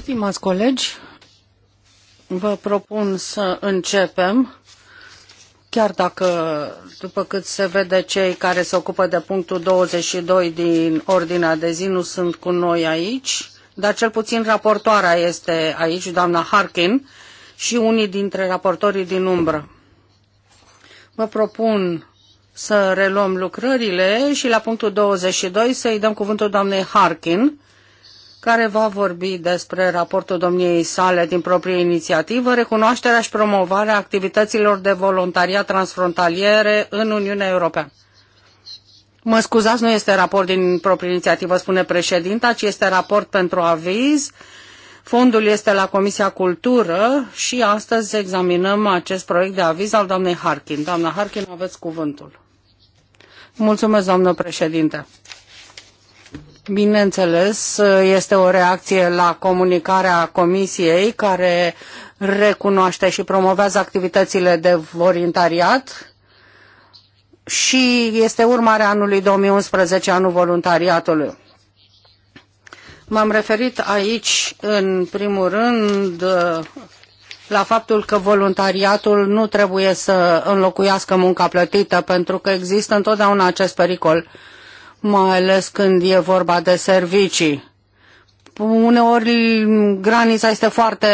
Stimați colegi, vă propun să începem, chiar dacă, după cât se vede, cei care se ocupă de punctul 22 din ordinea de zi nu sunt cu noi aici, dar cel puțin raportoarea este aici, doamna Harkin, și unii dintre raportorii din umbră. Vă propun să reluăm lucrările și la punctul 22 să-i dăm cuvântul doamnei Harkin, care va vorbi despre raportul domniei sale din proprie inițiativă, recunoașterea și promovarea activităților de voluntariat transfrontaliere în Uniunea Europeană. Mă scuzați, nu este raport din proprie inițiativă, spune președinta, ci este raport pentru aviz. Fondul este la Comisia Cultură și astăzi examinăm acest proiect de aviz al doamnei Harkin. Doamna Harkin, aveți cuvântul. Mulțumesc, doamnă președinte. Bineînțeles, este o reacție la comunicarea Comisiei care recunoaște și promovează activitățile de voluntariat și este urmarea anului 2011, anul voluntariatului. M-am referit aici, în primul rând, la faptul că voluntariatul nu trebuie să înlocuiască munca plătită, pentru că există întotdeauna acest pericol, mai ales când e vorba de servicii. Uneori granița este foarte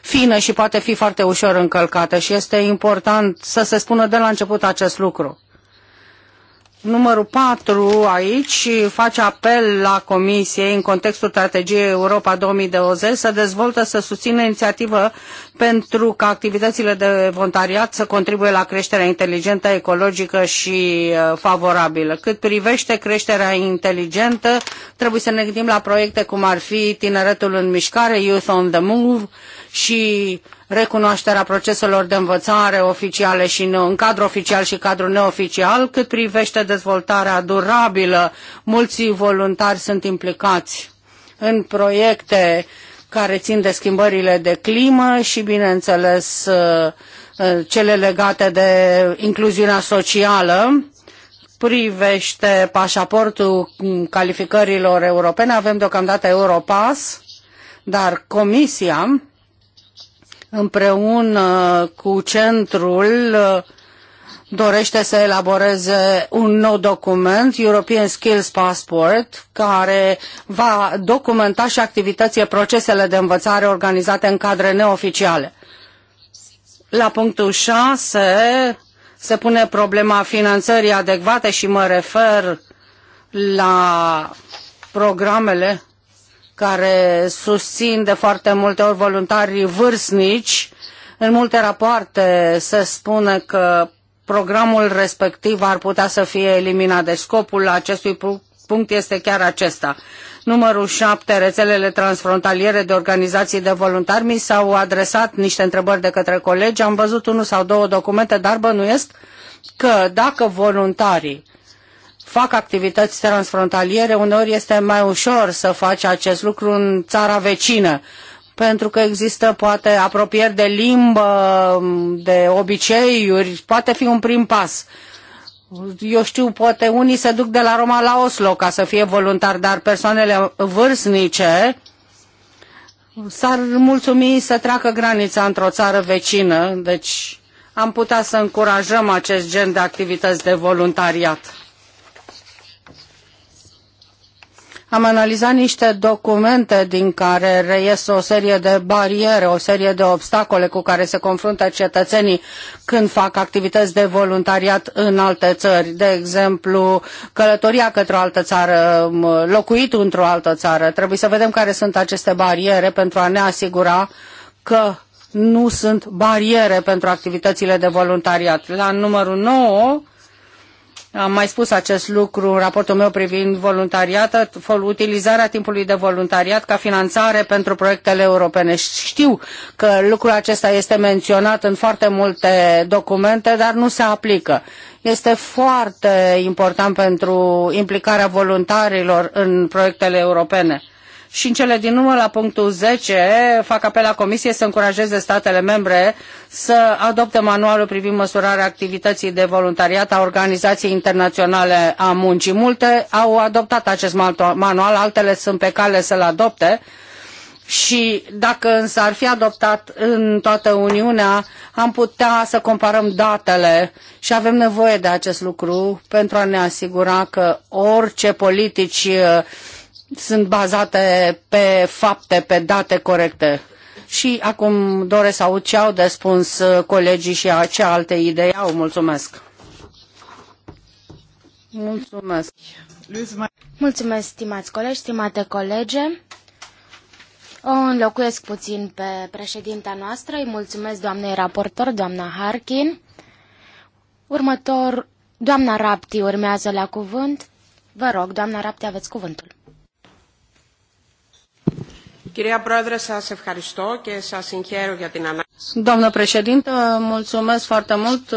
fină și poate fi foarte ușor încălcată și este important să se spună de la început acest lucru numărul 4 aici face apel la Comisie în contextul strategiei Europa 2020 să dezvoltă, să susțină inițiativă pentru ca activitățile de voluntariat să contribuie la creșterea inteligentă, ecologică și uh, favorabilă. Cât privește creșterea inteligentă, trebuie să ne gândim la proiecte cum ar fi Tineretul în Mișcare, Youth on the Move, și recunoașterea proceselor de învățare oficiale și în, în cadrul oficial și cadrul neoficial, cât privește dezvoltarea durabilă. Mulți voluntari sunt implicați în proiecte care țin de schimbările de climă și, bineînțeles, uh, uh, cele legate de incluziunea socială privește pașaportul mm, calificărilor europene. Avem deocamdată Europass, dar Comisia împreună cu centrul dorește să elaboreze un nou document, European Skills Passport, care va documenta și activitățile, procesele de învățare organizate în cadre neoficiale. La punctul 6 se pune problema finanțării adecvate și mă refer la programele care susțin de foarte multe ori voluntarii vârstnici. În multe rapoarte se spune că programul respectiv ar putea să fie eliminat. Deci scopul acestui punct este chiar acesta. Numărul 7, rețelele transfrontaliere de organizații de voluntari, mi s-au adresat niște întrebări de către colegi, am văzut unul sau două documente, dar bănuiesc că dacă voluntarii fac activități transfrontaliere, uneori este mai ușor să faci acest lucru în țara vecină, pentru că există poate apropieri de limbă, de obiceiuri, poate fi un prim pas. Eu știu, poate unii se duc de la Roma la Oslo ca să fie voluntari, dar persoanele vârstnice s-ar mulțumi să treacă granița într-o țară vecină, deci am putea să încurajăm acest gen de activități de voluntariat. Am analizat niște documente din care reiese o serie de bariere, o serie de obstacole cu care se confruntă cetățenii când fac activități de voluntariat în alte țări. De exemplu, călătoria către o altă țară, locuitul într-o altă țară. Trebuie să vedem care sunt aceste bariere pentru a ne asigura că nu sunt bariere pentru activitățile de voluntariat. La numărul 9, am mai spus acest lucru în raportul meu privind voluntariatul, utilizarea timpului de voluntariat ca finanțare pentru proiectele europene. Știu că lucrul acesta este menționat în foarte multe documente, dar nu se aplică. Este foarte important pentru implicarea voluntarilor în proiectele europene și în cele din urmă, la punctul 10, fac apel la Comisie să încurajeze statele membre să adopte manualul privind măsurarea activității de voluntariat a Organizației Internaționale a Muncii. Multe au adoptat acest manual, altele sunt pe cale să-l adopte și dacă însă ar fi adoptat în toată Uniunea, am putea să comparăm datele și avem nevoie de acest lucru pentru a ne asigura că orice politici sunt bazate pe fapte, pe date corecte. Și acum doresc să aud ce au de spus uh, colegii și ce alte idei au. Mulțumesc! Mulțumesc! Mulțumesc, stimați colegi, stimate colege! O înlocuiesc puțin pe președinta noastră. Îi mulțumesc doamnei raportor, doamna Harkin. Următor, doamna Rapti urmează la cuvânt. Vă rog, doamna Rapti, aveți cuvântul. Κυρία Doamnă președintă, mulțumesc foarte mult.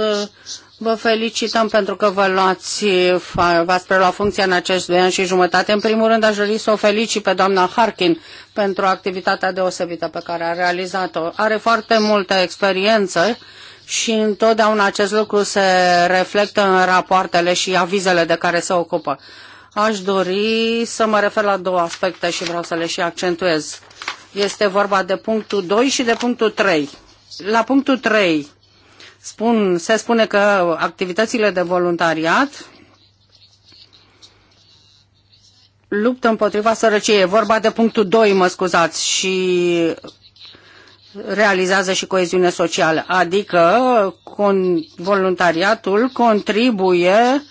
Vă felicităm pentru că vă luați, v-ați preluat funcția în acești doi ani și jumătate. În primul rând, aș dori să o felicit pe doamna Harkin pentru activitatea deosebită pe care a realizat-o. Are foarte multă experiență și întotdeauna acest lucru se reflectă în rapoartele și avizele de care se ocupă aș dori să mă refer la două aspecte și vreau să le și accentuez. Este vorba de punctul 2 și de punctul 3. La punctul 3 spun, se spune că activitățile de voluntariat luptă împotriva sărăciei. E vorba de punctul 2, mă scuzați, și realizează și coeziune socială, adică con, voluntariatul contribuie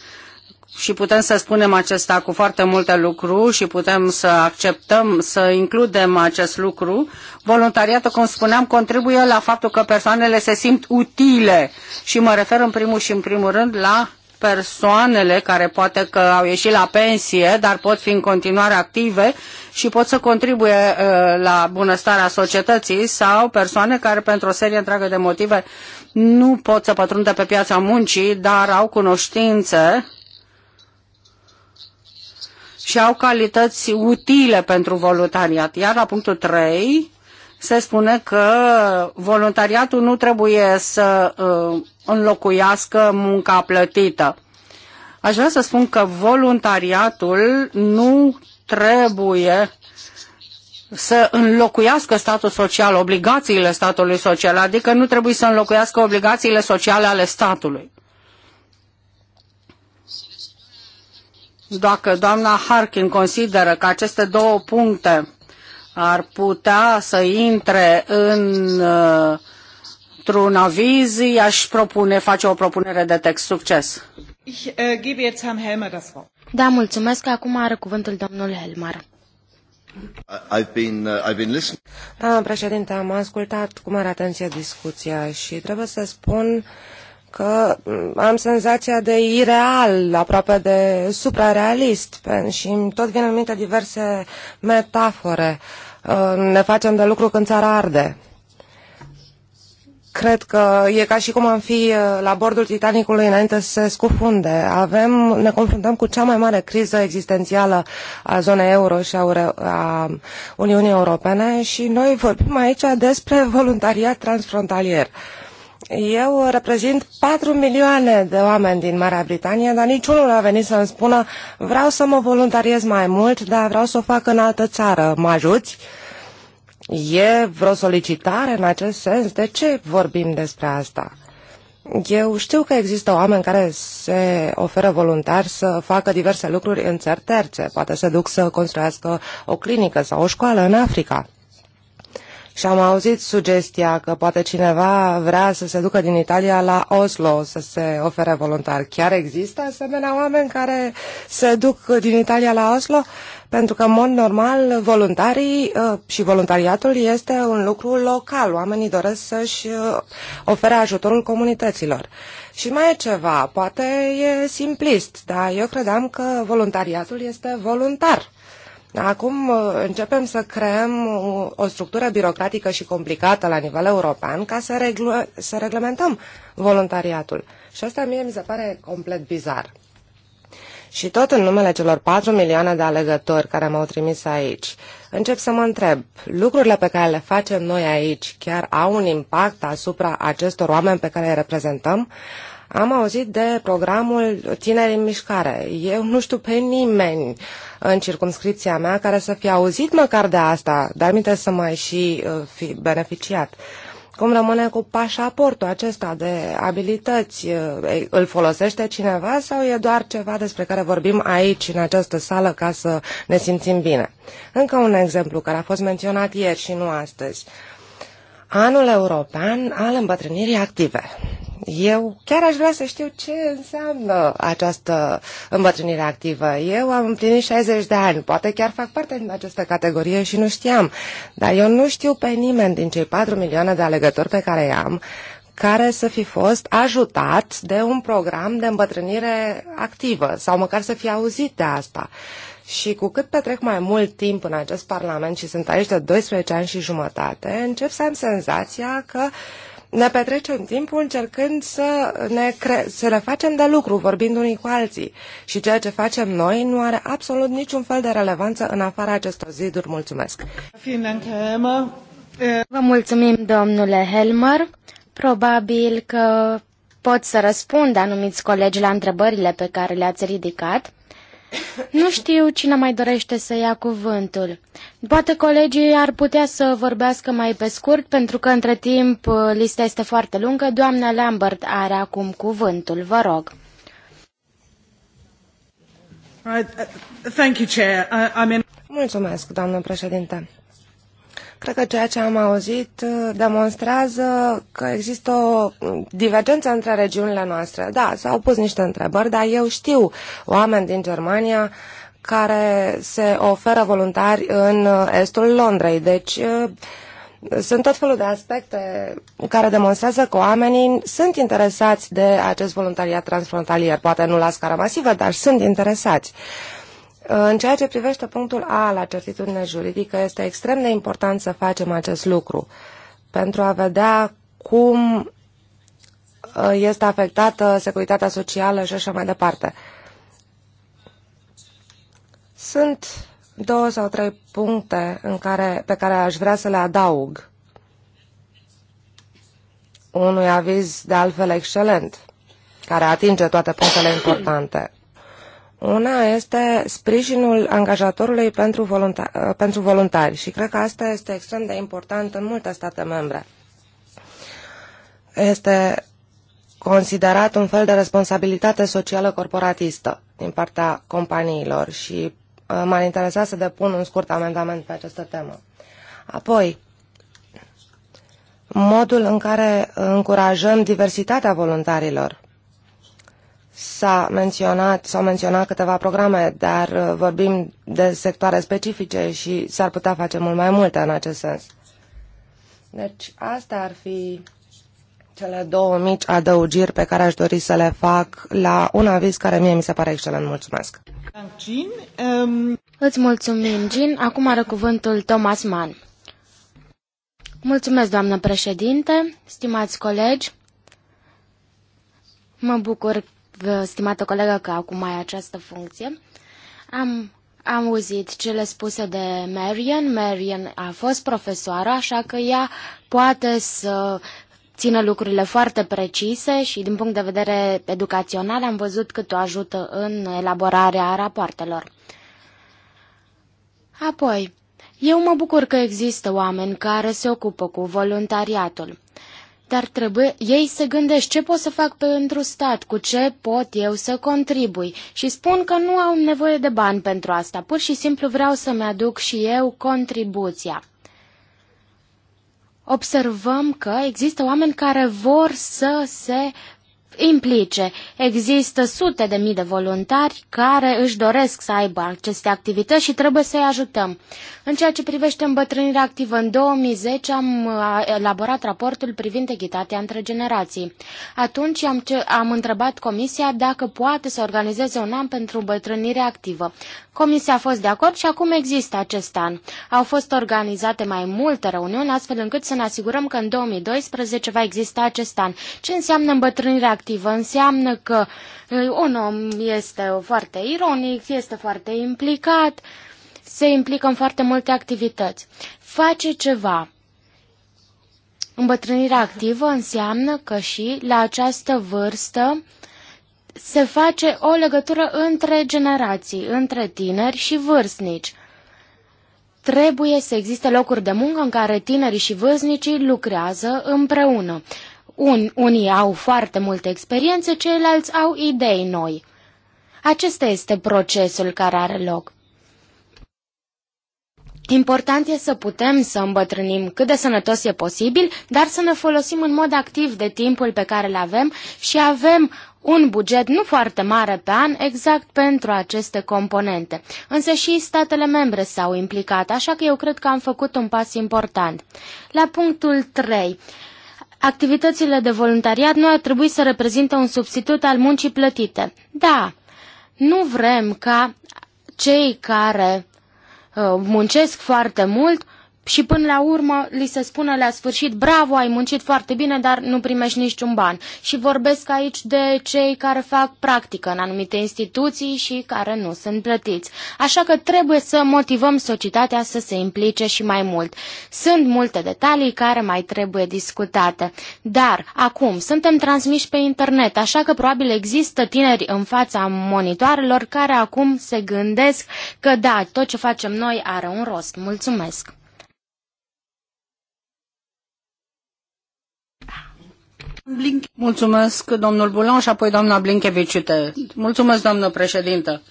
și putem să spunem acesta cu foarte multe lucruri și putem să acceptăm, să includem acest lucru. Voluntariatul, cum spuneam, contribuie la faptul că persoanele se simt utile și mă refer în primul și în primul rând la persoanele care poate că au ieșit la pensie, dar pot fi în continuare active și pot să contribuie uh, la bunăstarea societății sau persoane care pentru o serie întreagă de motive nu pot să pătrundă pe piața muncii, dar au cunoștințe și au calități utile pentru voluntariat. Iar la punctul 3 se spune că voluntariatul nu trebuie să uh, înlocuiască munca plătită. Aș vrea să spun că voluntariatul nu trebuie să înlocuiască statul social, obligațiile statului social, adică nu trebuie să înlocuiască obligațiile sociale ale statului. Dacă doamna Harkin consideră că aceste două puncte ar putea să intre în uh, într-un aviz, i-aș propune, face o propunere de text. Succes! Uh, da, mulțumesc. Acum are cuvântul domnul Helmer. I've been, uh, I've been listening. președinte, am ascultat cu mare atenție discuția și trebuie să spun uh, că mm, am senzația de ireal, aproape de suprarealist și îmi tot vin în minte diverse metafore. Uh, ne facem de lucru când țara arde. Cred că e ca și cum am fi uh, la bordul Titanicului înainte să se scufunde. Avem, ne confruntăm cu cea mai mare criză existențială a zonei euro și a, a Uniunii Europene și noi vorbim aici despre voluntariat transfrontalier. Uh, eu reprezint 4 milioane de oameni din Marea Britanie, dar niciunul nu a venit să-mi spună vreau să mă voluntariez mai mult, dar vreau să o fac în altă țară. Mă ajuți? E vreo solicitare în acest sens? De ce vorbim despre asta? Eu știu că există oameni care se oferă voluntari să facă diverse lucruri în țări terțe. Poate se duc să construiască o clinică sau o școală în Africa. Și am auzit sugestia că poate cineva vrea să se ducă din Italia la Oslo să se ofere voluntar. Chiar există asemenea oameni care se duc din Italia la Oslo? Pentru că, în mod normal, voluntarii uh, și voluntariatul este un lucru local. Oamenii doresc să-și uh, ofere ajutorul comunităților. Și mai e ceva, poate e simplist, dar eu credeam că voluntariatul este voluntar Acum uh, începem să creăm o structură birocratică și complicată la nivel european ca să, reglu- să reglementăm voluntariatul. Și asta mie mi se pare complet bizar. Și tot în numele celor 4 milioane de alegători care m-au trimis aici, încep să mă întreb, lucrurile pe care le facem noi aici chiar au un impact asupra acestor oameni pe care îi reprezentăm? Am auzit de programul Tinerii în Mișcare. Eu nu știu pe nimeni uh, în circumscripția mea care să fie auzit măcar de asta, dar minte să mai și uh, fi beneficiat. Cum rămâne cu pașaportul acesta de abilități? Uh, îl folosește cineva sau e doar ceva despre care vorbim aici, în această sală, ca să ne simțim bine? Încă un exemplu care a fost menționat ieri și nu astăzi. Uh, anul european al îmbătrânirii active. Eu chiar aș vrea să știu ce înseamnă această îmbătrânire activă. Eu am împlinit 60 de ani, poate chiar fac parte din această categorie și nu știam, dar eu nu știu pe nimeni din cei 4 milioane de alegători pe care i-am care să fi fost ajutat de un program de îmbătrânire activă sau măcar să fie auzit de asta. Uh, și cu cât petrec mai mult timp în acest Parlament și sunt aici de 12 ani și jumătate, încep să am senzația că ne petrecem timpul încercând să, ne cre- să le facem de lucru, vorbind unii cu alții. Și ceea ce facem noi nu are absolut niciun fel de relevanță în afara acestor ziduri. Mulțumesc! Vă mulțumim, domnule Helmer. Probabil că pot să răspund anumiți colegi la întrebările pe care le-ați ridicat. Nu știu cine mai dorește să ia cuvântul. Poate colegii ar putea să vorbească mai pe scurt, pentru că între timp uh, lista este foarte lungă. Doamna Lambert are acum cuvântul, vă rog. Uh, Mulțumesc, doamnă președinte. Cred că ceea ce am auzit uh, demonstrează că există o uh, divergență între regiunile noastre. Da, s-au pus niște întrebări, dar eu știu oameni din Germania care se oferă voluntari în uh, estul Londrei. Deci sunt tot felul de aspecte care demonstrează că oamenii sunt interesați de acest voluntariat transfrontalier. Poate nu la scară masivă, dar sunt interesați. Uh, în ceea ce privește punctul A la certitudine juridică, este extrem de important să facem acest lucru pentru a vedea cum uh, este afectată securitatea socială și așa mai departe. Sunt două sau trei puncte în care, pe care aș vrea să le adaug unui aviz de altfel excelent, care atinge toate punctele importante. Una este sprijinul angajatorului pentru, volunta- pentru voluntari și cred că asta este extrem de important în multe state membre. Este considerat un fel de responsabilitate socială corporatistă din partea companiilor și uh, m a interesat să depun un scurt amendament pe această temă. Apoi, modul în care încurajăm diversitatea voluntarilor S-a menționat, s-au menționat câteva programe, dar uh, vorbim de sectoare specifice și s-ar putea face mult mai multe în acest sens. Deci, astea ar fi cele două mici adăugiri pe care aș dori să le fac la un aviz care mie mi se pare excelent. Mulțumesc! Jean, um... Îți mulțumim, Jean. Acum are cuvântul Thomas Mann. Mulțumesc, doamnă președinte, stimați colegi. Mă bucur stimată colegă, că acum ai această funcție. Am am auzit cele spuse de Marian. Marian a fost profesoară, așa că ea poate să țină lucrurile foarte precise și din punct de vedere educațional am văzut cât o ajută în elaborarea rapoartelor. Apoi, eu mă bucur că există oameni care se ocupă cu voluntariatul dar trebuie ei să gândești ce pot să fac pentru stat, cu ce pot eu să contribui și spun că nu au nevoie de bani pentru asta, pur și simplu vreau să-mi aduc și eu contribuția. Observăm că există oameni care vor să se implice. Există sute de mii de voluntari care își doresc să aibă aceste activități și trebuie să-i ajutăm. În ceea ce privește îmbătrânirea activă, în 2010 am uh, elaborat raportul privind echitatea între generații. Atunci am, ce, am întrebat Comisia dacă poate să organizeze un an pentru îmbătrânire activă. Comisia a fost de acord și acum există acest an. Au fost organizate mai multe reuniuni astfel încât să ne asigurăm că în 2012 va exista acest an. Ce înseamnă îmbătrânire activă? Înseamnă că uh, un om este foarte ironic, este foarte implicat, se implică în foarte multe activități. Face ceva. Îmbătrânirea activă înseamnă că și la această vârstă se face o legătură între generații, între tineri și vârstnici. Trebuie să existe locuri de muncă în care tinerii și vârstnicii lucrează împreună. Un, unii au foarte multe experiențe, ceilalți au idei noi. Acesta este procesul care are loc. Important e să putem să îmbătrânim cât de sănătos e posibil, dar să ne folosim în mod activ de timpul pe care îl avem și avem un buget nu foarte mare pe an exact pentru aceste componente. Însă și statele membre s-au implicat, așa că eu cred că am făcut un pas important. La punctul 3. Activitățile de voluntariat nu ar trebui să reprezinte un substitut al muncii plătite. Da, nu vrem ca cei care Uh, muncesc foarte mult și până la urmă li se spune la sfârșit bravo, ai muncit foarte bine, dar nu primești niciun ban. Și vorbesc aici de cei care fac practică în anumite instituții și care nu sunt plătiți. Așa că trebuie să motivăm societatea să se implice și mai mult. Sunt multe detalii care mai trebuie discutate. Dar, acum, suntem transmiși pe internet, așa că probabil există tineri în fața monitoarelor care acum se gândesc că da, tot ce facem noi are un rost. Mulțumesc! Mulțumesc, domnul Bulan și apoi doamna Blinkeviciute. Mulțumesc, doamnă președintă.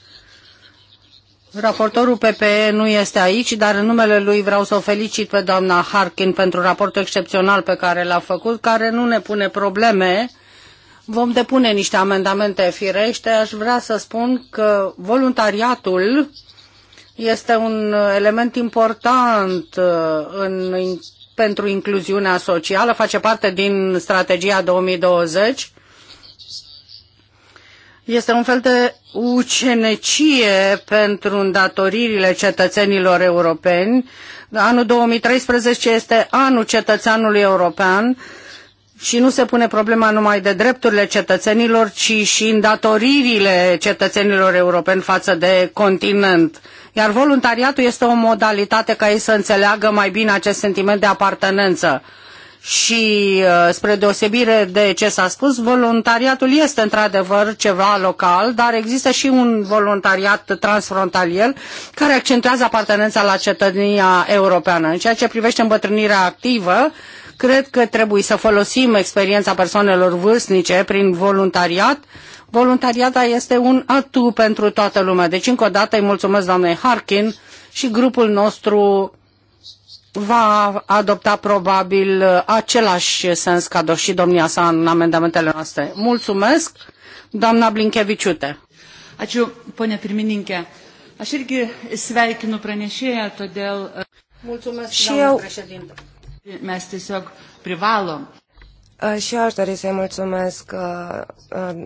Raportorul PPE nu este aici, dar în numele lui vreau să o felicit pe doamna Harkin pentru raportul excepțional pe care l-a făcut, care nu ne pune probleme. Vom depune niște amendamente firește. Aș vrea să spun că voluntariatul este un element important uh, în pentru incluziunea socială, face parte din strategia 2020. Este un fel de ucenecie pentru îndatoririle cetățenilor europeni. Anul 2013 este anul cetățeanului european și nu se pune problema numai de drepturile cetățenilor, ci și îndatoririle cetățenilor europeni față de continent. Iar voluntariatul este o modalitate ca ei să înțeleagă mai bine acest sentiment de apartenență. Și uh, spre deosebire de ce s-a spus, voluntariatul este într-adevăr ceva local, dar există și un voluntariat transfrontalier care accentuează apartenența la cetățenia europeană. În ceea ce privește îmbătrânirea activă, Cred că trebuie să folosim experiența persoanelor vârstnice prin voluntariat. Voluntariata este un atu pentru toată lumea. Deci, încă o dată, îi mulțumesc doamnei Harkin și grupul nostru va adopta probabil același sens ca și domnia sa în amendamentele noastre. Mulțumesc, doamna Blinkeviciute. Ačiū, ponia pirmininkė. Aš irgi sveikinu pranešėją, todėl... Mulțumesc, și eu președinte. Mes tiesiog privalom. Și eu aș dori să-i mulțumesc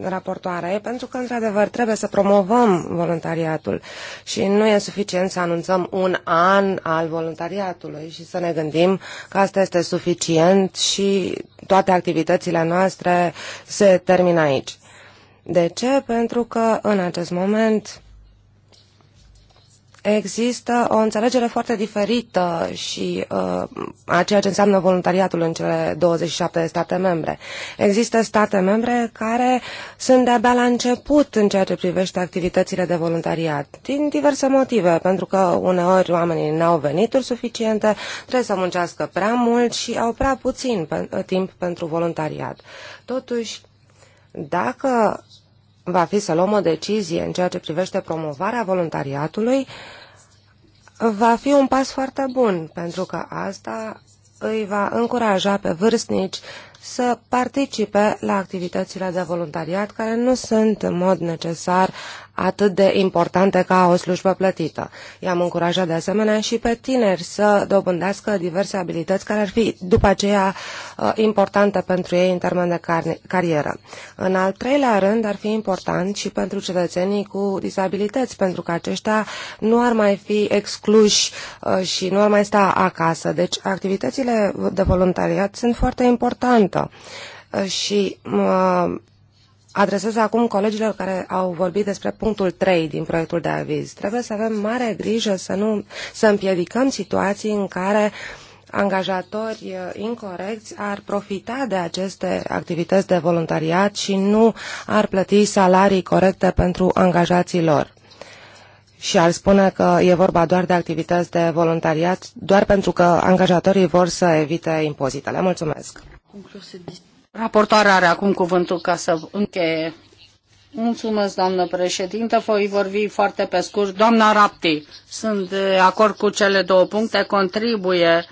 raportoarei, pentru că, într-adevăr, trebuie să promovăm voluntariatul și nu e suficient să anunțăm un an al voluntariatului și să ne gândim că asta este suficient și toate activitățile noastre se termină aici. De ce? Pentru că, în acest moment, Există o înțelegere foarte diferită și uh, a ceea ce înseamnă voluntariatul în cele 27 de state membre. Există state membre care sunt de-abia la început în ceea ce privește activitățile de voluntariat, din diverse motive, pentru că uneori oamenii n-au venituri suficiente, trebuie să muncească prea mult și au prea puțin pe, timp pentru voluntariat. Totuși, dacă va fi să luăm o decizie în ceea ce privește promovarea voluntariatului, va fi un pas foarte bun, pentru că asta îi va încuraja pe vârstnici să participe la activitățile de voluntariat care nu sunt în mod necesar atât de importante ca o slujbă plătită. I-am încurajat de asemenea și pe tineri să dobândească diverse abilități care ar fi după aceea uh, importante pentru ei în termen de car- carieră. În al treilea rând ar fi important și pentru cetățenii cu disabilități, pentru că aceștia nu ar mai fi excluși uh, și nu ar mai sta acasă. Deci activitățile de voluntariat sunt foarte importante uh, și adresez acum colegilor care au vorbit despre punctul 3 din proiectul de aviz. Trebuie să avem mare grijă să, nu, să împiedicăm situații în care angajatori uh, incorrecți ar profita de aceste activități de voluntariat și nu ar plăti salarii corecte pentru angajații lor și ar spune că e vorba doar de activități de voluntariat, doar pentru că angajatorii vor să evite impozitele. Mulțumesc! Conclusiv. Raportoarea are acum cuvântul ca să încheie. Mulțumesc, doamnă președintă. Voi vorbi foarte pe scurt. Doamna Rapti, sunt de acord cu cele două puncte. Contribuie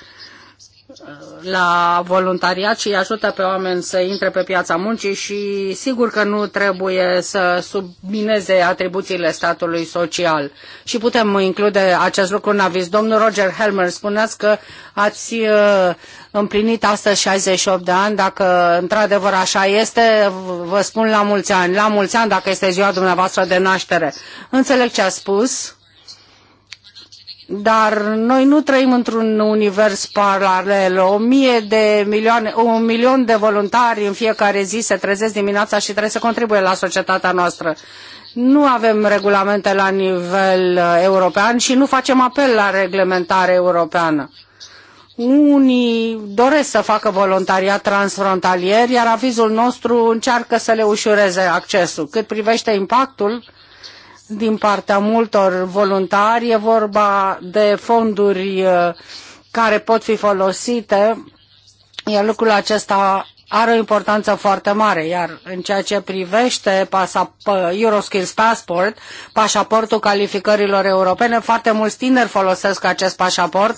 uh, la voluntariat și ajută pe oameni să intre pe piața muncii și sigur că nu trebuie să submineze atribuțiile statului social. Și putem include acest lucru în aviz. Domnul Roger Helmer, spuneați că ați uh, împlinit astăzi 68 de ani. Dacă într-adevăr așa este, vă spun la mulți ani. La mulți ani dacă este ziua dumneavoastră de naștere. Înțeleg ce a spus dar noi nu trăim într-un univers paralel. O mie de milioane, un milion de voluntari în fiecare zi se trezesc dimineața și trebuie să contribuie la societatea noastră. Nu avem regulamente la nivel uh, european și nu facem apel la reglementare europeană. Unii doresc să facă voluntariat transfrontalier, iar avizul nostru încearcă să le ușureze accesul. Cât privește impactul din partea multor voluntari, e vorba de fonduri uh, care pot fi folosite, iar lucrul acesta are o importanță foarte mare, iar în ceea ce privește pasap- uh, Euroskills Passport, pașaportul calificărilor europene, foarte mulți tineri folosesc acest pașaport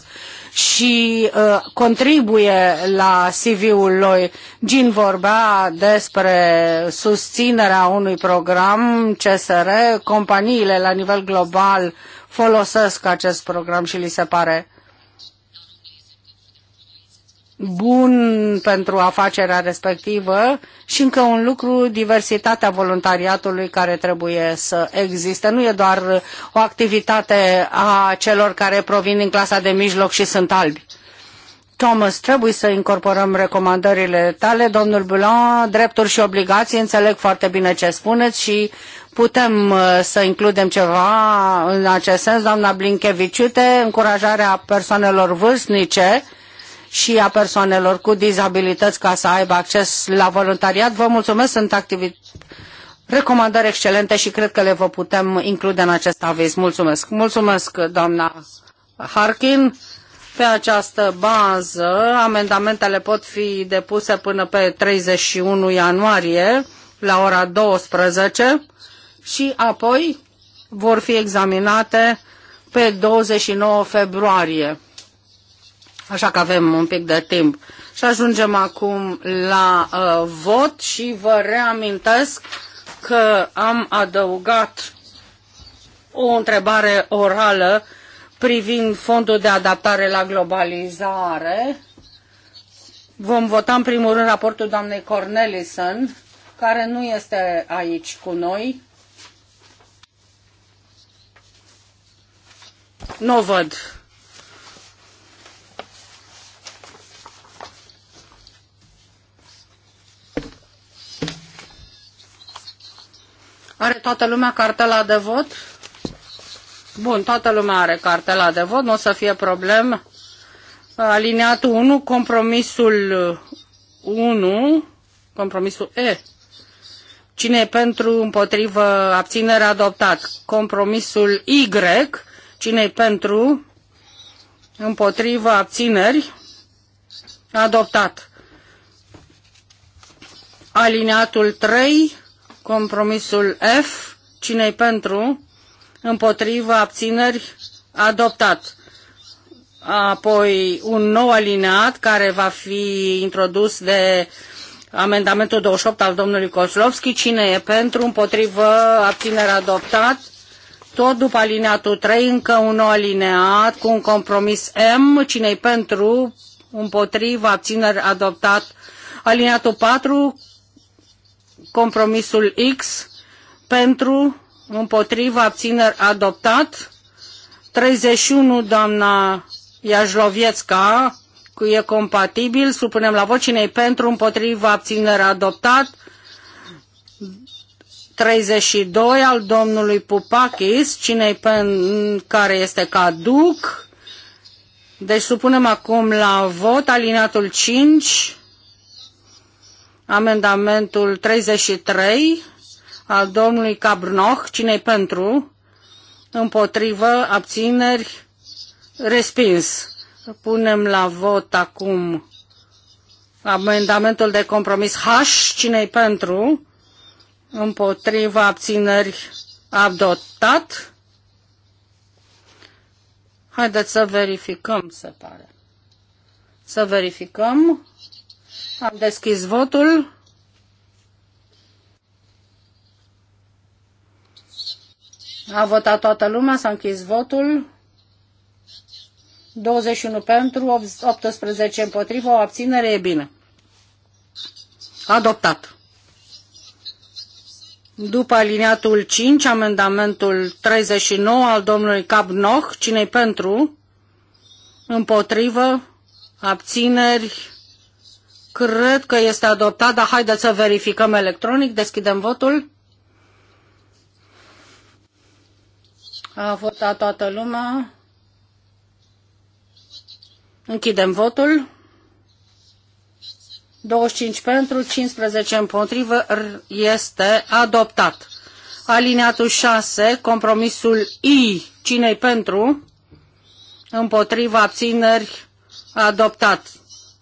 și uh, contribuie la CV-ul lui. Gin vorbea despre susținerea unui program CSR, companiile la nivel global folosesc acest program și li se pare bun pentru afacerea respectivă și încă un lucru, diversitatea voluntariatului care trebuie să existe. Nu e doar o activitate a celor care provin din clasa de mijloc și sunt albi. Thomas, trebuie să incorporăm recomandările tale. Domnul Bulan, drepturi și obligații, înțeleg foarte bine ce spuneți și putem uh, să includem ceva în acest sens. Doamna Blinkeviciute, încurajarea persoanelor vârstnice, și a persoanelor cu dizabilități ca să aibă acces la voluntariat. Vă mulțumesc, sunt activi... recomandări excelente și cred că le vă putem include în acest aviz. Mulțumesc. Mulțumesc, doamna Harkin. Pe această bază, amendamentele pot fi depuse până pe 31 ianuarie la ora 12 și apoi vor fi examinate pe 29 februarie. Așa că avem un pic de timp. Și ajungem acum la uh, vot și vă reamintesc că am adăugat o întrebare orală privind fondul de adaptare la globalizare. Vom vota în primul rând raportul doamnei Cornelison, care nu este aici cu noi. Nu văd Are toată lumea cartela de vot? Bun, toată lumea are cartela de vot, nu o să fie problem. Alineatul 1, compromisul 1, compromisul E. Cine e pentru, împotrivă, abținere, adoptat. Compromisul Y, cine e pentru, împotrivă, abțineri, adoptat. Alineatul 3, Compromisul F, cine-i pentru, împotrivă, abțineri, adoptat. Apoi un nou alineat care va fi introdus de amendamentul 28 al domnului Kozlovski. Cine e pentru, împotrivă, abțineri? adoptat. Tot după alineatul 3, încă un nou alineat cu un compromis M. cine e pentru, împotrivă, abțineri? adoptat. Alineatul 4 Compromisul X pentru, împotrivă, abțineri adoptat. 31, doamna Iajlovietska, cu e compatibil, supunem la vot cine pentru, împotrivă, abținere adoptat. 32 al domnului Pupakis, cine pen, care este caduc. Deci supunem acum la vot alineatul 5 Amendamentul 33 al domnului Cabrnoch, cine pentru, împotrivă, abțineri, respins. Punem la vot acum amendamentul de compromis H, cine pentru, împotrivă, abțineri, adoptat. Haideți să verificăm, se pare. Să verificăm. Am deschis votul. A votat toată lumea, s-a închis votul. 21 pentru, 18 împotrivă, o abținere e bine. Adoptat. După aliniatul 5, amendamentul 39 al domnului Cabnoch cine pentru? Împotrivă, abțineri, Cred că este adoptat, dar haideți să verificăm electronic. Deschidem votul. A votat toată lumea. Închidem votul. 25 pentru, 15 împotrivă, este adoptat. Alineatul 6, compromisul I, cinei pentru, împotriva abțineri, adoptat.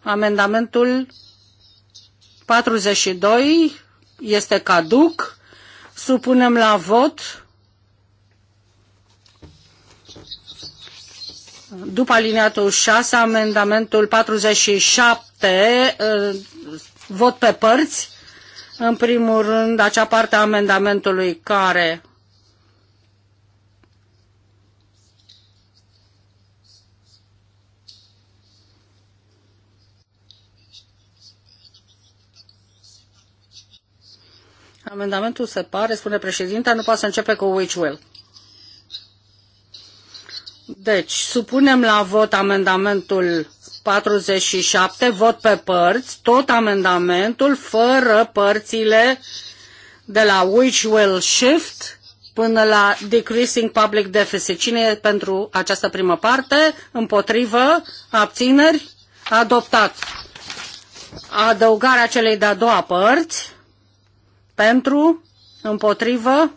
Amendamentul 42 este caduc. Supunem la vot după alineatul 6, amendamentul 47, ă, vot pe părți. În primul rând, acea parte a amendamentului care Amendamentul se pare, spune președinta, nu poate să începe cu which will. Deci, supunem la vot amendamentul 47, vot pe părți, tot amendamentul fără părțile de la which will shift până la decreasing public deficit. Cine e pentru această primă parte? Împotrivă? Abțineri? Adoptat. Adăugarea celei de-a doua părți pentru, împotrivă,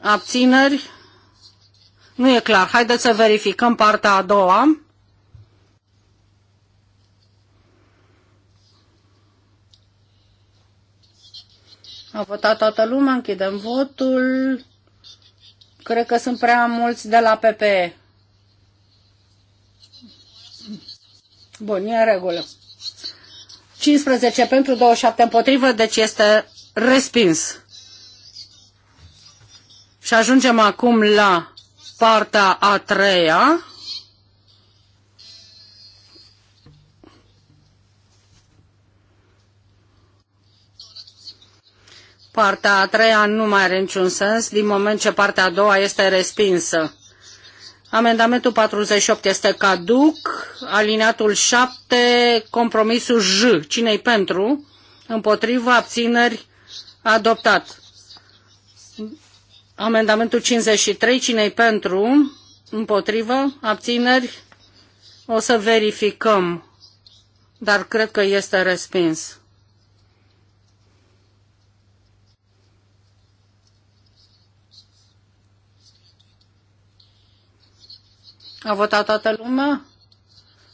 abțineri, nu e clar. Haideți să verificăm partea a doua. A votat toată lumea, închidem votul. Cred că sunt prea mulți de la PPE. Bun, e în regulă. 15 pentru 27 împotrivă, deci este respins. Și ajungem acum la partea a treia. Partea a treia nu mai are niciun sens din moment ce partea a doua este respinsă. Amendamentul 48 este caduc. Aliniatul 7, compromisul J. Cine-i pentru? Împotriva abțineri adoptat. Amendamentul 53, cine-i pentru? Împotrivă? Abțineri? O să verificăm, dar cred că este respins. A votat toată lumea?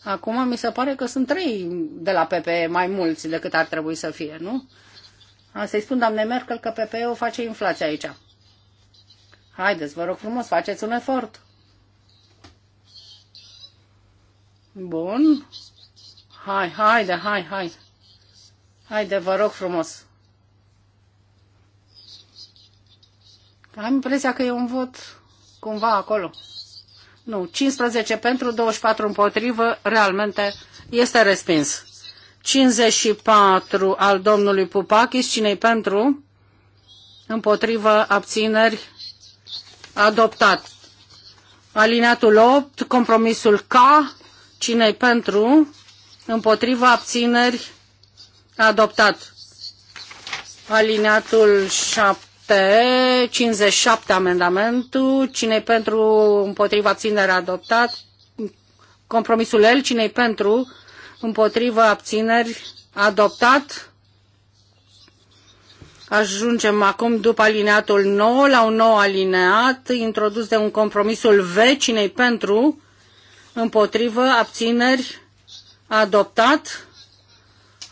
Acum mi se pare că sunt trei de la PP mai mulți decât ar trebui să fie, nu? Am să-i spun doamne Merkel că PP o face inflația aici. Haideți, vă rog frumos, faceți un efort. Bun. Hai, haide, hai, hai. Haide, vă rog frumos. Am impresia că e un vot cumva acolo. Nu, 15 pentru, 24 împotrivă, realmente este respins. 54 al domnului Pupachis, cine pentru? Împotrivă, abțineri, adoptat. Alineatul 8, compromisul K, cine pentru? Împotrivă, abțineri, adoptat. Alineatul 7 57 amendamentul, cine pentru, împotriva, abținere, adoptat. Compromisul el cine pentru, împotriva, abțineri, adoptat. Ajungem acum după alineatul 9 la un nou alineat introdus de un compromisul V, cine pentru, împotriva abțineri, adoptat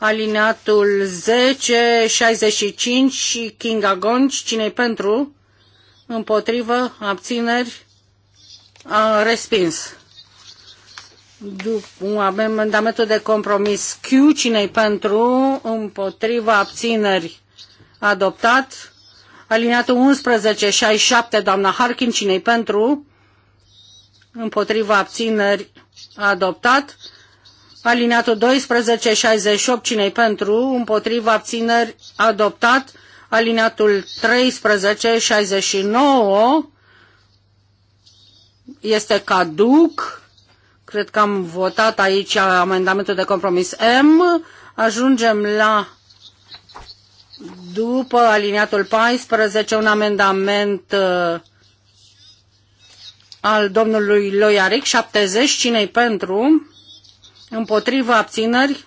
alineatul 10, 65 și Kinga Gonci, cine pentru, împotrivă, abțineri, a, respins. După, avem amendamentul de compromis Q, cine pentru, împotrivă, abțineri, adoptat. Alineatul 11, 67, doamna Harkin, cine pentru, împotrivă, abțineri, adoptat. Alineatul 12, 68, cine pentru, împotriva abțineri, adoptat. Alineatul 13, 69, este caduc. Cred că am votat aici amendamentul de compromis M. Ajungem la, după aliniatul 14, un amendament uh, al domnului Loiaric, 70, cine pentru? împotrivă, abțineri,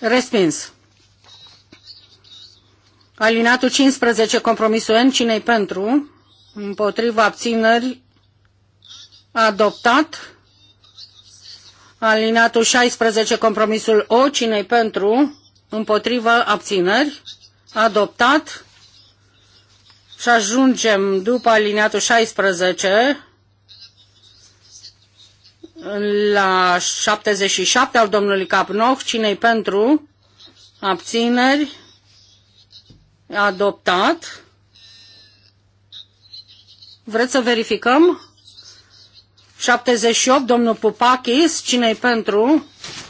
respins. Alinatul 15, compromisul N, cine pentru? Împotrivă abțineri, adoptat. Alinatul 16, compromisul O, cine pentru? Împotrivă abțineri, adoptat. Și ajungem după alineatul 16 la 77 al domnului Capnoch cine pentru, abțineri, adoptat. Vreți să verificăm? 78, domnul Pupakis, cine pentru,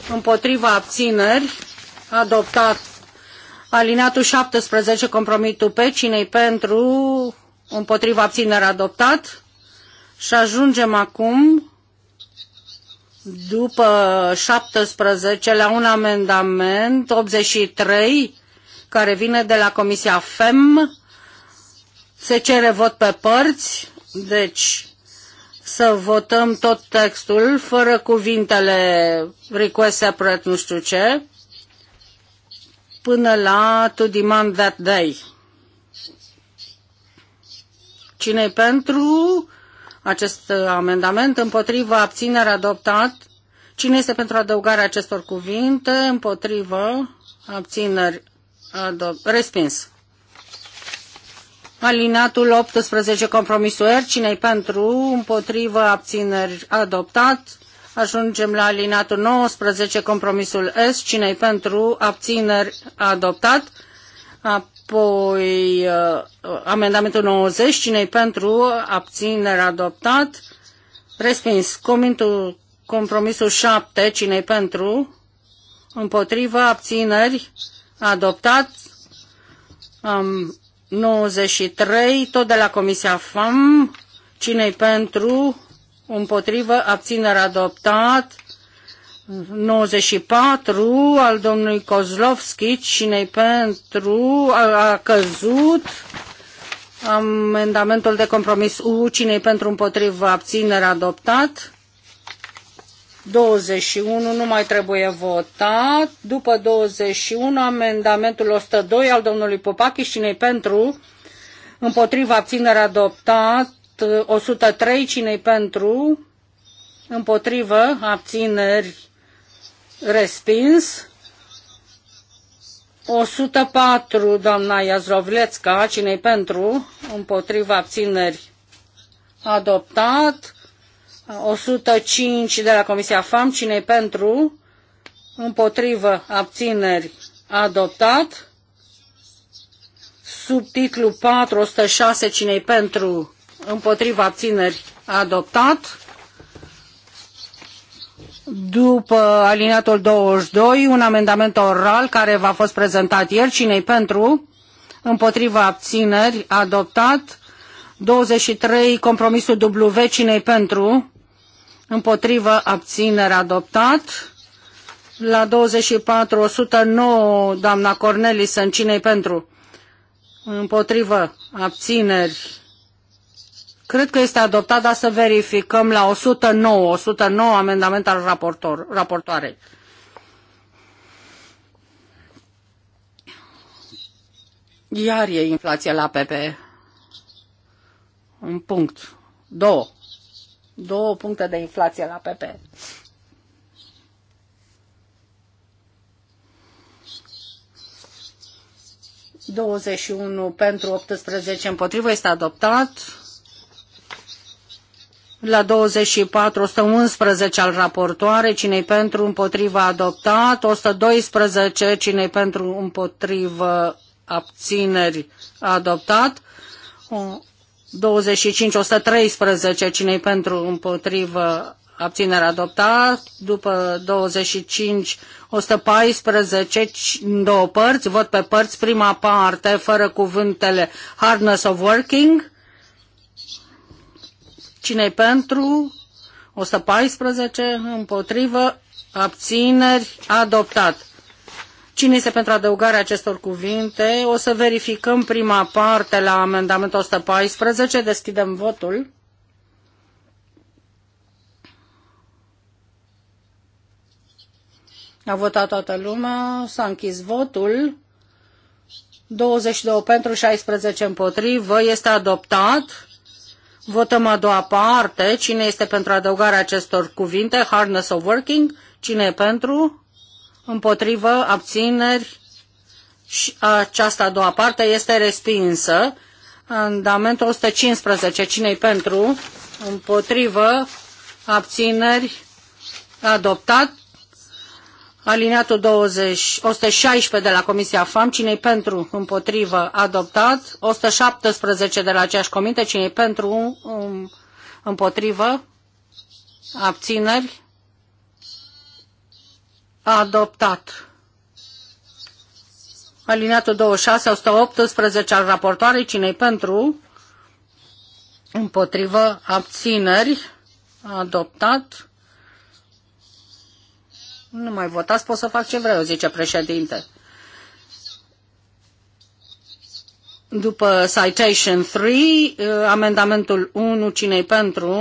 împotriva abțineri, adoptat. Alineatul 17, compromitul pe, cine pentru, împotriva abțineri, adoptat. Și ajungem acum după 17 la un amendament 83 care vine de la Comisia FEM. Se cere vot pe părți, deci să votăm tot textul fără cuvintele request separate nu știu ce până la to demand that day. Cine pentru? acest uh, amendament, împotrivă, abținere, adoptat. Cine este pentru adăugarea acestor cuvinte, împotrivă, abțineri, adop- respins. Alineatul 18, compromisul R, cine pentru, împotrivă, abțineri, adoptat. Ajungem la alineatul 19, compromisul S, cine pentru, abțineri, adoptat. A, Apoi uh, amendamentul 90, cine pentru, abținere adoptat, respins. Comentul, compromisul 7, cine pentru, împotrivă, abțineri adoptat. Um, 93, tot de la Comisia FAM, cine pentru, împotrivă, abținere adoptat. 94 al domnului Kozlovski, cine pentru, a, a căzut. Amendamentul de compromis U, cine pentru împotrivă, abținere, adoptat. 21 nu mai trebuie votat. După 21, amendamentul 102 al domnului Popachi, cine pentru, împotrivă, abținere, adoptat. 103, cine pentru, împotrivă, abțineri, Respins. 104, doamna Iazrovlețca, cine pentru, împotriva abțineri, adoptat. 105 de la Comisia FAM, cine pentru, împotrivă, abțineri, adoptat. Subtitlu 406, cine pentru, împotriva abțineri, adoptat după alineatul 22, un amendament oral care v-a fost prezentat ieri. cine pentru? Împotriva abțineri, adoptat. 23, compromisul W, cine pentru? Împotrivă abțineri, adoptat. La 24, 109, doamna Cornelisen, cine pentru? Împotrivă abțineri, Cred că este adoptat, dar să verificăm la 109, 109 amendament al raportor, raportoarei. Iar e inflație la PP. Un punct. Două. Două puncte de inflație la PP. Douăzeci și unu pentru 18 împotrivă este adoptat. La 24, 111 al raportoare, cine pentru, împotriva adoptat, 112, cine pentru, împotrivă, abțineri, adoptat, 25, 113, cine pentru, împotrivă, abținere adoptat, după 25, 114, în două părți, vot pe părți, prima parte, fără cuvântele hardness of working, cine pentru? 114 împotrivă, abțineri, adoptat. Cine este pentru adăugarea acestor cuvinte? O să verificăm prima parte la amendamentul 114. Deschidem votul. A votat toată lumea, s-a închis votul. 22 pentru, 16 împotrivă, este adoptat. Votăm a doua parte. Cine este pentru adăugarea acestor cuvinte? Hardness of working. Cine e pentru? Împotrivă? Abțineri? Și aceasta a doua parte este respinsă. Amendamentul 115. cine e pentru? Împotrivă? Abțineri? Adoptat. Alineatul 20, 116 de la Comisia FAM, cine pentru, împotrivă, adoptat. 117 de la aceeași comite, cine um, um, pentru, împotrivă, abțineri, adoptat. Alineatul 26, 118 al raportoarei, cine pentru, împotrivă, abțineri, adoptat. Nu mai votați, pot să fac ce vreau, zice președinte. După citation 3, uh, amendamentul 1, cine pentru,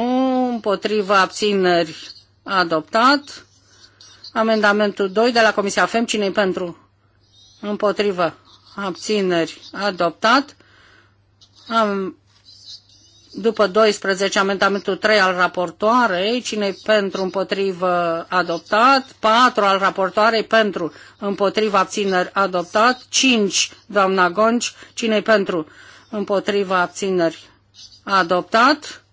împotriva abțineri, adoptat. Amendamentul 2 de la Comisia FEM, cine pentru, împotriva abțineri, adoptat. Am după 12, amendamentul 3 al raportoarei, cine pentru împotrivă adoptat, 4 al raportoarei pentru împotrivă abțineri adoptat, 5 doamna Gonci, cine pentru împotrivă abțineri adoptat.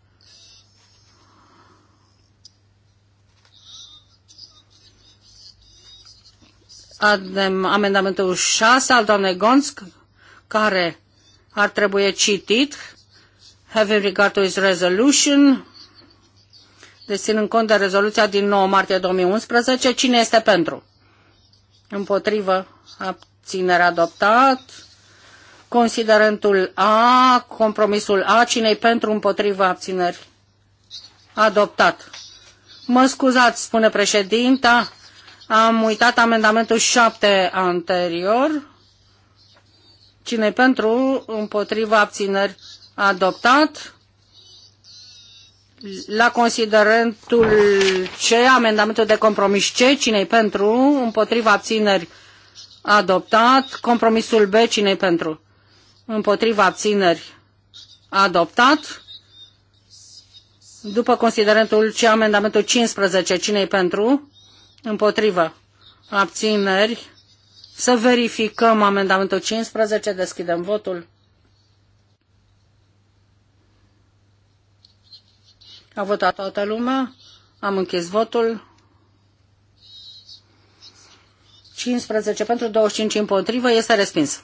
Amendamentul 6 al doamnei Gonț, care ar trebui citit having regard to its resolution, deci ținând cont de rezoluția din 9 martie 2011, cine este pentru? Împotrivă, abținere adoptat. Considerentul A, compromisul A, cine pentru, împotrivă, abțineri? Adoptat. Mă scuzați, spune președinta, am uitat amendamentul 7 anterior. cine pentru, împotriva, abțineri, adoptat. La considerentul C, amendamentul de compromis C, cine pentru, împotriva abțineri adoptat, compromisul B, cine pentru, împotriva abțineri adoptat. După considerentul C, amendamentul 15, cine pentru, împotriva abțineri, să verificăm amendamentul 15, deschidem votul. A votat toată lumea. Am închis votul. 15 pentru 25 împotrivă este respins.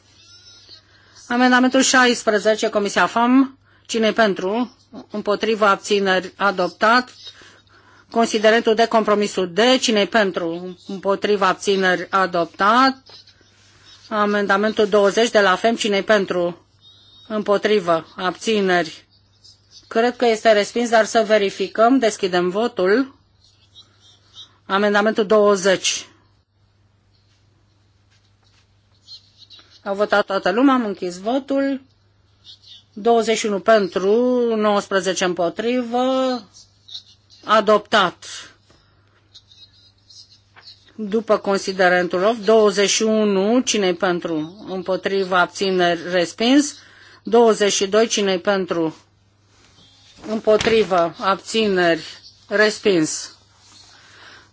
Amendamentul 16, Comisia FAM. cine pentru? Împotrivă abțineri adoptat. Considerentul de compromisul D. cine pentru? Împotrivă abțineri adoptat. Amendamentul 20 de la FEM. cine pentru? Împotrivă abțineri Cred că este respins, dar să verificăm. Deschidem votul. Amendamentul 20. A votat toată lumea, am închis votul. 21 pentru, 19 împotrivă. Adoptat. După considerentul of, 21, cine pentru? Împotriva, abțineri, respins. 22, cine pentru? împotrivă, abțineri, respins.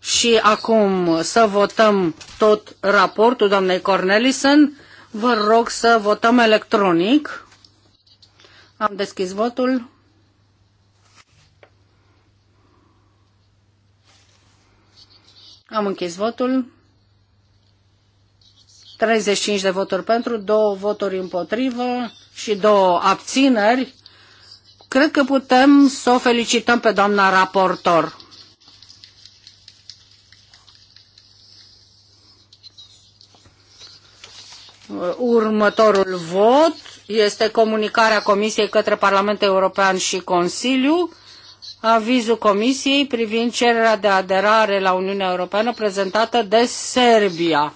Și acum să votăm tot raportul doamnei Cornelison. Vă rog să votăm electronic. Am deschis votul. Am închis votul. 35 de voturi pentru, două voturi împotrivă și două abțineri. Cred că putem să o felicităm pe doamna raportor. Următorul vot este comunicarea Comisiei către Parlamentul European și Consiliu, avizul Comisiei privind cererea de aderare la Uniunea Europeană prezentată de Serbia.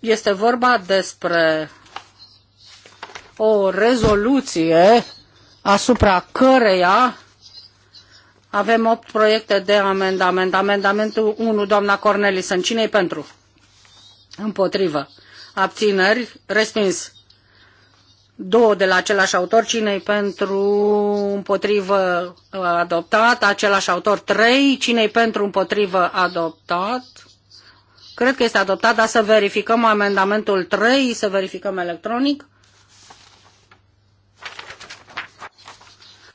Este vorba despre o rezoluție asupra căreia avem opt proiecte de amendament. Amendamentul 1, doamna Cornelison, cine pentru? Împotrivă. Abțineri, respins. Două de la același autor, cine pentru împotrivă adoptat, același autor trei, cine pentru împotrivă adoptat. Cred că este adoptat, dar să verificăm amendamentul 3, să verificăm electronic.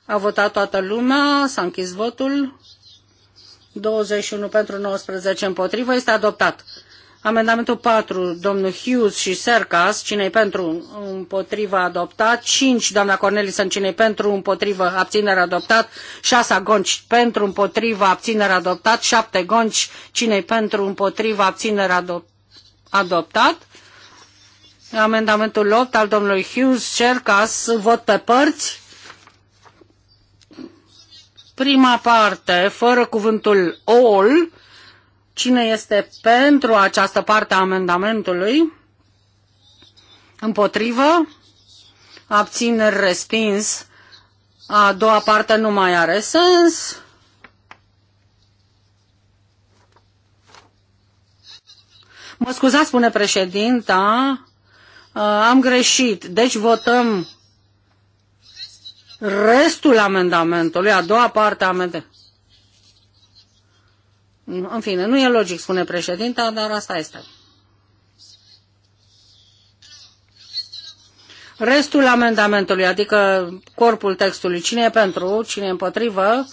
A votat toată lumea, s-a închis votul. 21 pentru 19 împotrivă este adoptat. Amendamentul 4, domnul Hughes și Sercas, cine pentru, împotrivă adoptat, 5, doamna Cornelison, cine pentru, împotrivă abținere adoptat, 6, Gonci, pentru, împotrivă abținere adoptat, 7, Gonci, cine pentru, împotrivă abținere adop adoptat. Amendamentul 8 al domnului Hughes, Sercas, vot pe părți. Prima parte, fără cuvântul all, cine este pentru această parte a amendamentului? Împotrivă? Abțineri respins. A doua parte nu mai are sens. Mă scuzați, spune președinta, am greșit. Deci votăm restul amendamentului, a doua parte a amendamentului. În fine, nu e logic, spune președinta, dar asta este. Restul amendamentului, adică corpul textului, cine e pentru, cine e împotrivă,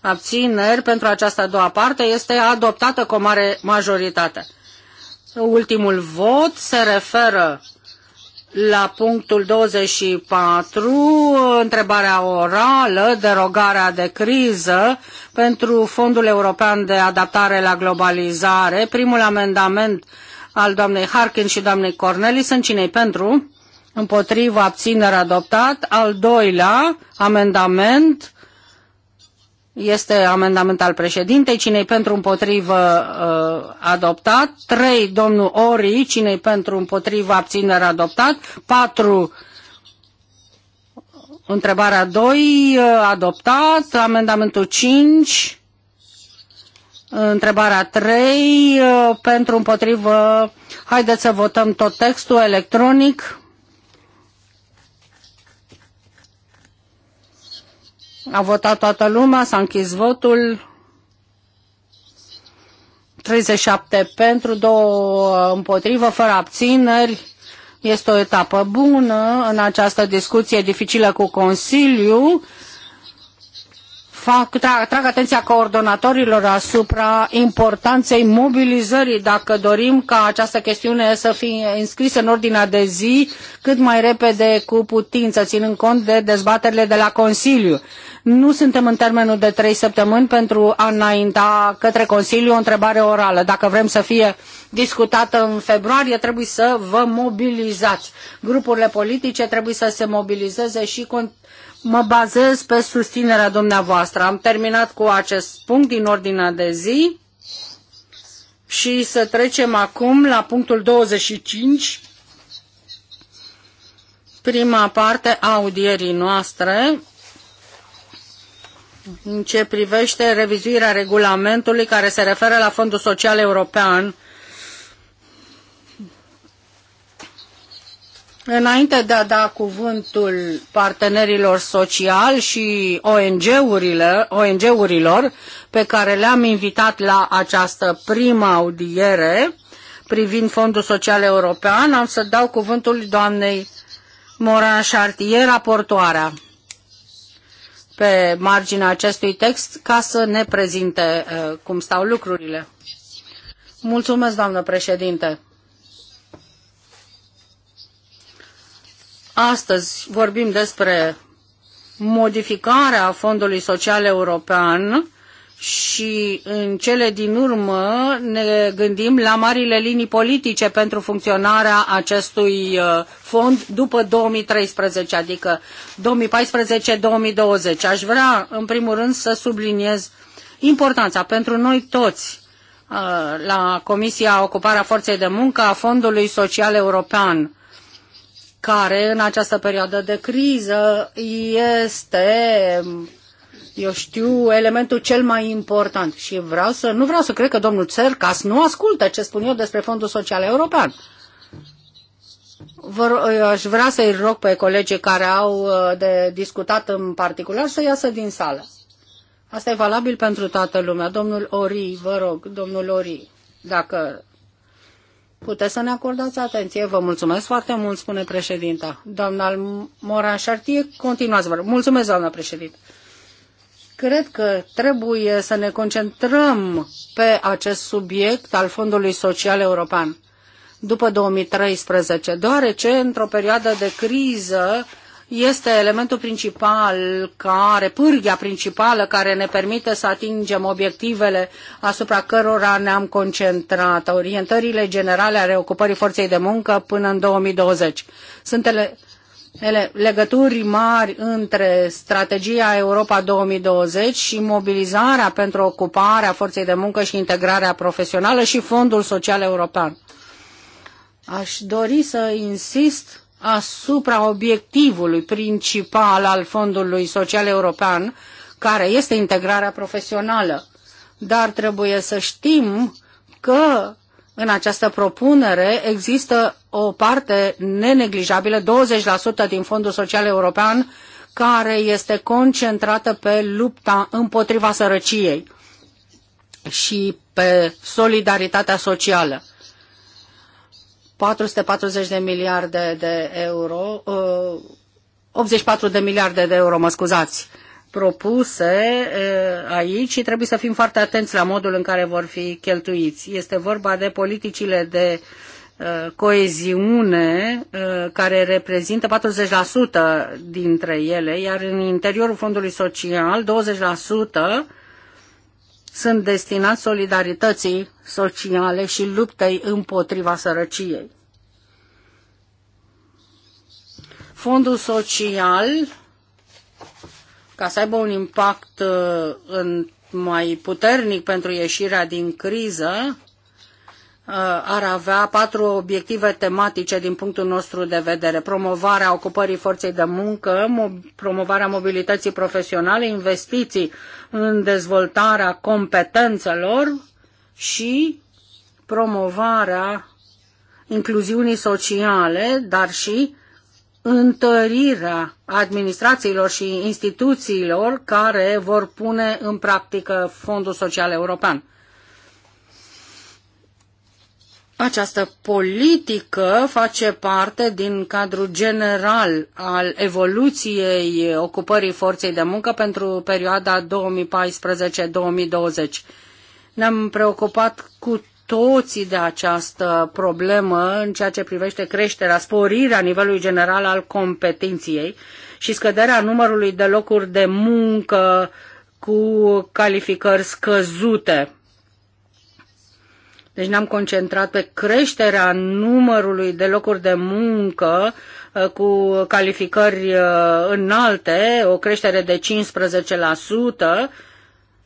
abțineri pentru această a doua parte, este adoptată cu o mare majoritate. Ultimul vot se referă la punctul 24, întrebarea orală, derogarea de criză pentru Fondul European de Adaptare la Globalizare, primul amendament al doamnei Harkin și doamnei Corneli, sunt cine pentru? împotriva abținere, adoptat. Al doilea amendament este amendament al președintei. Cine-i pentru împotrivă uh, adoptat? 3. Domnul Ori. Cine-i pentru împotrivă abținere adoptat? 4. Întrebarea 2. Uh, adoptat. Amendamentul 5. Întrebarea 3. Uh, pentru împotrivă. Haideți să votăm tot textul electronic. A votat toată lumea, s-a închis votul. 37 pentru, 2 împotrivă, fără abțineri. Este o etapă bună în această discuție dificilă cu Consiliul fac, da, atrag atenția coordonatorilor asupra importanței mobilizării dacă dorim ca această chestiune să fie înscrisă în ordinea de zi cât mai repede cu putință, ținând cont de dezbaterile de la Consiliu. Nu suntem în termenul de trei săptămâni pentru a înainta către Consiliu o întrebare orală. Dacă vrem să fie discutată în februarie, trebuie să vă mobilizați. Grupurile politice trebuie să se mobilizeze și mă bazez pe susținerea dumneavoastră. Am terminat cu acest punct din ordinea de zi și să trecem acum la punctul 25, prima parte a audierii noastre în ce privește revizuirea regulamentului care se referă la Fondul Social European Înainte de a da cuvântul partenerilor sociali și ONG-urile, ONG-urilor pe care le-am invitat la această primă audiere privind Fondul Social European, am să dau cuvântul doamnei Moran Chartier, raportoarea pe marginea acestui text ca să ne prezinte uh, cum stau lucrurile. Mulțumesc, doamnă președinte. Astăzi vorbim despre modificarea Fondului Social European și în cele din urmă ne gândim la marile linii politice pentru funcționarea acestui uh, fond după 2013, adică 2014-2020. Aș vrea, în primul rând, să subliniez importanța pentru noi toți uh, la Comisia Ocuparea Forței de Muncă a Fondului Social European care în această perioadă de criză este, eu știu, elementul cel mai important. Și vreau să, nu vreau să cred că domnul Țercas nu ascultă ce spun eu despre Fondul Social European. Vă, aș vrea să-i rog pe colegii care au uh, de discutat în particular să iasă din sală. Asta e valabil pentru toată lumea. Domnul Ori, vă rog, domnul Ori, dacă Puteți să ne acordați atenție. Vă mulțumesc foarte mult, spune președinta. Doamna Moran Șartie, continuați, vă Mulțumesc, doamna președinte. Cred că trebuie să ne concentrăm pe acest subiect al Fondului Social European după 2013, deoarece într-o perioadă de criză este elementul principal care, pârghia principală care ne permite să atingem obiectivele asupra cărora ne-am concentrat, orientările generale ale ocupării forței de muncă până în 2020. Sunt ele, ele, legături mari între strategia Europa 2020 și mobilizarea pentru ocuparea forței de muncă și integrarea profesională și Fondul Social European. Aș dori să insist asupra obiectivului principal al Fondului Social European, care este integrarea profesională. Dar trebuie să știm că în această propunere există o parte neneglijabilă, 20% din Fondul Social European, care este concentrată pe lupta împotriva sărăciei și pe solidaritatea socială. 440 de miliarde de euro, 84 uh, de miliarde de euro, mă scuzați, propuse uh, aici și trebuie să fim foarte atenți la modul în care vor fi cheltuiți. Este vorba de politicile de uh, coeziune care reprezintă 40% dintre ele, iar în interiorul fondului social 20% sunt destinați solidarității sociale și luptei împotriva sărăciei. Fondul social, ca să aibă un impact uh, în mai puternic pentru ieșirea din criză, Uh, ar avea patru obiective tematice din punctul nostru de vedere. Promovarea ocupării forței de muncă, promovarea mobilității profesionale, investiții în dezvoltarea competențelor și promovarea incluziunii sociale, dar și întărirea administrațiilor și instituțiilor care vor pune în practică Fondul Social European. Această politică face parte din cadrul general al evoluției ocupării forței de muncă pentru perioada 2014-2020. Ne-am preocupat cu toții de această problemă în ceea ce privește creșterea, sporirea nivelului general al competenției și scăderea numărului de locuri de muncă cu calificări scăzute deci ne-am concentrat pe creșterea numărului de locuri de muncă uh, cu calificări uh, înalte, o creștere de 15%,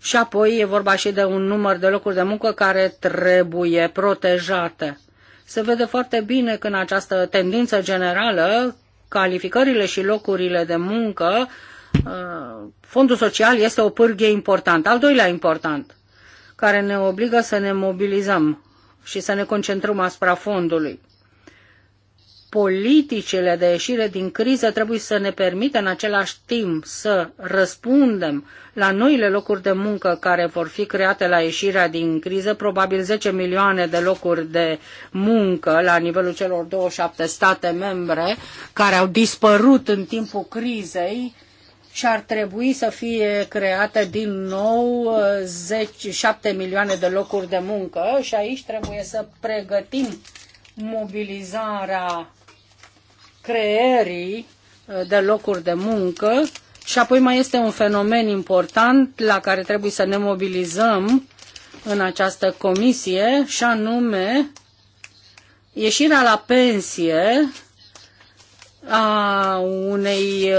și apoi e vorba și de un număr de locuri de muncă care trebuie protejate. Se vede foarte bine că în această tendință generală, calificările și locurile de muncă, uh, fondul social este o pârghie importantă. Al doilea important, care ne obligă să ne mobilizăm și să ne concentrăm asupra fondului. Politicile de ieșire din criză trebuie să ne permită în același timp să răspundem la noile locuri de muncă care vor fi create la ieșirea din criză, probabil 10 milioane de locuri de muncă la nivelul celor 27 state membre care au dispărut în timpul crizei și ar trebui să fie create din nou 10, uh, 7 milioane de locuri de muncă și aici trebuie să pregătim mobilizarea creierii uh, de locuri de muncă și apoi mai este un fenomen important la care trebuie să ne mobilizăm în această comisie și anume ieșirea la pensie a unei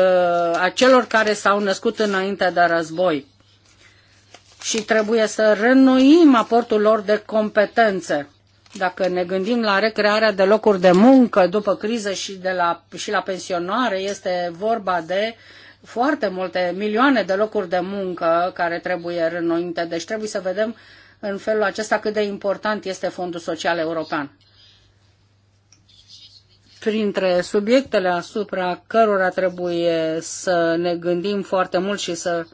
a celor care s-au născut înainte de război și trebuie să reînnoim aportul lor de competențe. Dacă ne gândim la recrearea de locuri de muncă după criză și, de la, și la pensionare, este vorba de foarte multe milioane de locuri de muncă care trebuie reînnoite. Deci trebuie să vedem în felul acesta cât de important este Fondul Social European printre subiectele asupra cărora trebuie să ne gândim foarte mult și să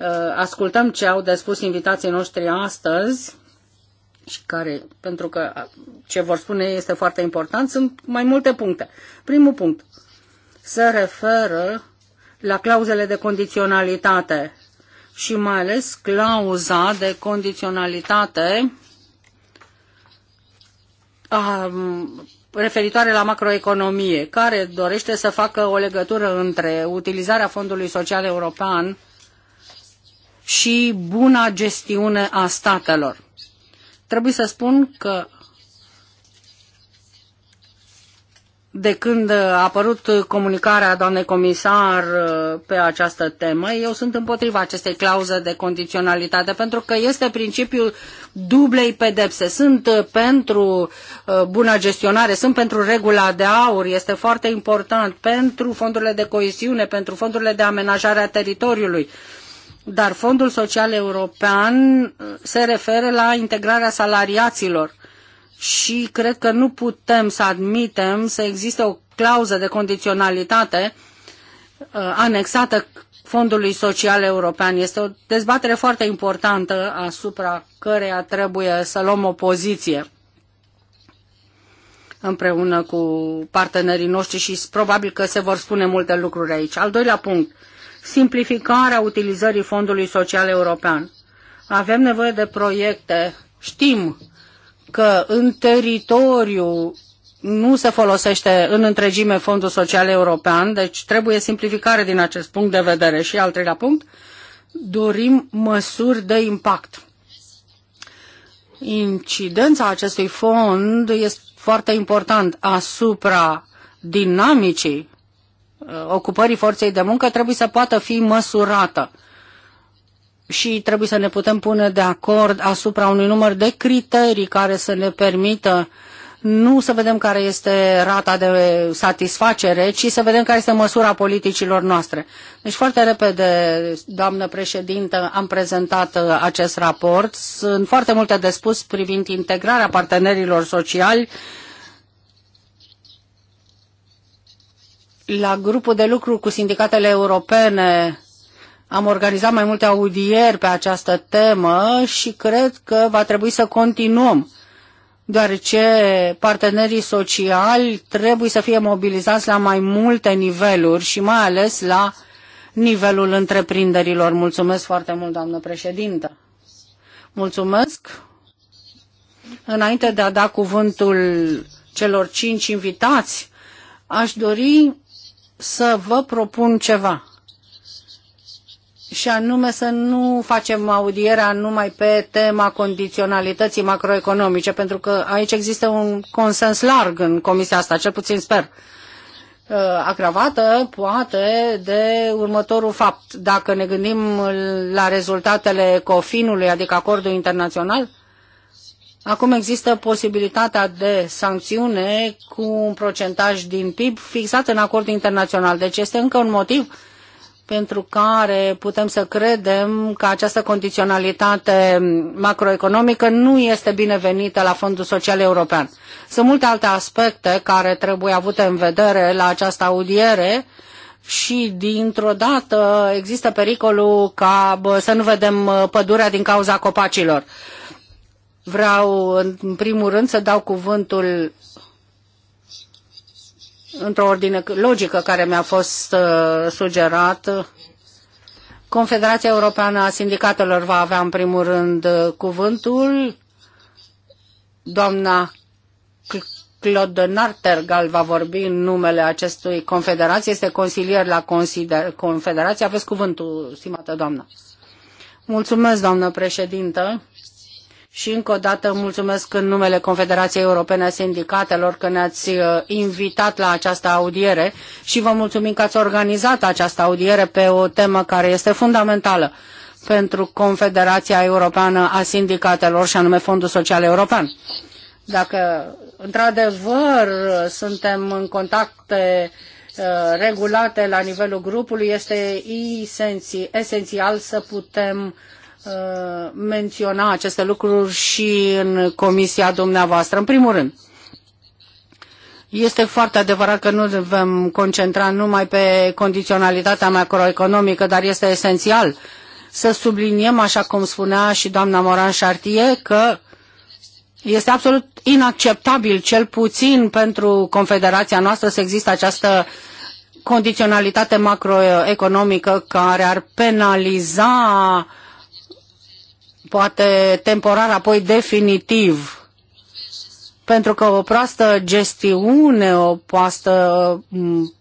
uh, ascultăm ce au de spus invitații noștri astăzi, și care, pentru că uh, ce vor spune este foarte important, sunt mai multe puncte. Primul punct se referă la clauzele de condiționalitate și mai ales clauza de condiționalitate a um, referitoare la macroeconomie, care dorește să facă o legătură între utilizarea Fondului Social European și buna gestiune a statelor. Trebuie să spun că de când a apărut comunicarea doamnei comisar uh, pe această temă, eu sunt împotriva acestei clauze de condiționalitate, pentru că este principiul dublei pedepse. Sunt uh, pentru uh, bună gestionare, sunt pentru regula de aur, este foarte important pentru fondurile de coesiune, pentru fondurile de amenajare a teritoriului. Dar Fondul Social European se referă la integrarea salariaților și cred că nu putem să admitem să existe o clauză de condiționalitate uh, anexată Fondului Social European. Este o dezbatere foarte importantă asupra căreia trebuie să luăm o poziție împreună cu partenerii noștri și probabil că se vor spune multe lucruri aici. Al doilea punct, simplificarea utilizării Fondului Social European. Avem nevoie de proiecte, știm că în teritoriu nu se folosește în întregime Fondul Social European, deci trebuie simplificare din acest punct de vedere. Și al treilea punct, dorim măsuri de impact. Incidența acestui fond este foarte important asupra dinamicii uh, ocupării forței de muncă, trebuie să poată fi măsurată și trebuie să ne putem pune de acord asupra unui număr de criterii care să ne permită nu să vedem care este rata de satisfacere, ci să vedem care este măsura politicilor noastre. Deci foarte repede, doamnă președintă, am prezentat uh, acest raport. Sunt foarte multe de spus privind integrarea partenerilor sociali la grupul de lucru cu sindicatele europene am organizat mai multe audieri pe această temă și cred că va trebui să continuăm, deoarece partenerii sociali trebuie să fie mobilizați la mai multe niveluri și mai ales la nivelul întreprinderilor. Mulțumesc foarte mult, doamnă președintă. Mulțumesc. Înainte de a da cuvântul celor cinci invitați, aș dori să vă propun ceva și anume să nu facem audierea numai pe tema condiționalității macroeconomice, pentru că aici există un consens larg în comisia asta, cel puțin sper, uh, agravată poate de următorul fapt. Dacă ne gândim la rezultatele COFIN-ului, adică acordul internațional, Acum există posibilitatea de sancțiune cu un procentaj din PIB fixat în acordul internațional. Deci este încă un motiv pentru care putem să credem că această condiționalitate macroeconomică nu este binevenită la Fondul Social European. Sunt multe alte aspecte care trebuie avute în vedere la această audiere și dintr-o dată există pericolul ca să nu vedem pădurea din cauza copacilor. Vreau în primul rând să dau cuvântul într-o ordine logică care mi-a fost uh, sugerat. Confederația Europeană a Sindicatelor va avea în primul rând uh, cuvântul. Doamna Claude Nartergal va vorbi în numele acestui confederație, este consilier la Confederație. Aveți cuvântul, stimată doamnă. Mulțumesc, doamnă președintă. Și încă o dată mulțumesc în numele Confederației Europene a Sindicatelor că ne-ați uh, invitat la această audiere și vă mulțumim că ați organizat această audiere pe o temă care este fundamentală pentru Confederația Europeană a Sindicatelor și anume Fondul Social European. Dacă într-adevăr suntem în contacte uh, regulate la nivelul grupului, este esențial să putem Uh, menționa aceste lucruri și în comisia dumneavoastră. În primul rând, este foarte adevărat că nu vom concentra numai pe condiționalitatea macroeconomică, dar este esențial să subliniem, așa cum spunea și doamna Moran Chartier, că este absolut inacceptabil, cel puțin pentru Confederația noastră, să există această condiționalitate macroeconomică care ar penaliza uh, poate temporar, apoi definitiv, pentru că o proastă gestiune, o proastă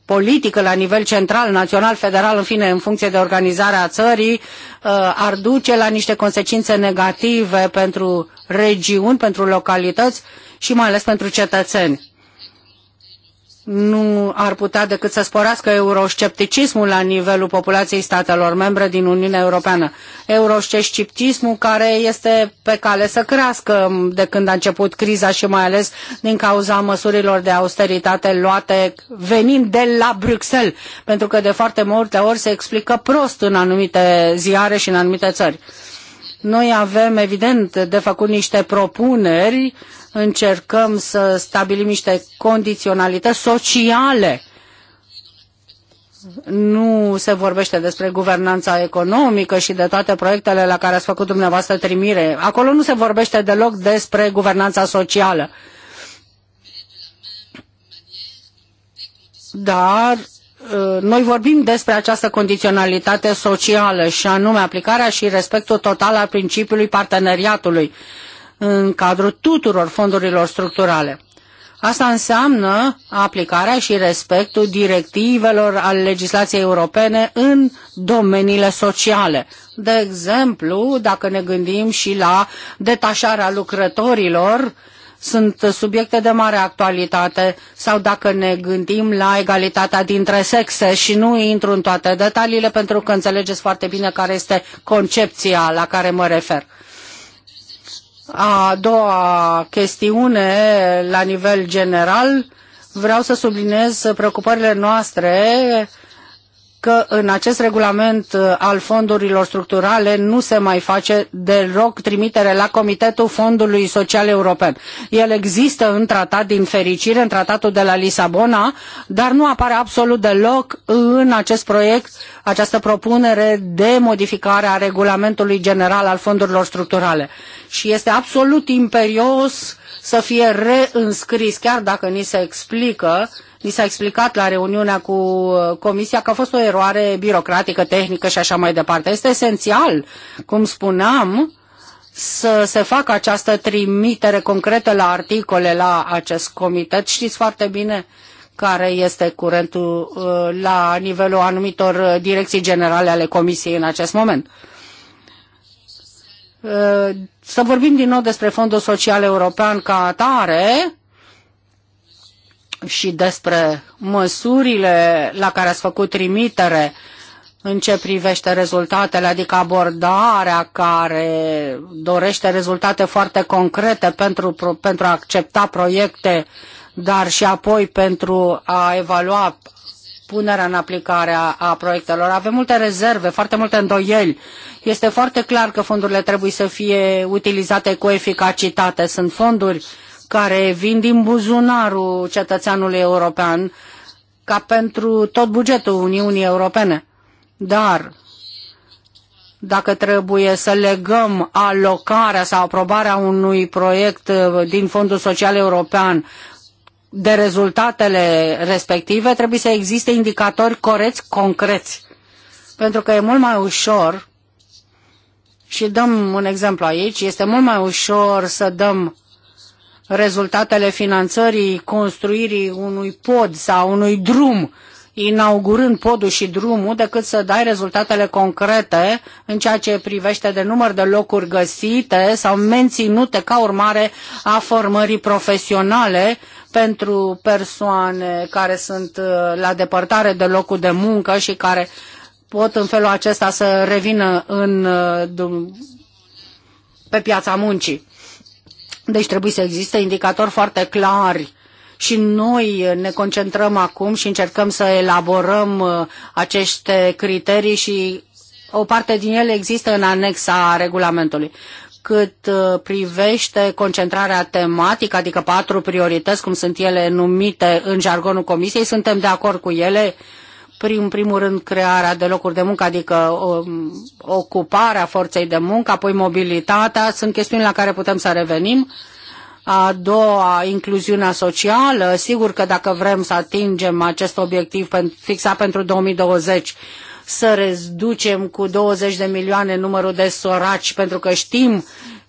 politică la nivel central, național, federal, în fine, în funcție de organizarea țării, ă, ar duce la niște consecințe negative pentru regiuni, pentru localități și mai ales pentru cetățeni nu ar putea decât să sporească euroscepticismul la nivelul populației statelor membre din Uniunea Europeană. Euroscepticismul care este pe cale să crească de când a început criza și mai ales din cauza măsurilor de austeritate luate venind de la Bruxelles, pentru că de foarte multe ori se explică prost în anumite ziare și în anumite țări. Noi avem, evident, de făcut niște propuneri încercăm să stabilim niște condiționalități sociale. Nu se vorbește despre guvernanța economică și de toate proiectele la care ați făcut dumneavoastră trimire. Acolo nu se vorbește deloc despre guvernanța socială. Dar uh, noi vorbim despre această condiționalitate socială și anume aplicarea și respectul total al principiului parteneriatului în cadrul tuturor fondurilor structurale. Asta înseamnă aplicarea și respectul directivelor al legislației europene în domeniile sociale. De exemplu, dacă ne gândim și la detașarea lucrătorilor, sunt subiecte de mare actualitate sau dacă ne gândim la egalitatea dintre sexe și nu intru în toate detaliile pentru că înțelegeți foarte bine care este concepția la care mă refer. A doua chestiune, la nivel general, vreau să subliniez preocupările noastre că în acest regulament uh, al fondurilor structurale nu se mai face deloc trimitere la Comitetul Fondului Social European. El există în tratat, din fericire, în tratatul de la Lisabona, dar nu apare absolut deloc în acest proiect, această propunere de modificare a regulamentului general al fondurilor structurale. Și este absolut imperios să fie reînscris, chiar dacă ni se explică uh, Ni s-a explicat la reuniunea cu uh, Comisia că a fost o eroare birocratică, tehnică și așa mai departe. Este esențial, cum spuneam, să se facă această trimitere concretă la articole la acest comitet. Știți foarte bine care este curentul uh, la nivelul anumitor uh, direcții generale ale Comisiei în acest moment. Să vorbim din nou despre Fondul Social European ca atare, și despre măsurile la care ați făcut trimitere în ce privește rezultatele, adică abordarea care dorește rezultate foarte concrete pentru, pentru a accepta proiecte, dar și apoi pentru a evalua punerea în aplicare a, a proiectelor. Avem multe rezerve, foarte multe îndoieli. Este foarte clar că fondurile trebuie să fie utilizate cu eficacitate. Sunt fonduri uh, care vin din buzunarul cetățeanului european ca pentru tot bugetul Uniunii Europene. Dar dacă trebuie să legăm alocarea sau aprobarea unui proiect uh, din Fondul Social European de rezultatele respective, trebuie să existe indicatori coreți, concreți. Pentru că e mult mai ușor, și dăm un exemplu aici, este mult mai ușor să dăm rezultatele finanțării construirii unui pod sau unui drum, inaugurând podul și drumul, decât să dai rezultatele concrete în ceea ce privește de număr de locuri găsite sau menținute ca urmare a formării profesionale pentru persoane care sunt uh, la depărtare de locul de muncă și care pot în felul acesta să revină în, uh, pe piața muncii. Deci trebuie să existe indicatori foarte clari și noi ne concentrăm acum și încercăm să elaborăm uh, aceste criterii și o parte din ele există în anexa regulamentului. Cât uh, privește concentrarea tematică, adică patru priorități, cum sunt ele numite în jargonul comisiei, suntem de acord cu ele prim, primul rând crearea de locuri de muncă, adică o, um, ocuparea forței de muncă, apoi mobilitatea, sunt chestiuni la care putem să revenim. A doua, incluziunea socială. Sigur că dacă vrem să atingem acest obiectiv fixat pentru 2020, să reducem cu 20 de milioane numărul de soraci, pentru că știm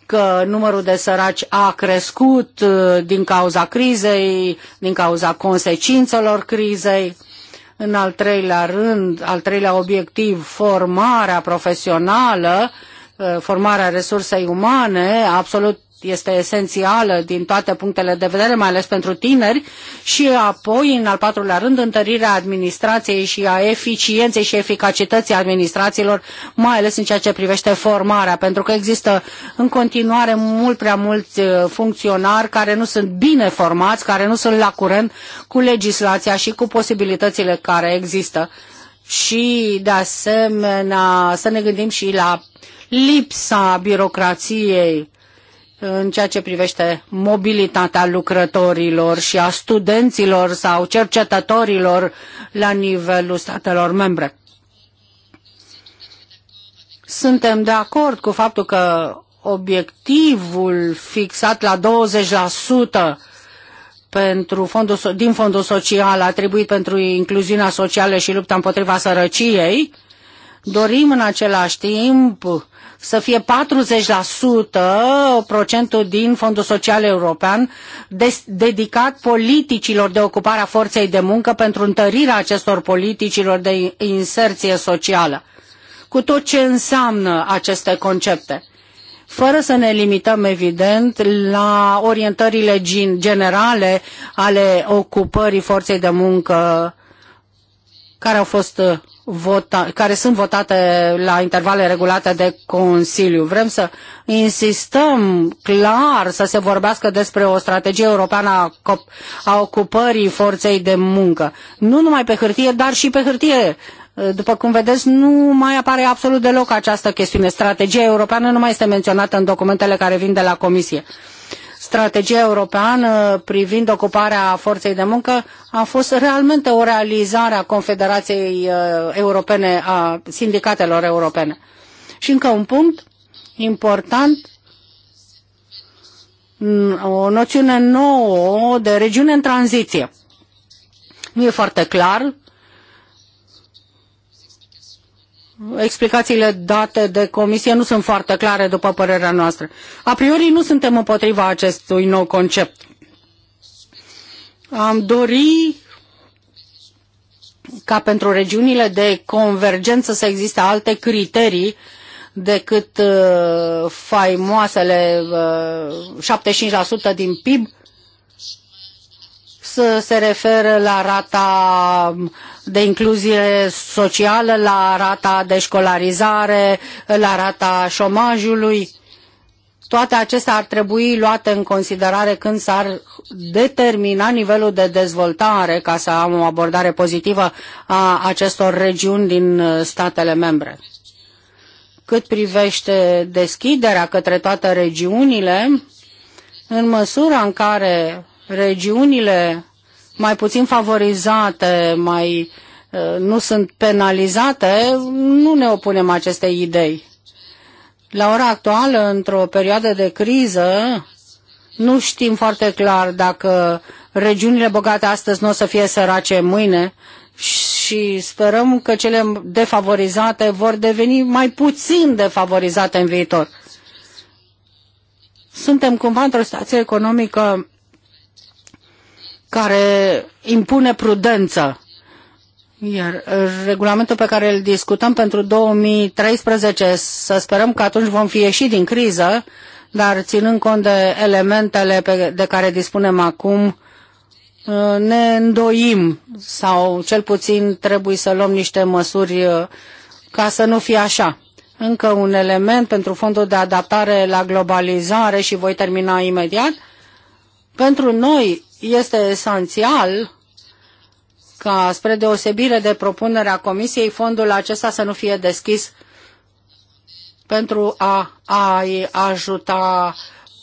că numărul de săraci a crescut uh, din cauza crizei, din cauza consecințelor crizei în al treilea rând, al treilea obiectiv, formarea profesională, uh, formarea resursei umane, absolut este esențială din toate punctele de vedere, mai ales pentru tineri, și apoi, în al patrulea rând, întărirea administrației și a eficienței și eficacității administrațiilor, mai ales în ceea ce privește formarea, pentru că există în continuare mult prea mulți uh, funcționari care nu sunt bine formați, care nu sunt la curent cu legislația și cu posibilitățile care există. Și, de asemenea, să ne gândim și la lipsa birocrației în ceea ce privește mobilitatea lucrătorilor și a studenților sau cercetătorilor la nivelul statelor membre. Suntem de acord cu faptul că obiectivul fixat la 20% pentru fondul, din fondul social atribuit pentru incluziunea socială și lupta împotriva sărăciei, dorim în același timp să fie 40% procentul din Fondul Social European des, dedicat politicilor de ocupare a forței de muncă pentru întărirea acestor politicilor de inserție socială. Cu tot ce înseamnă aceste concepte fără să ne limităm, evident, la orientările generale ale ocupării forței de muncă care au fost vota, care sunt votate la intervale regulate de Consiliu. Vrem să insistăm clar să se vorbească despre o strategie europeană a, a ocupării forței de muncă. Nu numai pe hârtie, dar și pe hârtie. După cum vedeți, nu mai apare absolut deloc această chestiune. Strategia europeană nu mai este menționată în documentele care vin de la Comisie strategia europeană privind ocuparea forței de muncă a fost realmente o realizare a Confederației uh, Europene, a sindicatelor europene. Și încă un punct important, o noțiune nouă de regiune în tranziție. Nu e foarte clar explicațiile date de comisie nu sunt foarte clare, după părerea noastră. A priori nu suntem împotriva acestui nou concept. Am dori ca pentru regiunile de convergență să existe alte criterii decât uh, faimoasele uh, 75% din PIB să se referă la rata de incluzie socială, la rata de școlarizare, la rata șomajului. Toate acestea ar trebui luate în considerare când s-ar determina nivelul de dezvoltare ca să am o abordare pozitivă a acestor regiuni din statele membre. Cât privește deschiderea către toate regiunile, în măsura în care regiunile mai puțin favorizate, mai uh, nu sunt penalizate, nu ne opunem acestei idei. La ora actuală, într-o perioadă de criză, nu știm foarte clar dacă regiunile bogate astăzi nu o să fie sărace mâine și sperăm că cele defavorizate vor deveni mai puțin defavorizate în viitor. Suntem cumva într-o situație economică care impune prudență. Iar uh, regulamentul pe care îl discutăm pentru 2013, să sperăm că atunci vom fi ieși din criză, dar ținând cont de elementele pe, de care dispunem acum, uh, ne îndoim sau cel puțin trebuie să luăm niște măsuri uh, ca să nu fie așa. Încă un element pentru fondul de adaptare la globalizare și voi termina imediat – pentru noi este esențial ca, spre deosebire de propunerea Comisiei, fondul acesta să nu fie deschis pentru a, a ajuta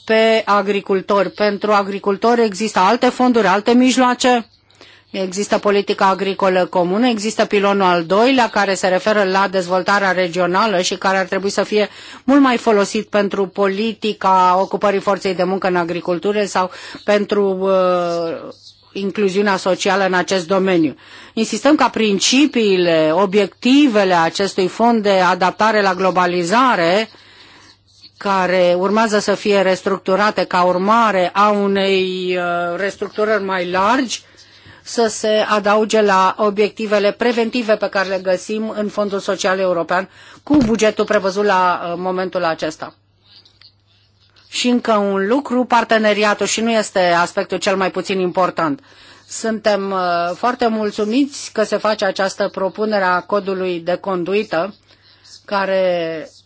pe agricultori. Pentru agricultori există alte fonduri, alte mijloace Există politica agricolă comună, există pilonul al doilea care se referă la dezvoltarea regională și care ar trebui să fie mult mai folosit pentru politica ocupării forței de muncă în agricultură sau pentru uh, incluziunea socială în acest domeniu. Insistăm ca principiile, obiectivele acestui fond de adaptare la globalizare care urmează să fie restructurate ca urmare a unei uh, restructurări mai largi, să se adauge la obiectivele preventive pe care le găsim în Fondul Social European cu bugetul prevăzut la uh, momentul acesta. Și încă un lucru, parteneriatul și nu este aspectul cel mai puțin important. Suntem uh, foarte mulțumiți că se face această propunere a codului de conduită care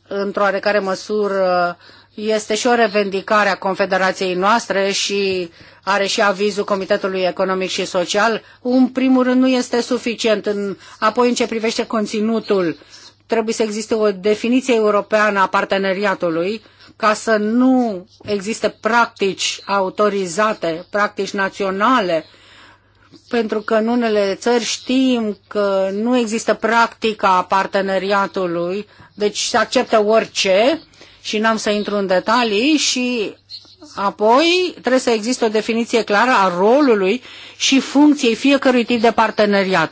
într-o oarecare măsură este și o revendicare a Confederației noastre și are și avizul Comitetului Economic și Social. În primul rând nu este suficient. În, apoi, în ce privește conținutul, trebuie să existe o definiție europeană a parteneriatului ca să nu existe practici autorizate, practici naționale, pentru că în unele țări știm că nu există practica parteneriatului, deci se acceptă orice, și n-am să intru în detalii și apoi trebuie să existe o definiție clară a rolului și funcției fiecărui tip de parteneriat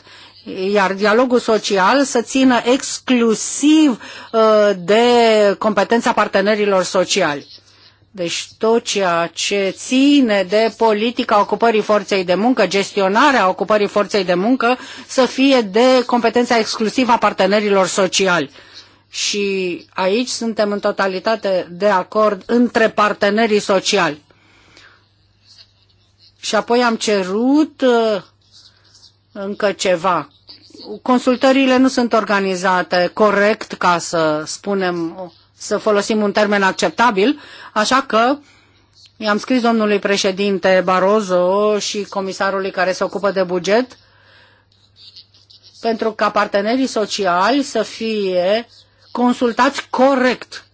iar dialogul social să țină exclusiv uh, de competența partenerilor sociali. Deci tot ceea ce ține de politica ocupării forței de muncă, gestionarea ocupării forței de muncă, să fie de competența exclusivă a partenerilor sociali și aici suntem în totalitate de acord între partenerii sociali. Și apoi am cerut uh, încă ceva. Consultările nu sunt organizate corect, ca să spunem, să folosim un termen acceptabil, așa că i-am scris domnului președinte Barroso și comisarului care se ocupă de buget pentru ca partenerii sociali să fie uh, consultați corect,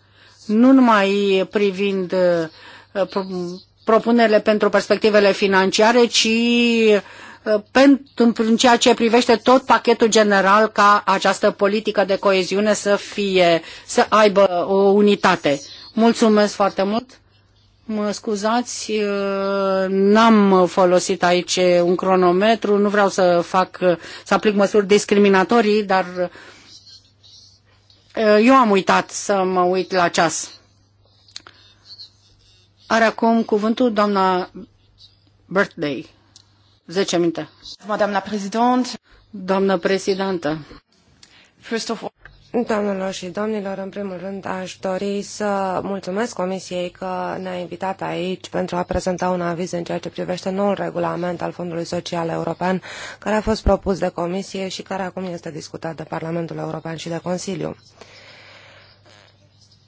nu numai privind uh, propunerile pentru perspectivele financiare, ci uh, în ceea ce privește tot pachetul general ca această politică de coeziune să fie, să aibă o uh, unitate. Mulțumesc foarte mult! Mă scuzați, n-am folosit aici un cronometru, nu vreau să fac, să aplic măsuri discriminatorii, dar Eh, eu am uitat să mă uit la ceas. Are acum cuvântul doamna Birthday. 10 minute. Doamna președintă. Doamna președintă. First of all... Doamnelor și domnilor, în primul rând aș dori să mulțumesc Comisiei că ne-a invitat aici pentru a prezenta un aviz în ceea ce privește noul regulament al Fondului Social European, care a fost propus de Comisie și care acum este discutat de Parlamentul European și de Consiliu.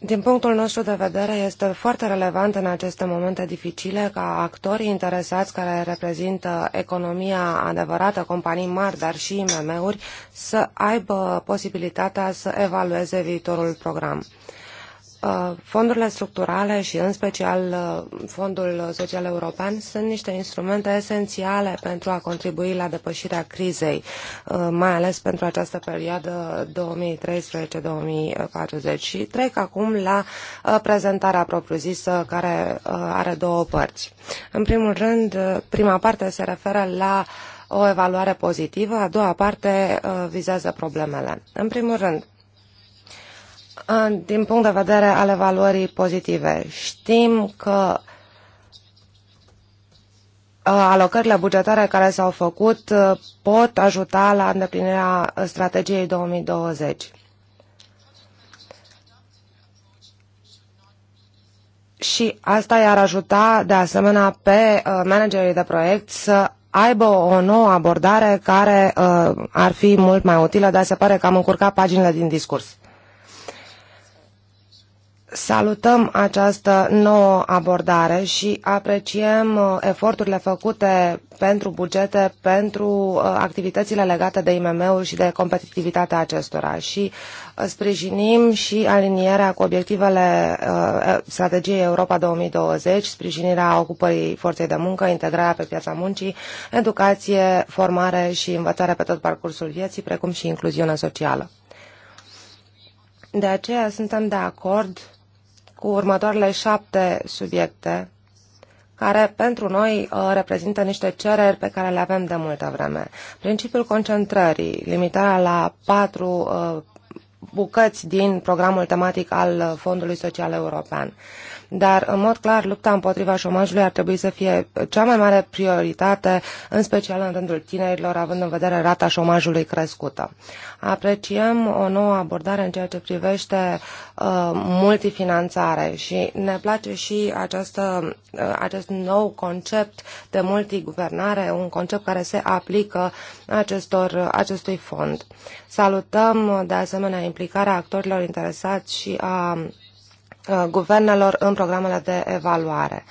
Din punctul nostru de vedere, este foarte relevant în aceste momente dificile ca actorii interesați care reprezintă economia adevărată, companii mari, dar și IMM-uri, să aibă posibilitatea să evalueze viitorul program. Uh, fondurile structurale și în special uh, Fondul Social European sunt niște instrumente esențiale pentru a contribui la depășirea crizei, uh, mai ales pentru această perioadă 2013-2040. Și trec acum la prezentarea propriu-zisă care are două părți. În primul rând, prima parte se referă la o evaluare pozitivă, a doua parte vizează problemele. În primul rând, din punct de vedere al evaluării pozitive. Știm că uh, alocările bugetare care s-au făcut uh, pot ajuta la îndeplinirea strategiei 2020. Și asta i-ar ajuta, de asemenea, pe uh, managerii de proiect să aibă o nouă abordare care ar fi mult mai utilă, dar se pare că am încurcat paginile din discurs. Salutăm această nouă abordare și apreciem uh, eforturile făcute pentru bugete, pentru uh, activitățile legate de IMM-uri și de competitivitatea acestora și uh, sprijinim și alinierea cu obiectivele strategiei Europa 2020, sprijinirea ocupării forței de muncă, integrarea pe piața muncii, educație, formare și învățare pe tot parcursul vieții, precum și incluziunea socială. De aceea suntem de acord cu următoarele șapte subiecte care pentru noi uh, reprezintă niște cereri pe care le avem de multă vreme. Principiul concentrării, limitarea la patru uh, bucăți din programul tematic al Fondului Social European dar în mod clar lupta împotriva șomajului ar trebui să fie cea mai mare prioritate, în special în rândul tinerilor, având în vedere rata șomajului crescută. Apreciem o nouă abordare în ceea ce privește uh, multifinanțare și ne place și această, uh, acest nou concept de multiguvernare, un concept care se aplică acestor, acestui fond. Salutăm de asemenea implicarea actorilor interesați și a uh, Uh, guvernelor în programele de evaluare.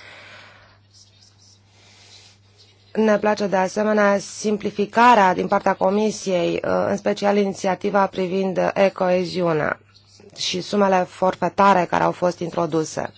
Ne place de asemenea simplificarea din partea Comisiei, uh, în special inițiativa privind ecoeziunea uh, și sumele forfetare care au fost introduse.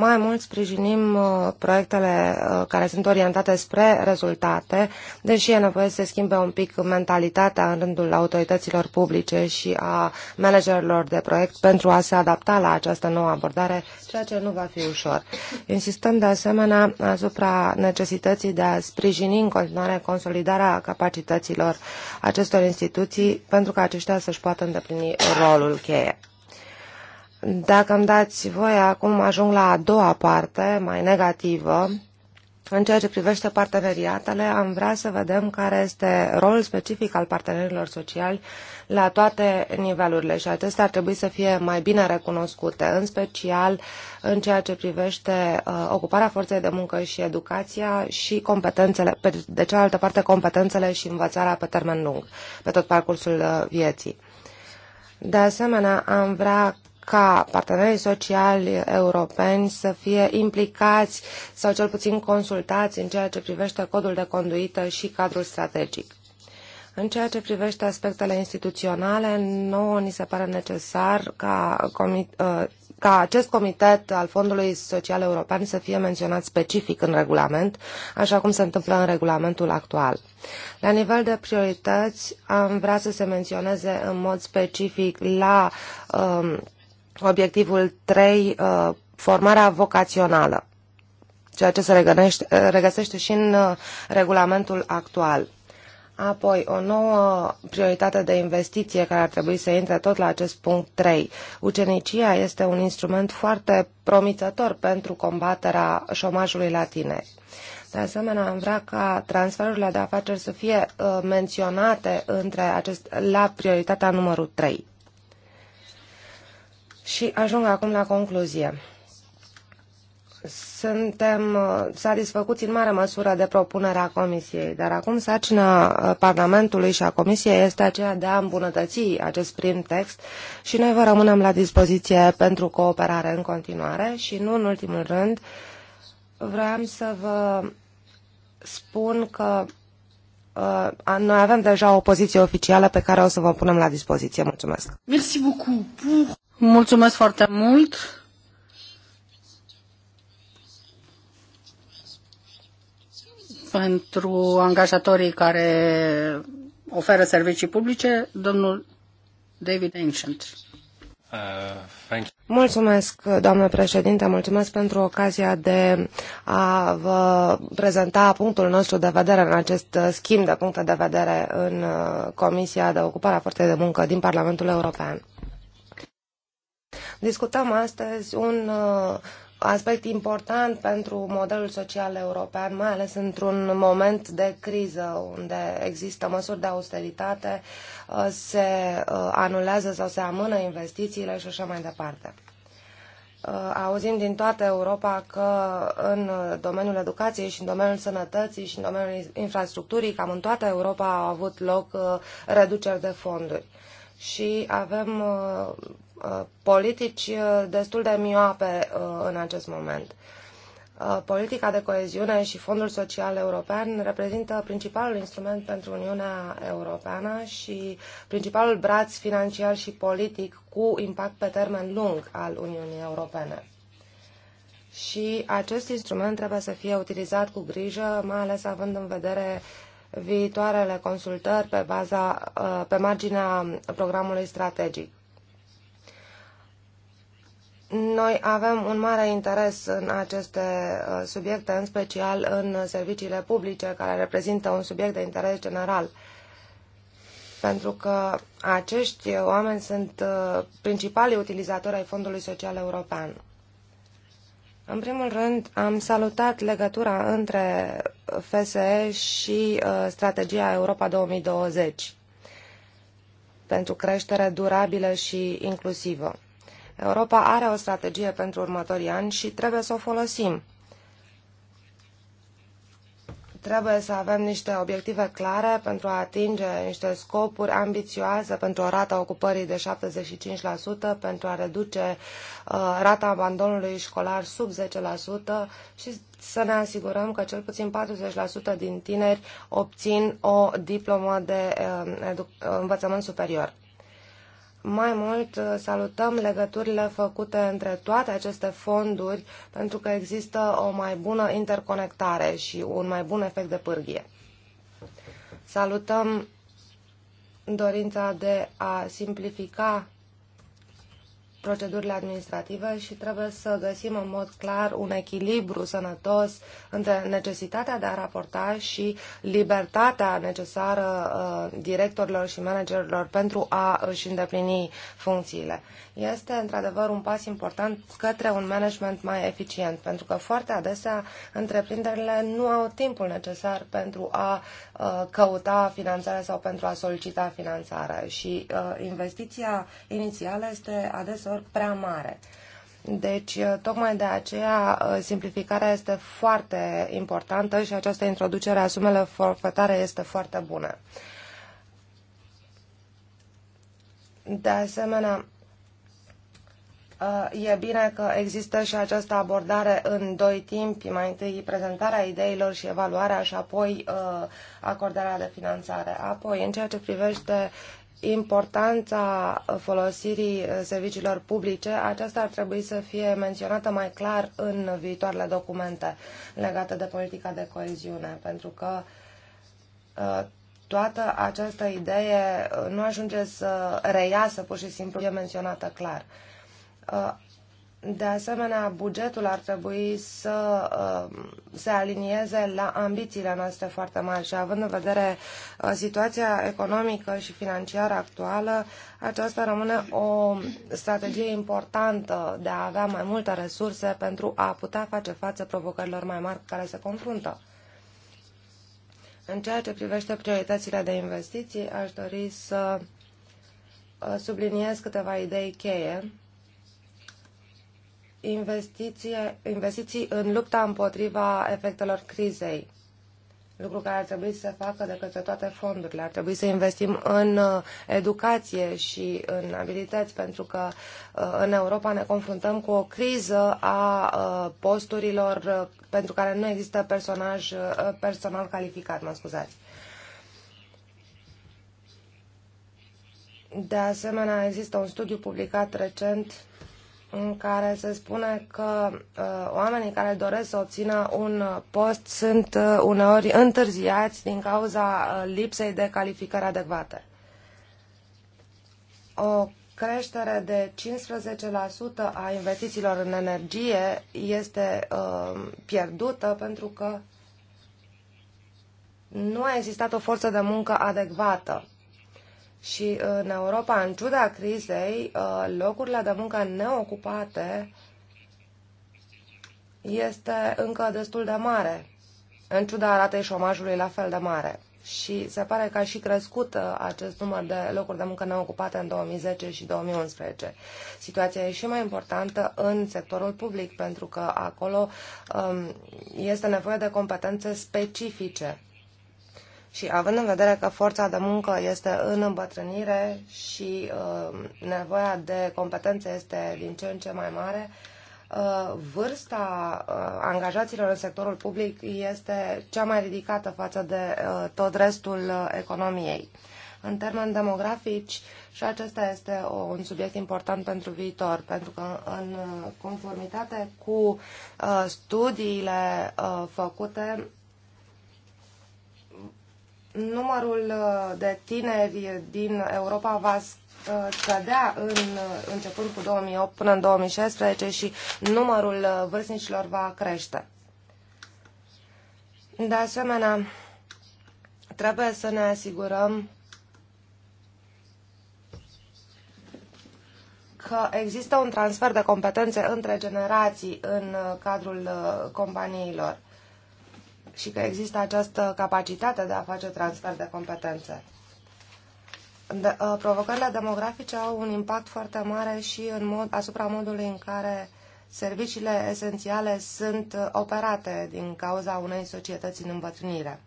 Mai mult sprijinim uh, proiectele uh, care sunt orientate spre rezultate, deși e nevoie să se schimbe un pic mentalitatea în rândul autorităților publice și a managerilor de proiect pentru a se adapta la această nouă abordare, ceea ce nu va fi ușor. Insistăm de asemenea asupra necesității de a sprijini în continuare consolidarea capacităților acestor instituții pentru ca aceștia să-și poată îndeplini rolul cheie. Dacă îmi dați voie, acum ajung la a doua parte, mai negativă. În ceea ce privește parteneriatele, am vrea să vedem care este rolul specific al partenerilor sociali la toate nivelurile și acestea ar trebui să fie mai bine recunoscute, în special în ceea ce privește uh, ocuparea forței de muncă și educația și competențele, pe de cealaltă parte competențele și învățarea pe termen lung, pe tot parcursul uh, vieții. De asemenea, am vrea ca partenerii sociali europeni să fie implicați sau cel puțin consultați în ceea ce privește codul de conduită și cadrul strategic. În ceea ce privește aspectele instituționale, nouă ni se pare necesar ca, ă, ca acest comitet al Fondului Social European să fie menționat specific în regulament, așa cum se întâmplă în regulamentul actual. La nivel de priorități, am vrea să se menționeze în mod specific la um, Obiectivul 3, uh, formarea vocațională, ceea ce se uh, regăsește și în uh, regulamentul actual. Apoi, o nouă prioritate de investiție care ar trebui să intre tot la acest punct 3. Ucenicia este un instrument foarte promițător pentru combaterea șomajului la tineri. De asemenea, am vrea ca transferurile de afaceri să fie uh, menționate între acest, la prioritatea numărul 3. Și ajung acum la concluzie. Suntem uh, satisfăcuți în mare măsură de propunerea Comisiei, dar acum sarcina uh, Parlamentului și a Comisiei este aceea de a îmbunătăți acest prim text și noi vă rămânem la dispoziție pentru cooperare în continuare și nu în ultimul rând vreau să vă spun că uh, noi avem deja o poziție oficială pe care o să vă punem la dispoziție. Mulțumesc! Merci beaucoup pour... Mulțumesc foarte mult. pentru angajatorii care oferă servicii publice, domnul David Ancient. Uh, mulțumesc, doamnă președinte, mulțumesc pentru ocazia de a vă prezenta punctul nostru de vedere în acest schimb de puncte de vedere în uh, Comisia de Ocupare a Forței de Muncă din Parlamentul European. Discutăm astăzi un uh, aspect important pentru modelul social european, mai ales într-un moment de criză unde există măsuri de austeritate, uh, se uh, anulează sau se amână investițiile și așa mai departe. Auzim din toată Europa că în domeniul educației și în domeniul sănătății și în domeniul infrastructurii, cam în toată Europa au avut loc reduceri de fonduri și avem Uh, politici uh, destul de mioape uh, în acest moment. Politica de coeziune și Fondul Social European reprezintă principalul instrument pentru Uniunea Europeană și principalul braț financiar și politic cu impact pe termen lung al Uniunii Europene. Și acest instrument trebuie să fie utilizat cu grijă, mai ales având în vedere viitoarele consultări pe, baza, pe marginea programului strategic noi avem un mare interes în aceste uh, subiecte, în special în serviciile publice, care reprezintă un subiect de interes general. Pentru că acești oameni sunt uh, principalii utilizatori ai Fondului Social European. În primul rând, am salutat legătura între FSE și uh, strategia Europa 2020 pentru creștere durabilă și inclusivă. Europa are o strategie pentru următorii ani și trebuie să o folosim. Trebuie să avem niște obiective clare pentru a atinge niște scopuri ambițioase pentru o rată ocupării de 75%, pentru a reduce uh, rata abandonului școlar sub 10% și să ne asigurăm că cel puțin 40% din tineri obțin o diplomă de uh, învățământ superior. Mai mult, uh, salutăm legăturile făcute între toate aceste fonduri pentru că există o mai bună interconectare și un mai bun efect de pârghie. Salutăm dorința de a simplifica procedurile administrative și trebuie să găsim în mod clar un echilibru sănătos între necesitatea de a raporta și libertatea necesară uh, directorilor și managerilor pentru a își îndeplini funcțiile. Este într-adevăr un pas important către un management mai eficient, pentru că foarte adesea întreprinderile nu au timpul necesar pentru a uh, căuta finanțare sau pentru a solicita finanțare și uh, investiția inițială este adesea profesor prea mare. Deci, uh, tocmai de aceea, uh, simplificarea este foarte importantă și această introducere a sumelor forfetare este foarte bună. De asemenea, uh, E bine că există și această abordare în doi timpi, mai întâi prezentarea ideilor și evaluarea și apoi acordarea de finanțare. Apoi, în ceea ce privește importanța folosirii serviciilor publice, aceasta ar trebui să fie menționată mai clar în viitoarele documente legate de politica de coeziune, pentru că uh, toată această idee uh, nu ajunge să reiasă pur și simplu, e menționată clar. Uh, de asemenea, bugetul ar trebui să uh, se alinieze la ambițiile noastre foarte mari și având în vedere uh, situația economică și financiară actuală, aceasta rămâne o strategie importantă de a avea mai multe resurse pentru a putea face față provocărilor mai mari care se confruntă. În ceea ce privește prioritățile de investiții, aș dori să uh, subliniez câteva idei cheie investiție, investiții în lupta împotriva efectelor crizei, lucru care ar trebui să se facă de către toate fondurile. Ar trebui să investim în uh, educație și în abilități, pentru că uh, în Europa ne confruntăm cu o criză a uh, posturilor pentru care nu există personaj, personal calificat, mă scuzați. De asemenea, există un studiu publicat recent în care se spune că uh, oamenii care doresc să obțină un post sunt uh, uneori întârziați din cauza uh, lipsei de calificări adecvate. O creștere de 15% a investițiilor în energie este uh, pierdută pentru că nu a existat o forță de muncă adecvată și uh, în Europa, în ciuda crizei, uh, locurile de muncă neocupate este încă destul de mare, în ciuda ratei șomajului la fel de mare. Și se pare că a și crescut uh, acest număr de locuri de muncă neocupate în 2010 și 2011. Situația e și mai importantă în sectorul public, pentru că acolo um, este nevoie de competențe specifice și având în vedere că forța de muncă este în îmbătrânire și uh, nevoia de competențe este din ce în ce mai mare, uh, vârsta uh, angajaților în sectorul public este cea mai ridicată față de uh, tot restul uh, economiei. În termeni demografici, și acesta este o, un subiect important pentru viitor, pentru că în uh, conformitate cu uh, studiile uh, făcute, numărul uh, de tineri din Europa va uh, scădea în, uh, începând cu 2008 până în 2016 și numărul vârstnicilor va crește. De asemenea, trebuie să ne asigurăm că există un transfer de competențe între generații în cadrul companiilor și că există această capacitate de a face transfer de competențe. De, uh, provocările demografice au un impact foarte mare și în mod, asupra modului în care serviciile esențiale sunt uh, operate din cauza unei societăți în îmbătrânire.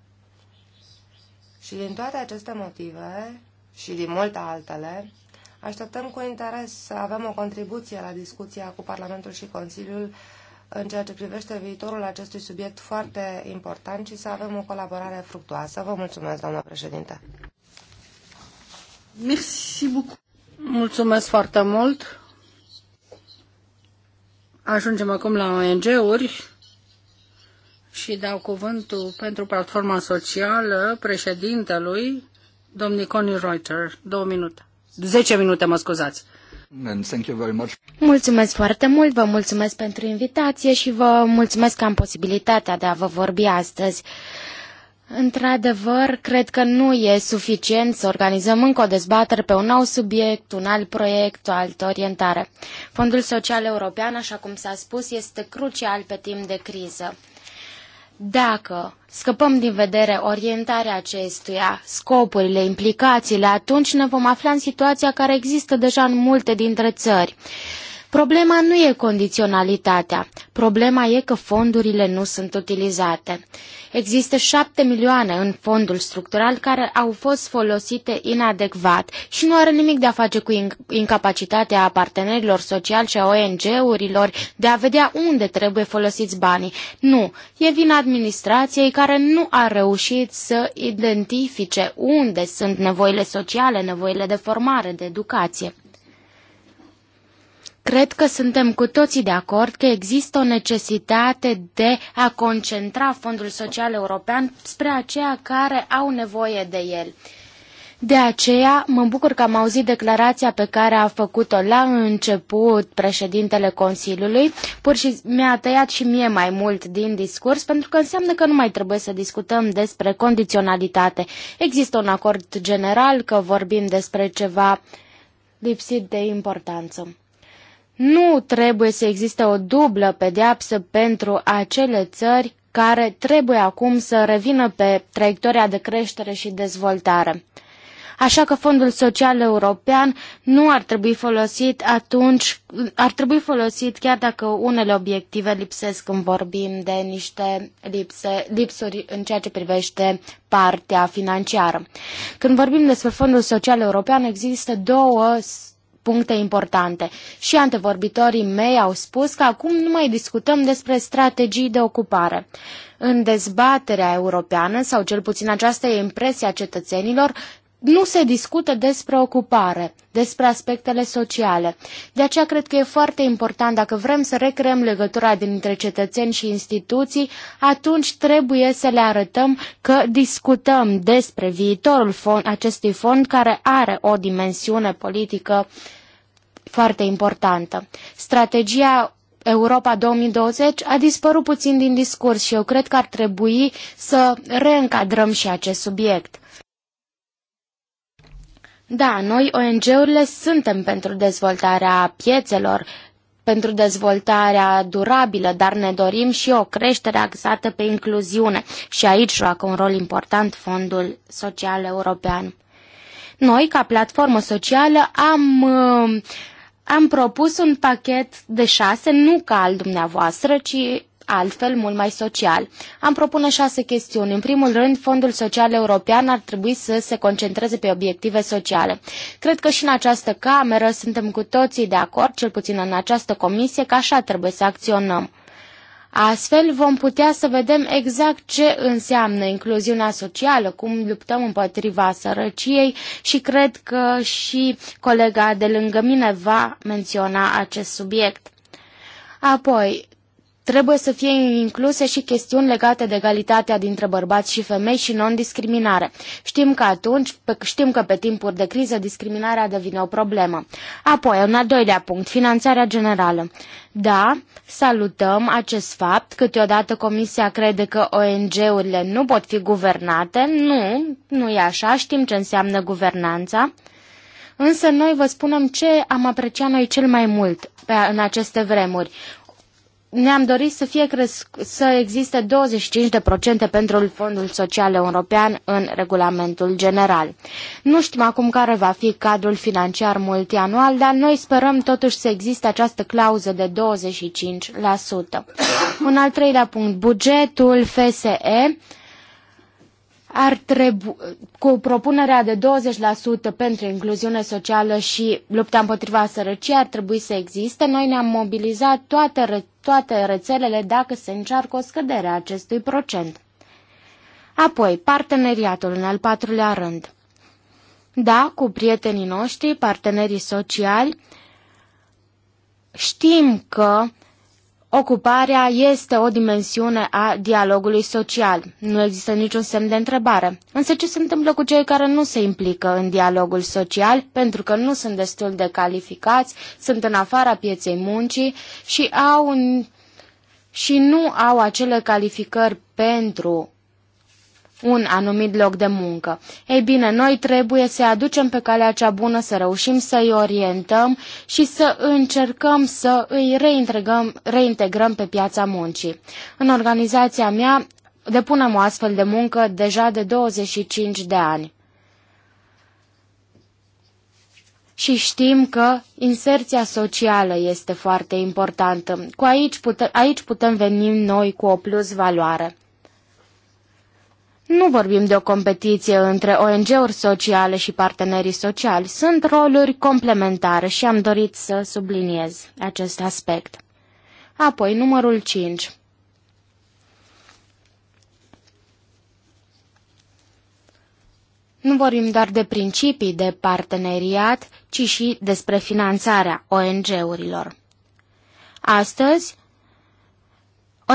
Și din toate aceste motive și din multe altele, așteptăm cu interes să avem o contribuție la discuția cu Parlamentul și Consiliul uh, în ceea ce privește viitorul acestui subiect foarte important și să avem o colaborare fructuoasă. Vă mulțumesc, doamnă președinte. Merci beaucoup. Mulțumesc foarte mult. Ajungem acum la ONG-uri și dau cuvântul pentru platforma socială președintelui, domnul Connie Reuter. Două minute. Zece minute, mă scuzați. Mulțumesc foarte mult, vă mulțumesc pentru invitație și vă mulțumesc că am posibilitatea de a vă vorbi astăzi. Într-adevăr, cred că nu e suficient să organizăm încă o dezbatere pe un nou subiect, un alt proiect, o altă orientare. Fondul Social European, așa cum s-a spus, este crucial pe timp de criză. Dacă scăpăm din vedere orientarea acestuia, scopurile, implicațiile, atunci ne vom afla în situația care există deja în multe dintre țări. Problema nu e condiționalitatea, problema e că fondurile nu sunt utilizate. Există șapte milioane în fondul structural care au fost folosite inadecvat și nu are nimic de a face cu incapacitatea partenerilor sociali și a ONG-urilor de a vedea unde trebuie folosiți banii. Nu, e vina administrației care nu a reușit să identifice unde sunt nevoile sociale, nevoile de formare, de educație. Cred că suntem cu toții de acord că există o necesitate de a concentra Fondul Social European spre aceia care au nevoie de el. De aceea mă bucur că am auzit declarația pe care a făcut-o la început președintele Consiliului. Pur și mi-a tăiat și mie mai mult din discurs pentru că înseamnă că nu mai trebuie să discutăm despre condiționalitate. Există un acord general că vorbim despre ceva lipsit de importanță. Nu trebuie să existe o dublă pedeapsă pentru acele țări care trebuie acum să revină pe traiectoria de creștere și dezvoltare. Așa că Fondul Social European nu ar trebui folosit atunci, ar trebui folosit chiar dacă unele obiective lipsesc când vorbim de niște lipse, lipsuri în ceea ce privește partea financiară. Când vorbim despre Fondul Social European există două puncte importante. Și antevorbitorii mei au spus că acum nu mai discutăm despre strategii de ocupare. În dezbaterea europeană, sau cel puțin aceasta e impresia cetățenilor, nu se discută despre ocupare, despre aspectele sociale. De aceea cred că e foarte important, dacă vrem să recreăm legătura dintre cetățeni și instituții, atunci trebuie să le arătăm că discutăm despre viitorul fond, acestui fond care are o dimensiune politică foarte importantă. Strategia Europa 2020 a dispărut puțin din discurs și eu cred că ar trebui să reîncadrăm și acest subiect. Da, noi, ONG-urile, suntem pentru dezvoltarea piețelor, pentru dezvoltarea durabilă, dar ne dorim și o creștere axată pe incluziune și aici joacă un rol important Fondul Social European. Noi, ca platformă socială, am, am propus un pachet de șase, nu ca al dumneavoastră, ci altfel, mult mai social. Am propune șase chestiuni. În primul rând, Fondul Social European ar trebui să se concentreze pe obiective sociale. Cred că și în această cameră suntem cu toții de acord, cel puțin în această comisie, că așa trebuie să acționăm. Astfel vom putea să vedem exact ce înseamnă incluziunea socială, cum luptăm împotriva sărăciei și cred că și colega de lângă mine va menționa acest subiect. Apoi, trebuie să fie incluse și chestiuni legate de egalitatea dintre bărbați și femei și non-discriminare. Știm că atunci, știm că pe timpuri de criză discriminarea devine o problemă. Apoi, un al doilea punct, finanțarea generală. Da, salutăm acest fapt, câteodată Comisia crede că ONG-urile nu pot fi guvernate. Nu, nu e așa, știm ce înseamnă guvernanța. Însă noi vă spunem ce am apreciat noi cel mai mult pe, în aceste vremuri ne-am dorit să, fie cresc- să existe 25% pentru Fondul Social European în regulamentul general. Nu știm acum care va fi cadrul financiar multianual, dar noi sperăm totuși să existe această clauză de 25%. Un al treilea punct, bugetul FSE ar trebu- cu propunerea de 20% pentru incluziune socială și lupta împotriva sărăciei ar trebui să existe. Noi ne-am mobilizat toate, re- toate rețelele dacă se încearcă o scădere a acestui procent. Apoi, parteneriatul în al patrulea rând. Da, cu prietenii noștri, partenerii sociali, știm că Ocuparea este o dimensiune a dialogului social. Nu există niciun semn de întrebare. Însă ce se întâmplă cu cei care nu se implică în dialogul social pentru că nu sunt destul de calificați, sunt în afara pieței muncii și, au un... și nu au acele calificări pentru un anumit loc de muncă. Ei bine, noi trebuie să aducem pe calea cea bună, să reușim să-i orientăm și să încercăm să îi reintegrăm, reintegrăm pe piața muncii. În organizația mea depunem o astfel de muncă deja de 25 de ani. și știm că inserția socială este foarte importantă. Cu aici, pute, aici putem veni noi cu o plus valoare. Nu vorbim de o competiție între ONG-uri sociale și partenerii sociali. Sunt roluri complementare și am dorit să subliniez acest aspect. Apoi, numărul 5. Nu vorbim doar de principii de parteneriat, ci și despre finanțarea ONG-urilor. Astăzi,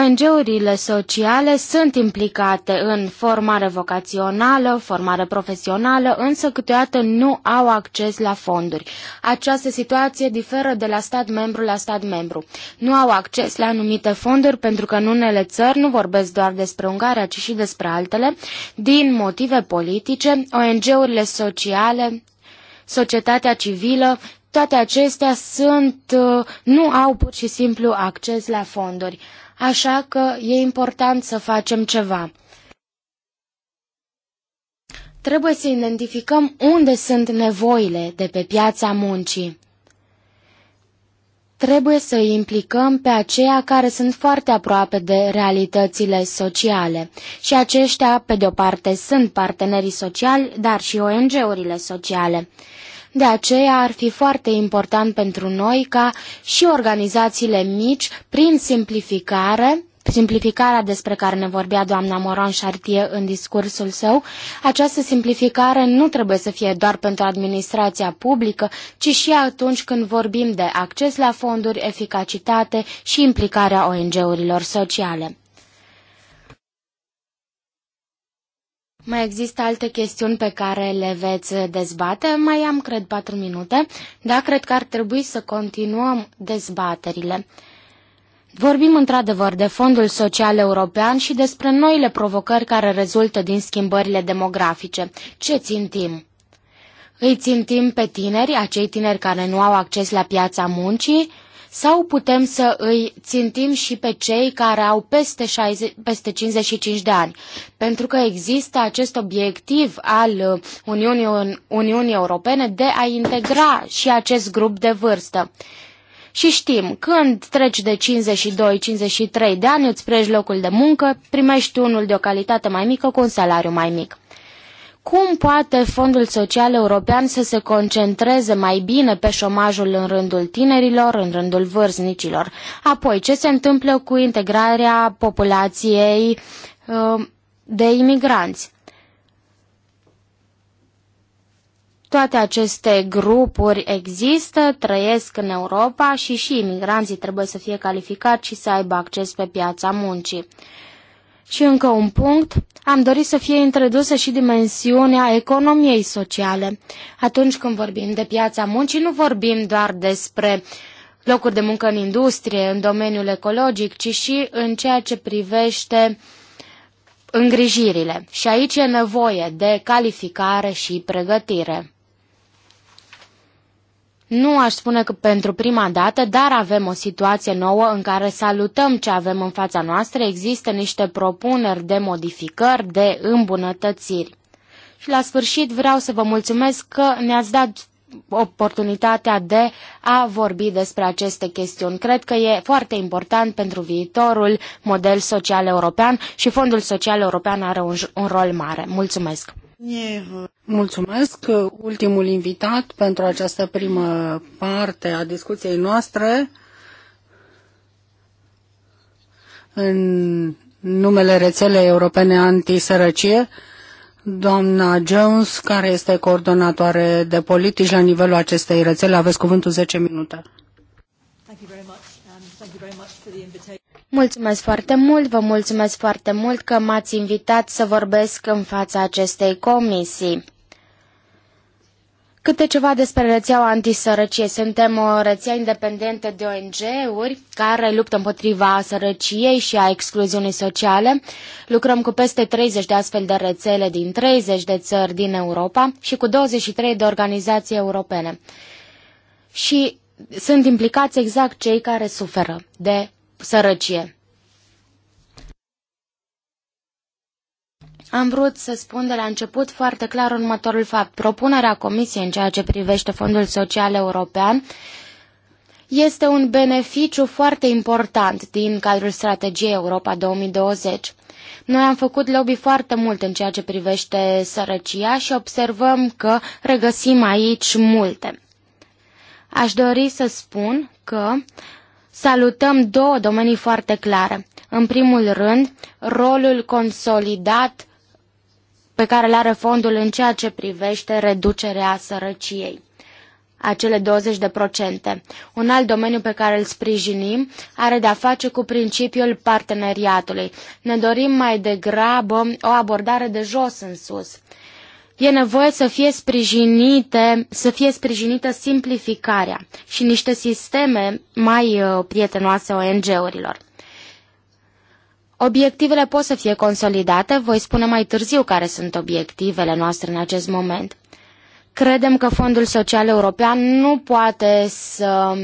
ONG-urile sociale sunt implicate în formare vocațională, formare profesională, însă câteodată nu au acces la fonduri. Această situație diferă de la stat membru la stat membru. Nu au acces la anumite fonduri pentru că în unele țări, nu vorbesc doar despre Ungaria, ci și despre altele, din motive politice, ONG-urile sociale, societatea civilă, toate acestea sunt, uh, nu au pur și simplu acces la fonduri așa că e important să facem ceva. Trebuie să identificăm unde sunt nevoile de pe piața muncii. Trebuie să îi implicăm pe aceia care sunt foarte aproape de realitățile sociale și aceștia, pe de-o parte, sunt partenerii sociali, dar și ONG-urile sociale. De aceea ar fi foarte important pentru noi ca și organizațiile mici, prin simplificare, simplificarea despre care ne vorbea doamna Moran Chartier în discursul său, această simplificare nu trebuie să fie doar pentru administrația publică, ci și atunci când vorbim de acces la fonduri, eficacitate și implicarea ONG-urilor sociale. Mai există alte chestiuni pe care le veți dezbate? Mai am, cred, patru minute, dar cred că ar trebui să continuăm dezbaterile. Vorbim într-adevăr de Fondul Social European și despre noile provocări care rezultă din schimbările demografice. Ce țintim? Îi țintim pe tineri, acei tineri care nu au acces la piața muncii, sau putem să îi țintim și pe cei care au peste, 60, peste 55 de ani? Pentru că există acest obiectiv al uh, Uniunii, Uniunii Europene de a integra și acest grup de vârstă. Și știm, când treci de 52-53 de ani, îți prești locul de muncă, primești unul de o calitate mai mică cu un salariu mai mic. Cum poate Fondul Social European să se concentreze mai bine pe șomajul în rândul tinerilor, în rândul vârstnicilor? Apoi, ce se întâmplă cu integrarea populației uh, de imigranți? Toate aceste grupuri există, trăiesc în Europa și și imigranții trebuie să fie calificați și să aibă acces pe piața muncii. Și încă un punct, am dorit să fie introdusă și dimensiunea economiei sociale. Atunci când vorbim de piața muncii, nu vorbim doar despre locuri de muncă în industrie, în domeniul ecologic, ci și în ceea ce privește îngrijirile. Și aici e nevoie de calificare și pregătire. Nu aș spune că pentru prima dată, dar avem o situație nouă în care salutăm ce avem în fața noastră, există niște propuneri de modificări, de îmbunătățiri. Și la sfârșit vreau să vă mulțumesc că ne-ați dat oportunitatea de a vorbi despre aceste chestiuni. Cred că e foarte important pentru viitorul model social european și Fondul Social European are un, un rol mare. Mulțumesc! Mulțumesc, ultimul invitat pentru această primă parte a discuției noastre. În numele rețelei europene antisărăcie, doamna Jones, care este coordonatoare de politici la nivelul acestei rețele. Aveți cuvântul 10 minute. Thank you very much. Mulțumesc foarte mult, vă mulțumesc foarte mult că m-ați invitat să vorbesc în fața acestei comisii. Câte ceva despre rețeaua antisărăcie. Suntem o rețea independentă de ONG-uri care luptă împotriva sărăciei și a excluziunii sociale. Lucrăm cu peste 30 de astfel de rețele din 30 de țări din Europa și cu 23 de organizații europene. Și sunt implicați exact cei care suferă de sărăcie. Am vrut să spun de la început foarte clar următorul fapt. Propunerea Comisiei în ceea ce privește Fondul Social European este un beneficiu foarte important din cadrul strategiei Europa 2020. Noi am făcut lobby foarte mult în ceea ce privește sărăcia și observăm că regăsim aici multe. Aș dori să spun că Salutăm două domenii foarte clare. În primul rând, rolul consolidat pe care îl are fondul în ceea ce privește reducerea sărăciei acele 20%. Un alt domeniu pe care îl sprijinim are de-a face cu principiul parteneriatului. Ne dorim mai degrabă o abordare de jos în sus e nevoie să fie sprijinite, să fie sprijinită simplificarea și niște sisteme mai uh, prietenoase ONG-urilor. Obiectivele pot să fie consolidate, voi spune mai târziu care sunt obiectivele noastre în acest moment. Credem că Fondul Social European nu poate să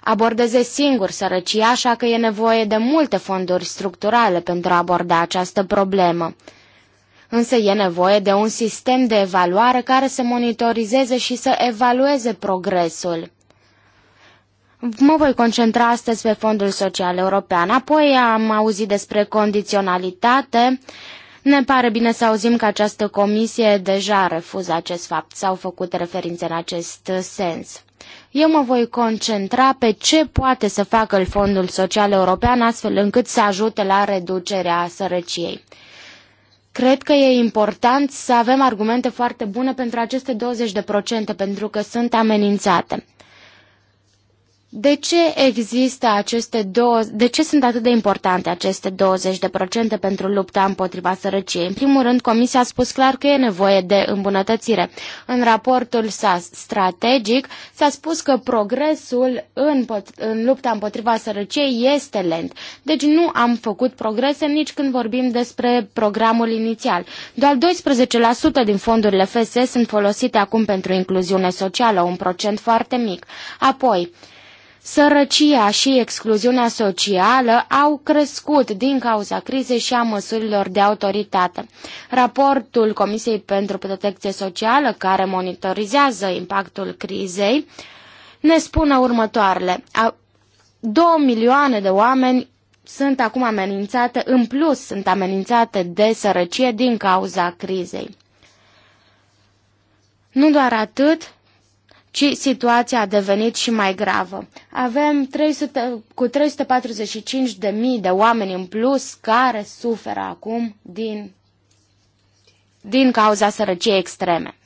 abordeze singur sărăcia, așa că e nevoie de multe fonduri structurale pentru a aborda această problemă însă e nevoie de un sistem de evaluare care să monitorizeze și să evalueze progresul. Mă voi concentra astăzi pe Fondul Social European, apoi am auzit despre condiționalitate. Ne pare bine să auzim că această comisie deja refuză acest fapt, s-au făcut referințe în acest sens. Eu mă voi concentra pe ce poate să facă Fondul Social European astfel încât să ajute la reducerea sărăciei. Cred că e important să avem argumente foarte bune pentru aceste 20%, pentru că sunt amenințate. De ce există aceste două, de ce sunt atât de importante aceste 20% pentru lupta împotriva sărăciei? În primul rând, Comisia a spus clar că e nevoie de îmbunătățire. În raportul sa strategic s-a spus că progresul în, în lupta împotriva sărăciei este lent. Deci nu am făcut progrese nici când vorbim despre programul inițial. Doar 12% din fondurile FSE sunt folosite acum pentru incluziune socială, un procent foarte mic. Apoi, Sărăcia și excluziunea socială au crescut din cauza crizei și a măsurilor de autoritate. Raportul Comisiei pentru Protecție Socială, care monitorizează impactul crizei, ne spune următoarele. două milioane de oameni sunt acum amenințate, în plus sunt amenințate de sărăcie din cauza crizei. Nu doar atât, ci situația a devenit și mai gravă. Avem 300, cu 345 de mii de oameni în plus care suferă acum din, din cauza sărăciei extreme.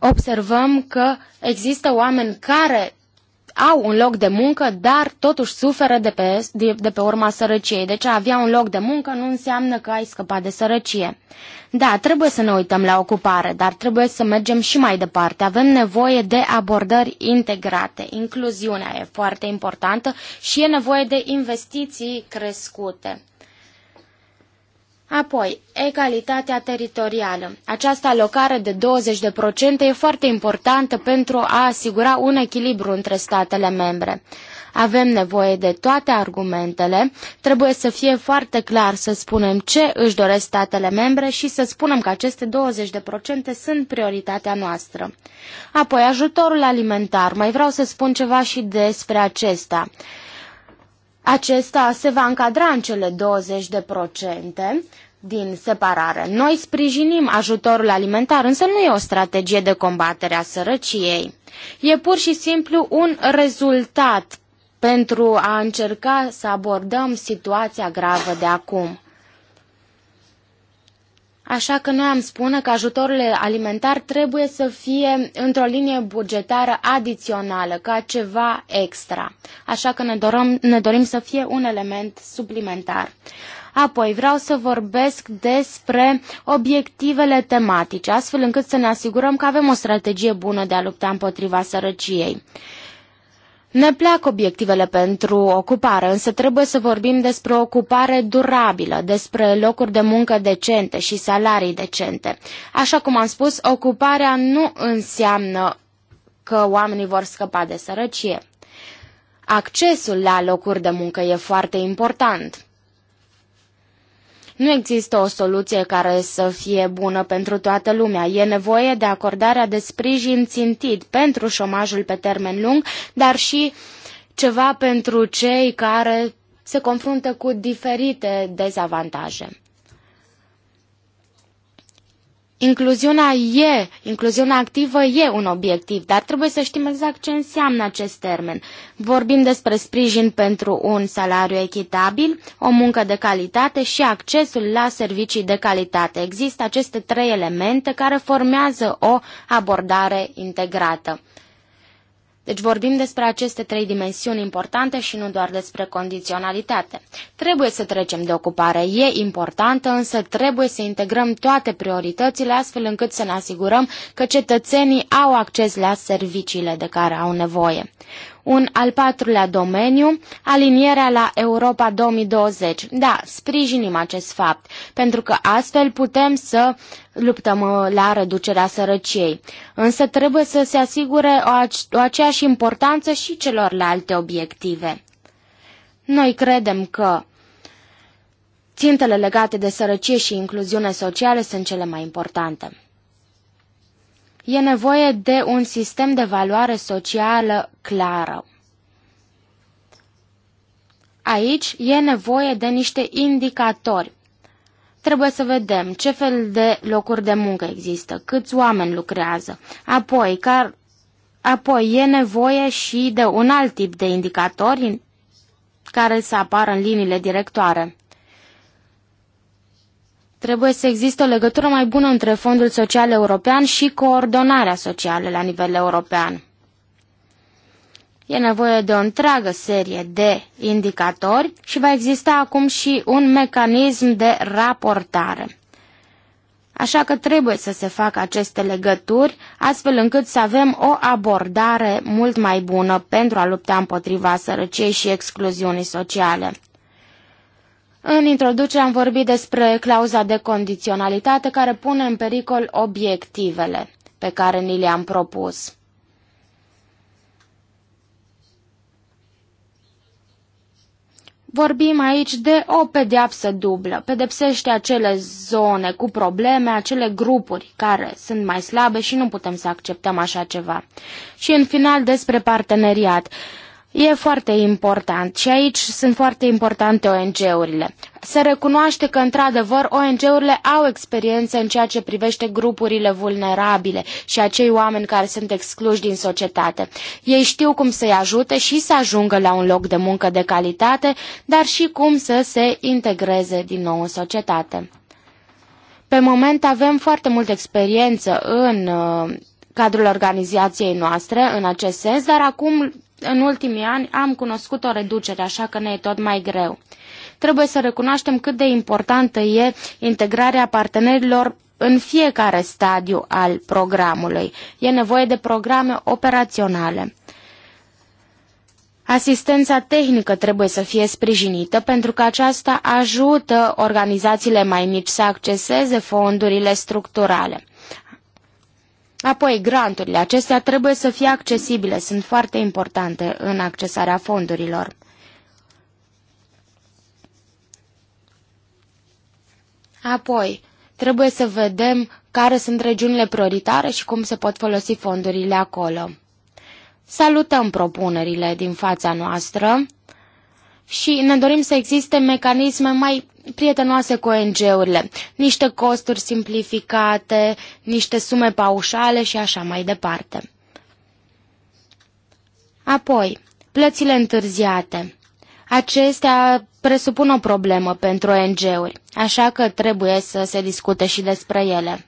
Observăm că există oameni care au un loc de muncă, dar totuși suferă de pe, de, de pe urma sărăciei. Deci a avea un loc de muncă nu înseamnă că ai scăpat de sărăcie. Da, trebuie să ne uităm la ocupare, dar trebuie să mergem și mai departe. Avem nevoie de abordări integrate. Incluziunea e foarte importantă și e nevoie de investiții crescute. Apoi, egalitatea teritorială. Această alocare de 20% e foarte importantă pentru a asigura un echilibru între statele membre. Avem nevoie de toate argumentele, trebuie să fie foarte clar să spunem ce își doresc statele membre și să spunem că aceste 20% sunt prioritatea noastră. Apoi, ajutorul alimentar. Mai vreau să spun ceva și despre acesta acesta se va încadra în cele 20 de procente din separare. Noi sprijinim ajutorul alimentar, însă nu e o strategie de combatere a sărăciei. E pur și simplu un rezultat pentru a încerca să abordăm situația gravă de acum. Așa că noi am spune că ajutorul alimentar trebuie să fie într-o linie bugetară adițională, ca ceva extra. Așa că ne, dorăm, ne dorim să fie un element suplimentar. Apoi vreau să vorbesc despre obiectivele tematice, astfel încât să ne asigurăm că avem o strategie bună de a lupta împotriva sărăciei. Ne plac obiectivele pentru ocupare, însă trebuie să vorbim despre o ocupare durabilă, despre locuri de muncă decente și salarii decente. Așa cum am spus, ocuparea nu înseamnă că oamenii vor scăpa de sărăcie. Accesul la locuri de muncă e foarte important. Nu există o soluție care să fie bună pentru toată lumea. E nevoie de acordarea de sprijin țintit pentru șomajul pe termen lung, dar și ceva pentru cei care se confruntă cu diferite dezavantaje. Incluziunea e, incluziunea activă e un obiectiv, dar trebuie să știm exact ce înseamnă acest termen. Vorbim despre sprijin pentru un salariu echitabil, o muncă de calitate și accesul la servicii de calitate. Există aceste trei elemente care formează o abordare integrată. Deci vorbim despre aceste trei dimensiuni importante și nu doar despre condiționalitate. Trebuie să trecem de ocupare, e importantă, însă trebuie să integrăm toate prioritățile astfel încât să ne asigurăm că cetățenii au acces la serviciile de care au nevoie. Un al patrulea domeniu, alinierea la Europa 2020. Da, sprijinim acest fapt, pentru că astfel putem să luptăm uh, la reducerea sărăciei. Însă trebuie să se asigure o, o aceeași importanță și celorlalte obiective. Noi credem că țintele legate de sărăcie și incluziune sociale sunt cele mai importante. E nevoie de un sistem de valoare socială clară. Aici e nevoie de niște indicatori. Trebuie să vedem ce fel de locuri de muncă există, câți oameni lucrează, apoi, car, apoi e nevoie și de un alt tip de indicatori care să apară în liniile directoare. Trebuie să existe o legătură mai bună între Fondul Social European și coordonarea socială la nivel european. E nevoie de o întreagă serie de indicatori și va exista acum și un mecanism de raportare. Așa că trebuie să se facă aceste legături, astfel încât să avem o abordare mult mai bună pentru a lupta împotriva sărăciei și excluziunii sociale. În introducere am vorbit despre clauza de condiționalitate care pune în pericol obiectivele pe care ni le-am propus. Vorbim aici de o pedeapsă dublă. Pedepsește acele zone cu probleme, acele grupuri care sunt mai slabe și nu putem să acceptăm așa ceva. Și în final despre parteneriat. Uh, E foarte important și aici sunt foarte importante ONG-urile. Se recunoaște că, într-adevăr, ONG-urile au experiență în ceea ce privește grupurile vulnerabile și acei oameni care sunt excluși din societate. Ei știu cum să-i ajute și să ajungă la un loc de muncă de calitate, dar și cum să se integreze din nou în societate. Pe moment avem foarte multă experiență în uh, cadrul organizației noastre în acest sens, dar acum în ultimii ani am cunoscut o reducere, așa că ne e tot mai greu. Trebuie să recunoaștem cât de importantă e integrarea partenerilor în fiecare stadiu al programului. E nevoie de programe operaționale. Asistența tehnică trebuie să fie sprijinită pentru că aceasta ajută organizațiile mai mici să acceseze fondurile structurale. Apoi, granturile acestea trebuie să fie accesibile, sunt foarte importante în accesarea fondurilor. Apoi, trebuie să vedem care sunt regiunile prioritare și cum se pot folosi fondurile acolo. Salutăm propunerile din fața noastră și ne dorim să existe mecanisme mai prietenoase cu ONG-urile, niște costuri simplificate, niște sume paușale și așa mai departe. Apoi, plățile întârziate. Acestea presupun o problemă pentru ONG-uri, așa că trebuie să se discute și despre ele.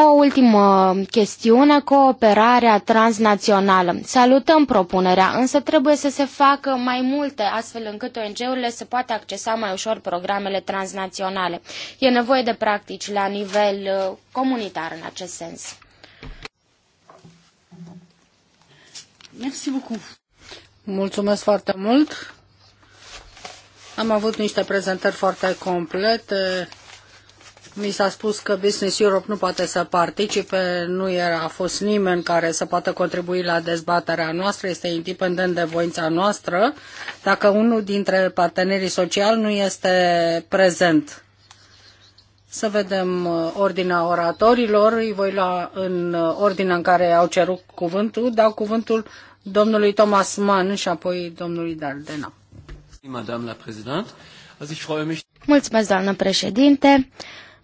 O ultimă chestiune, cooperarea transnațională. Salutăm propunerea, însă trebuie să se facă mai multe, astfel încât ONG-urile să poată accesa mai ușor programele transnaționale. E nevoie de practici la nivel uh, comunitar în acest sens. Mulțumesc foarte mult. Am avut niște prezentări foarte complete mi s-a spus că Business Europe nu poate să participe, nu era, a fost nimeni care să poată contribui la dezbaterea noastră, este independent de voința noastră, dacă unul dintre partenerii sociali nu este prezent. Să vedem uh, ordinea oratorilor, îi voi lua în uh, ordinea în care au cerut cuvântul, dau cuvântul domnului Thomas Mann și apoi domnului Dardena. Mulțumesc, doamnă președinte.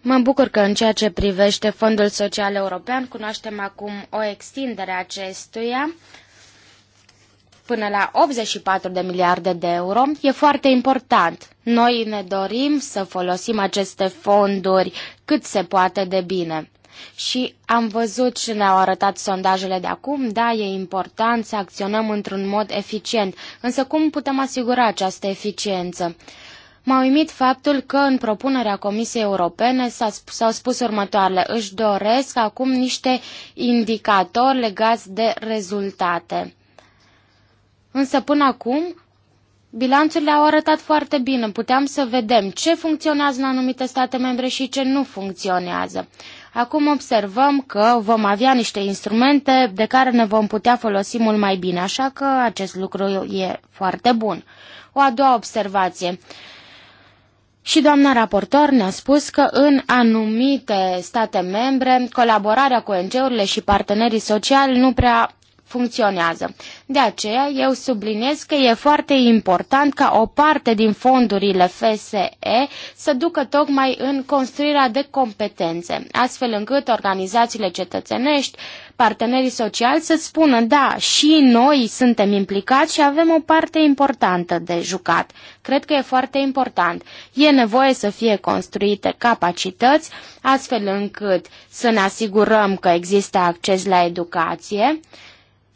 Mă bucur că în ceea ce privește Fondul Social European cunoaștem acum o extindere a acestuia până la 84 de miliarde de euro. E foarte important. Noi ne dorim să folosim aceste fonduri cât se poate de bine. Și am văzut și ne-au arătat sondajele de acum, da, e important să acționăm într-un mod eficient, însă cum putem asigura această eficiență? M-a uimit faptul că în propunerea Comisiei Europene s-au spus următoarele. Își doresc acum niște indicatori legați de rezultate. Însă până acum bilanțurile au arătat foarte bine. Puteam să vedem ce funcționează în anumite state membre și ce nu funcționează. Acum observăm că vom avea niște instrumente de care ne vom putea folosi mult mai bine, așa că acest lucru e foarte bun. O a doua observație. Și doamna raportor ne-a spus că în anumite state membre colaborarea cu ONG-urile și partenerii sociali nu prea funcționează. De aceea eu subliniez că e foarte important ca o parte din fondurile FSE să ducă tocmai în construirea de competențe, astfel încât organizațiile cetățenești, partenerii sociali să spună, da, și noi suntem implicați și avem o parte importantă de jucat. Cred că e foarte important. E nevoie să fie construite capacități astfel încât să ne asigurăm că există acces la educație,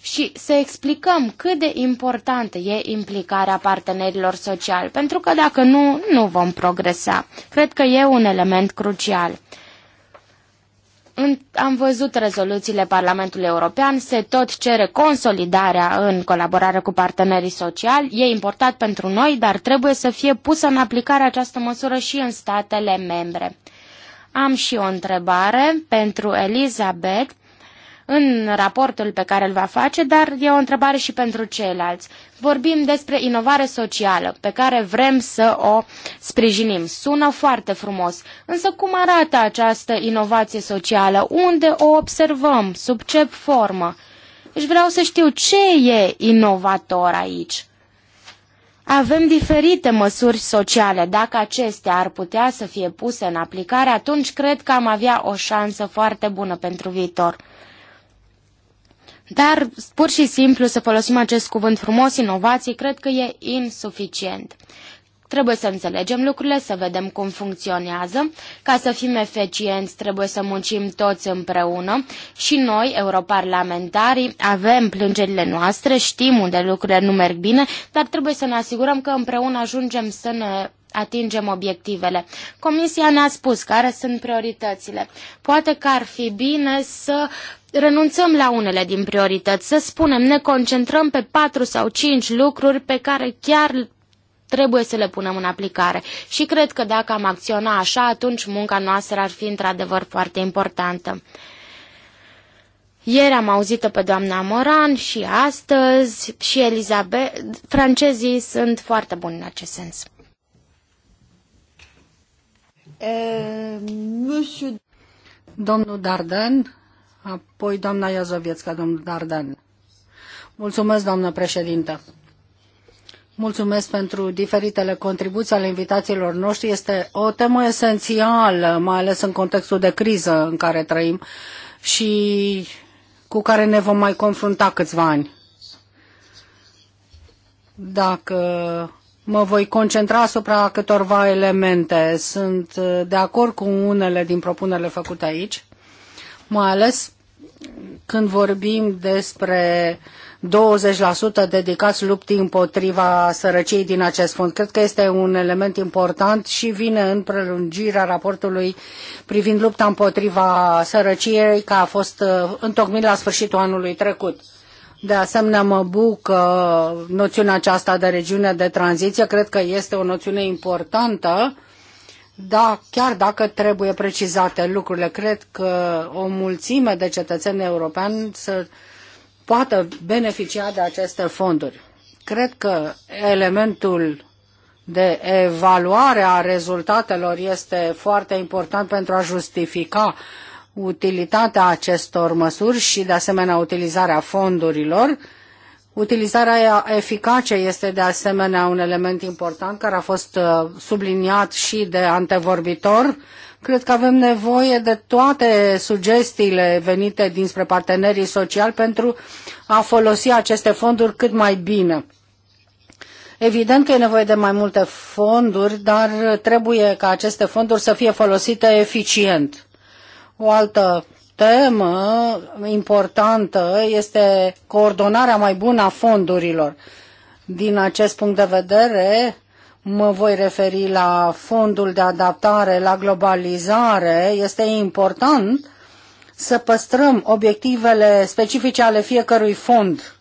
și să explicăm cât de importantă e implicarea partenerilor sociali, pentru că dacă nu, nu vom progresa. Cred că e un element crucial am văzut rezoluțiile Parlamentului European, se tot cere consolidarea în colaborare cu partenerii sociali. E important pentru noi, dar trebuie să fie pusă în aplicare această măsură și în statele membre. Am și o întrebare pentru Elizabeth în raportul pe care îl va face, dar e o întrebare și pentru ceilalți. Vorbim despre inovare socială, pe care vrem să o sprijinim. Sună foarte frumos, însă cum arată această inovație socială? Unde o observăm? Sub ce formă? Deci vreau să știu ce e inovator aici. Avem diferite măsuri sociale. Dacă acestea ar putea să fie puse în aplicare, atunci cred că am avea o șansă foarte bună pentru viitor. Dar pur și simplu să folosim acest cuvânt frumos, inovații, cred că e insuficient. Trebuie să înțelegem lucrurile, să vedem cum funcționează. Ca să fim eficienți, trebuie să muncim toți împreună și noi, europarlamentarii, avem plângerile noastre, știm unde lucrurile nu merg bine, dar trebuie să ne asigurăm că împreună ajungem să ne atingem obiectivele. Comisia ne-a spus care sunt prioritățile. Poate că ar fi bine să renunțăm la unele din priorități, să spunem, ne concentrăm pe patru sau cinci lucruri pe care chiar trebuie să le punem în aplicare. Și cred că dacă am acționa așa, atunci munca noastră ar fi într-adevăr foarte importantă. Ieri am auzit-o pe doamna Moran și astăzi și Elizabeth. Francezii sunt foarte buni în acest sens. Eh, monsieur... Domnul Darden, Apoi doamna Iazovietska, domnul Dardan. Mulțumesc, doamnă președintă. Mulțumesc pentru diferitele contribuții ale invitațiilor noștri. Este o temă esențială, mai ales în contextul de criză în care trăim și cu care ne vom mai confrunta câțiva ani. Dacă mă voi concentra asupra câtorva elemente, sunt de acord cu unele din propunerile făcute aici mai ales când vorbim despre 20% dedicați luptii împotriva sărăciei din acest fond. Cred că este un element important și vine în prelungirea raportului privind lupta împotriva sărăciei, care a fost uh, întocmit la sfârșitul anului trecut. De asemenea, mă bucur noțiunea aceasta de regiune de tranziție. Cred că este o noțiune importantă da, chiar dacă trebuie precizate lucrurile, cred că o mulțime de cetățeni europeni să poată beneficia de aceste fonduri. Cred că elementul de evaluare a rezultatelor este foarte important pentru a justifica utilitatea acestor măsuri și, de asemenea, utilizarea fondurilor Utilizarea eficace este de asemenea un element important care a fost uh, subliniat și de antevorbitor. Cred că avem nevoie de toate sugestiile venite dinspre partenerii sociali pentru a folosi aceste fonduri cât mai bine. Evident că e nevoie de mai multe fonduri, dar trebuie ca aceste fonduri să fie folosite eficient. O altă temă importantă este coordonarea mai bună a fondurilor. Din acest punct de vedere, mă voi referi la fondul de adaptare la globalizare. Este important să păstrăm obiectivele specifice ale fiecărui fond.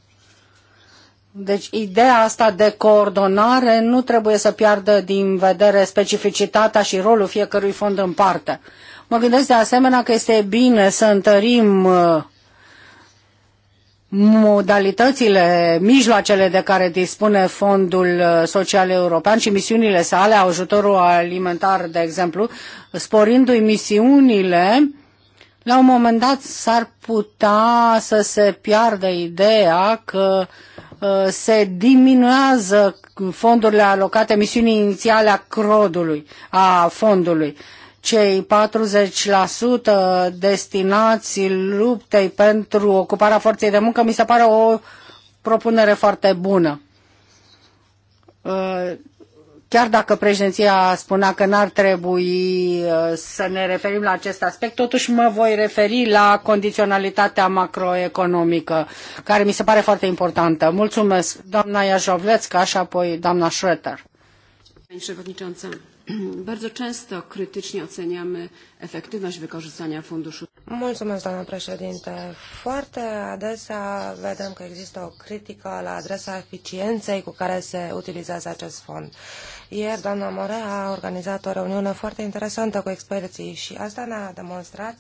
Deci ideea asta de coordonare nu trebuie să piardă din vedere specificitatea și rolul fiecărui fond în parte. Mă gândesc de asemenea că este bine să întărim uh, modalitățile, mijloacele de care dispune Fondul uh, Social European și misiunile sale, ajutorul alimentar, de exemplu, sporindu-i misiunile, la un moment dat s-ar putea să se piardă ideea că uh, se diminuează fondurile alocate misiunii inițiale a crodului, a fondului cei 40% destinați luptei pentru ocuparea forței de muncă mi se pare o propunere foarte bună. Uh, chiar dacă președinția spunea că n-ar trebui uh, să ne referim la acest aspect, totuși mă voi referi la condiționalitatea macroeconomică, care mi se pare foarte importantă. Mulțumesc, doamna Iajovlețca și apoi doamna Schroeter. Bardzo często krytycznie oceniamy efektywność wykorzystania funduszu. Mulțumesc, doamnă președinte. Foarte adesea vedem că există o critică la adresa eficienței cu care se utilizează acest fond. Ieri, doamna Morea a organizat o reuniune foarte interesantă cu experții și asta ne-a demonstrat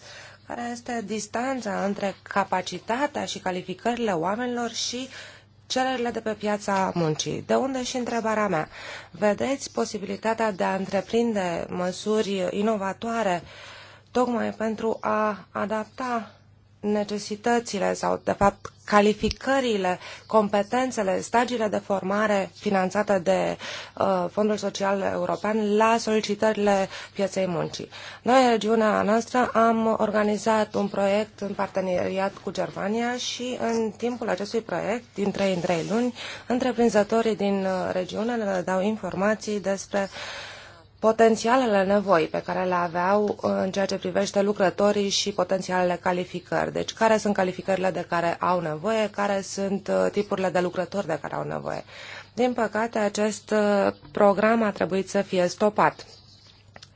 care este distanța între capacitatea și calificările oamenilor și uh, cererile de pe piața muncii. De unde și întrebarea mea. Vedeți posibilitatea de a întreprinde măsuri inovatoare tocmai pentru a adapta necesitățile sau, de fapt, calificările, competențele, stagiile de formare finanțate de uh, Fondul Social European la solicitările pieței muncii. Noi, în regiunea noastră, am organizat un proiect în parteneriat cu Germania și în timpul acestui proiect, din 3 în 3 luni, întreprinzătorii din uh, regiune le dau informații despre uh, potențialele nevoi pe care le aveau uh, în ceea ce privește lucrătorii și potențialele calificări. Deci care sunt calificările de care au nevoie, care sunt uh, tipurile de lucrători de care au nevoie. Din păcate, acest uh, program a trebuit să fie stopat.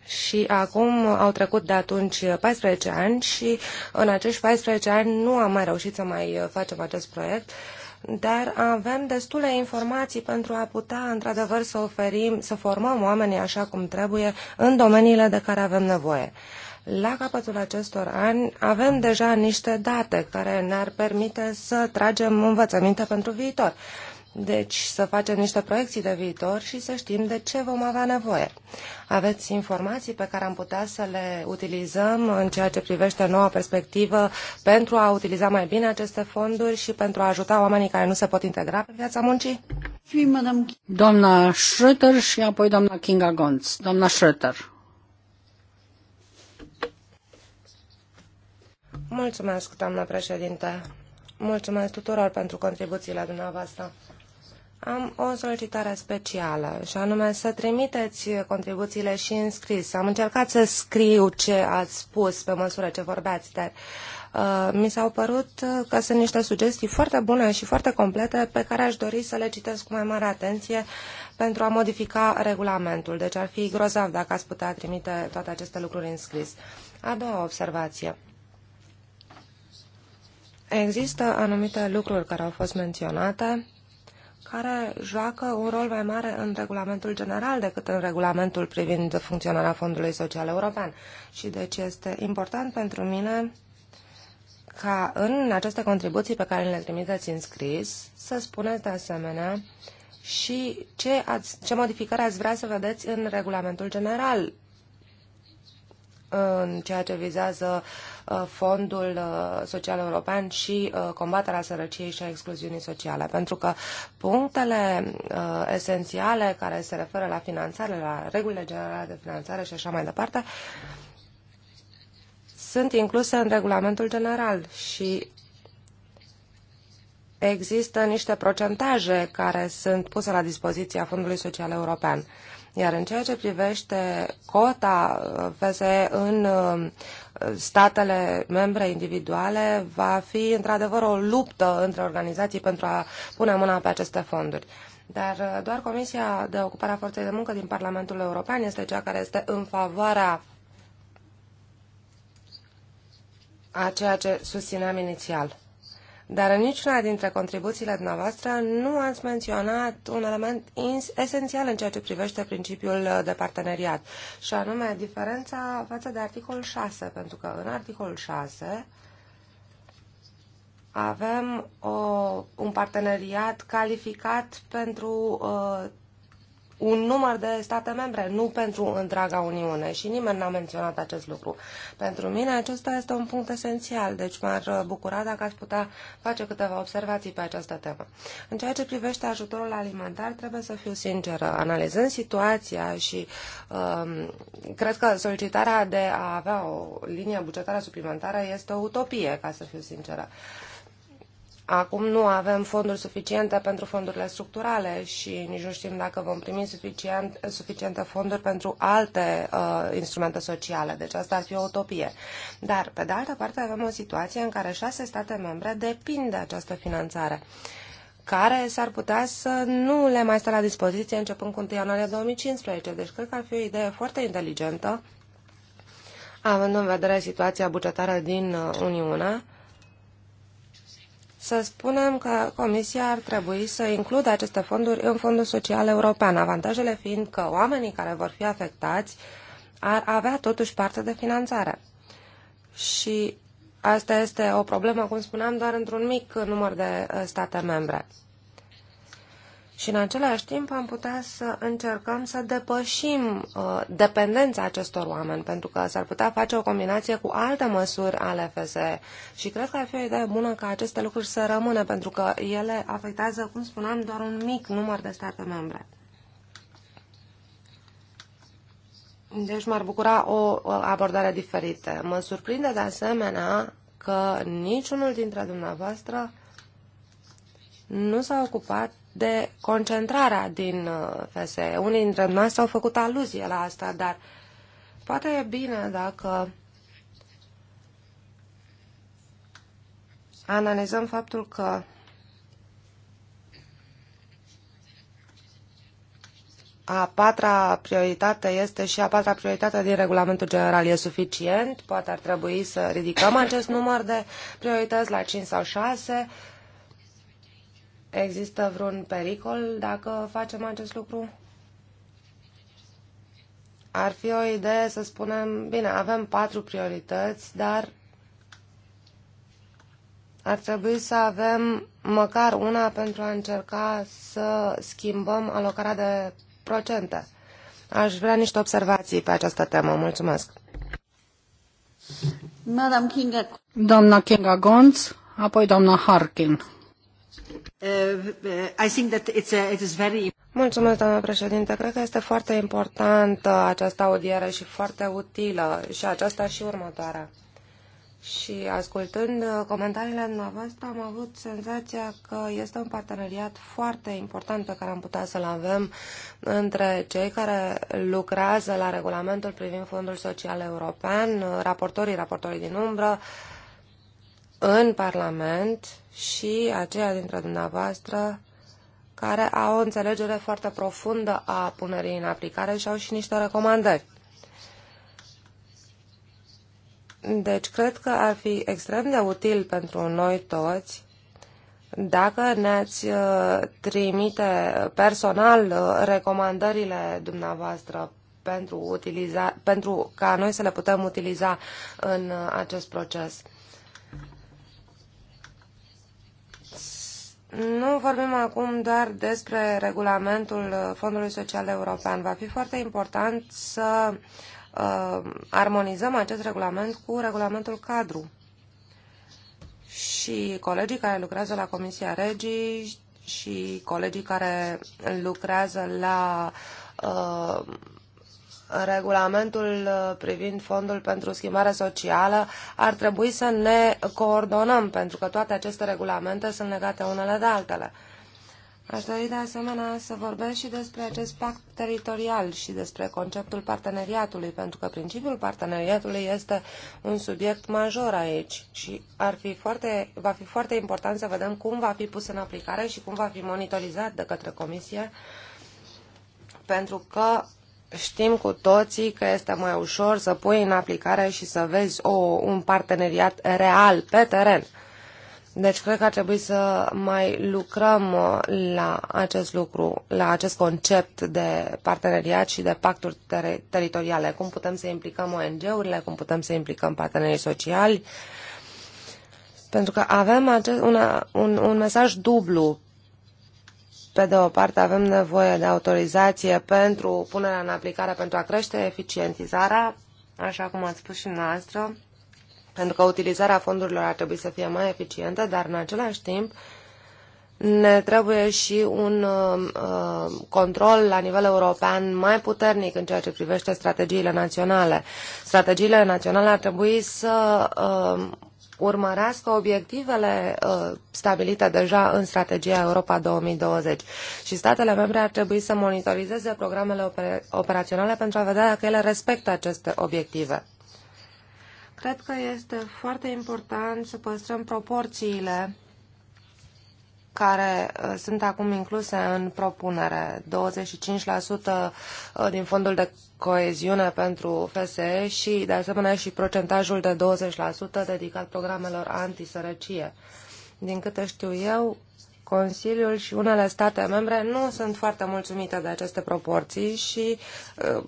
Și acum au trecut de atunci 14 ani și în acești 14 ani nu am mai reușit să mai facem acest proiect. Uh, dar avem destule informații pentru a putea, într-adevăr, să oferim, să formăm oamenii așa cum trebuie în domeniile de care avem nevoie. La capătul acestor ani avem deja niște date care ne-ar permite să tragem învățăminte pentru viitor. Deci să facem niște proiecții de viitor și să știm de ce vom avea nevoie. Aveți informații pe care am putea să le utilizăm în ceea ce privește noua perspectivă pentru a utiliza mai bine aceste fonduri și pentru a ajuta oamenii care nu se pot integra pe viața muncii? Doamna Schröter și apoi doamna Kinga Gonț. Doamna Schröter. Mulțumesc, doamnă președinte. Mulțumesc tuturor pentru contribuțiile dumneavoastră. Am o solicitare specială și anume să trimiteți contribuțiile și în scris. Am încercat să scriu ce ați spus pe măsură ce vorbeați, dar uh, mi s-au părut uh, că sunt niște sugestii foarte bune și foarte complete pe care aș dori să le citesc cu mai mare atenție pentru a modifica regulamentul. Deci ar fi grozav dacă ați putea trimite toate aceste lucruri în scris. A doua observație. Există anumite lucruri care au fost menționate care joacă un rol mai mare în regulamentul general decât în regulamentul privind funcționarea Fondului Social European. Și deci este important pentru mine ca în aceste contribuții pe care le trimiteți în scris să spuneți de asemenea și ce, ați, ce modificări ați vrea să vedeți în regulamentul general în ceea ce vizează uh, Fondul uh, Social European și uh, combaterea sărăciei și a excluziunii sociale. Pentru că punctele esențiale care se referă la finanțare, la regulile generale de finanțare și așa mai departe, sunt incluse în regulamentul general și există niște procentaje care sunt puse la dispoziția Fondului Social European. Iar în ceea ce privește cota uh, FSE în uh, statele membre individuale, va fi într-adevăr o luptă între organizații pentru a pune mâna pe aceste fonduri. Dar uh, doar Comisia de Ocupare a Forței de Muncă din Parlamentul European este cea care este în favoarea a ceea ce susțineam inițial. Dar în niciuna dintre contribuțiile dumneavoastră nu ați menționat un element esențial în ceea ce privește principiul de parteneriat, și anume diferența față de articolul 6, pentru că în articolul 6 avem o, un parteneriat calificat pentru uh, un număr de state membre, nu pentru întreaga Uniune și nimeni n-a menționat acest lucru. Pentru mine acesta este un punct esențial, deci m-ar bucura dacă aș putea face câteva observații pe această temă. În ceea ce privește ajutorul alimentar, trebuie să fiu sinceră. Analizând situația și um, cred că solicitarea de a avea o linie bugetară suplimentară este o utopie, ca să fiu sinceră. Uh, Acum nu avem fonduri suficiente pentru fondurile structurale și nici nu știm dacă vom primi suficient, suficiente fonduri pentru alte uh, instrumente sociale. Deci asta ar fi o utopie. Dar, pe de altă parte, avem o situație în care șase state membre depind de această finanțare care s-ar putea să nu le mai stă la dispoziție începând cu 1 ianuarie 2015. Deci cred că ar fi o idee foarte inteligentă, având în vedere situația bugetară din uh, Uniune, să spunem că Comisia ar trebui să includă aceste fonduri în Fondul Social European, avantajele fiind că oamenii care vor fi afectați ar avea totuși parte de finanțare. Și asta este o problemă, cum spuneam, doar într-un mic număr de uh, state membre. Și în același timp am putea să încercăm să depășim uh, dependența acestor oameni, pentru că s-ar putea face o combinație cu alte măsuri ale FSE. Și cred că ar fi o idee bună ca aceste lucruri să rămână, pentru că ele afectează, cum spuneam, doar un mic număr de state membre. Deci m-ar bucura o abordare diferită. Mă surprinde de asemenea că niciunul dintre dumneavoastră nu s-a ocupat de concentrarea din uh, FSE. Unii dintre noi s-au făcut aluzie la asta, dar poate e bine dacă analizăm faptul că a patra prioritate este și a patra prioritate din regulamentul general. E suficient? Poate ar trebui să ridicăm acest număr de priorități la 5 sau 6 Există vreun pericol dacă facem acest lucru? Ar fi o idee să spunem, bine, avem patru priorități, dar ar trebui să avem măcar una pentru a încerca să schimbăm alocarea de procente. Aș vrea niște observații pe această temă. Mulțumesc. Kinga. Doamna Kinga Gonț, apoi doamna Harkin. Mulțumesc, doamnă președinte. Cred că este foarte importantă această audiere și foarte utilă și aceasta și următoarea. Și ascultând uh, comentariile dumneavoastră, am avut senzația că este un parteneriat foarte important pe care am putea să-l avem între cei care lucrează la regulamentul privind Fondul Social European, uh, raportorii, raportorii din umbră, în Parlament, și aceia dintre dumneavoastră care au o înțelegere foarte profundă a punerii în aplicare și au și niște recomandări. Deci cred că ar fi extrem de util pentru noi toți dacă ne-ați uh, trimite personal uh, recomandările dumneavoastră pentru, utiliza, pentru ca noi să le putem utiliza în uh, acest proces. Nu vorbim acum doar despre regulamentul uh, Fondului Social European. Va fi foarte important să uh, armonizăm acest regulament cu regulamentul cadru. Și colegii care lucrează la Comisia Regii și colegii care lucrează la uh, regulamentul uh, privind fondul pentru schimbare socială, ar trebui să ne coordonăm, pentru că toate aceste regulamente sunt legate unele de altele. Aș dori de asemenea să vorbesc și despre acest pact teritorial și despre conceptul parteneriatului, pentru că principiul parteneriatului este un subiect major aici și ar fi foarte, va fi foarte important să vedem cum va fi pus în aplicare și cum va fi monitorizat de către Comisie, pentru că Știm cu toții că este mai ușor să pui în aplicare și să vezi o, un parteneriat real pe teren. Deci cred că ar trebui să mai lucrăm uh, la acest lucru, la acest concept de parteneriat și de pacturi ter- teritoriale. Cum putem să implicăm ONG-urile, cum putem să implicăm partenerii sociali, pentru că avem acest, una, un, un mesaj dublu pe de o parte, avem nevoie de autorizație pentru punerea în aplicare, pentru a crește eficientizarea, așa cum ați spus și noastră, pentru că utilizarea fondurilor ar trebui să fie mai eficientă, dar în același timp ne trebuie și un uh, control la nivel european mai puternic în ceea ce privește strategiile naționale. Strategiile naționale ar trebui să uh, urmărească obiectivele uh, stabilite deja în strategia Europa 2020 și statele membre ar trebui să monitorizeze programele oper operaționale pentru a vedea dacă ele respectă aceste obiective. Cred că este foarte important să păstrăm proporțiile care uh, sunt acum incluse în propunere, 25% uh, din fondul de coeziune pentru FSE și, de asemenea, și procentajul de 20% dedicat programelor antisărăcie. Din câte știu eu, Consiliul și unele state membre nu sunt foarte mulțumite de aceste proporții și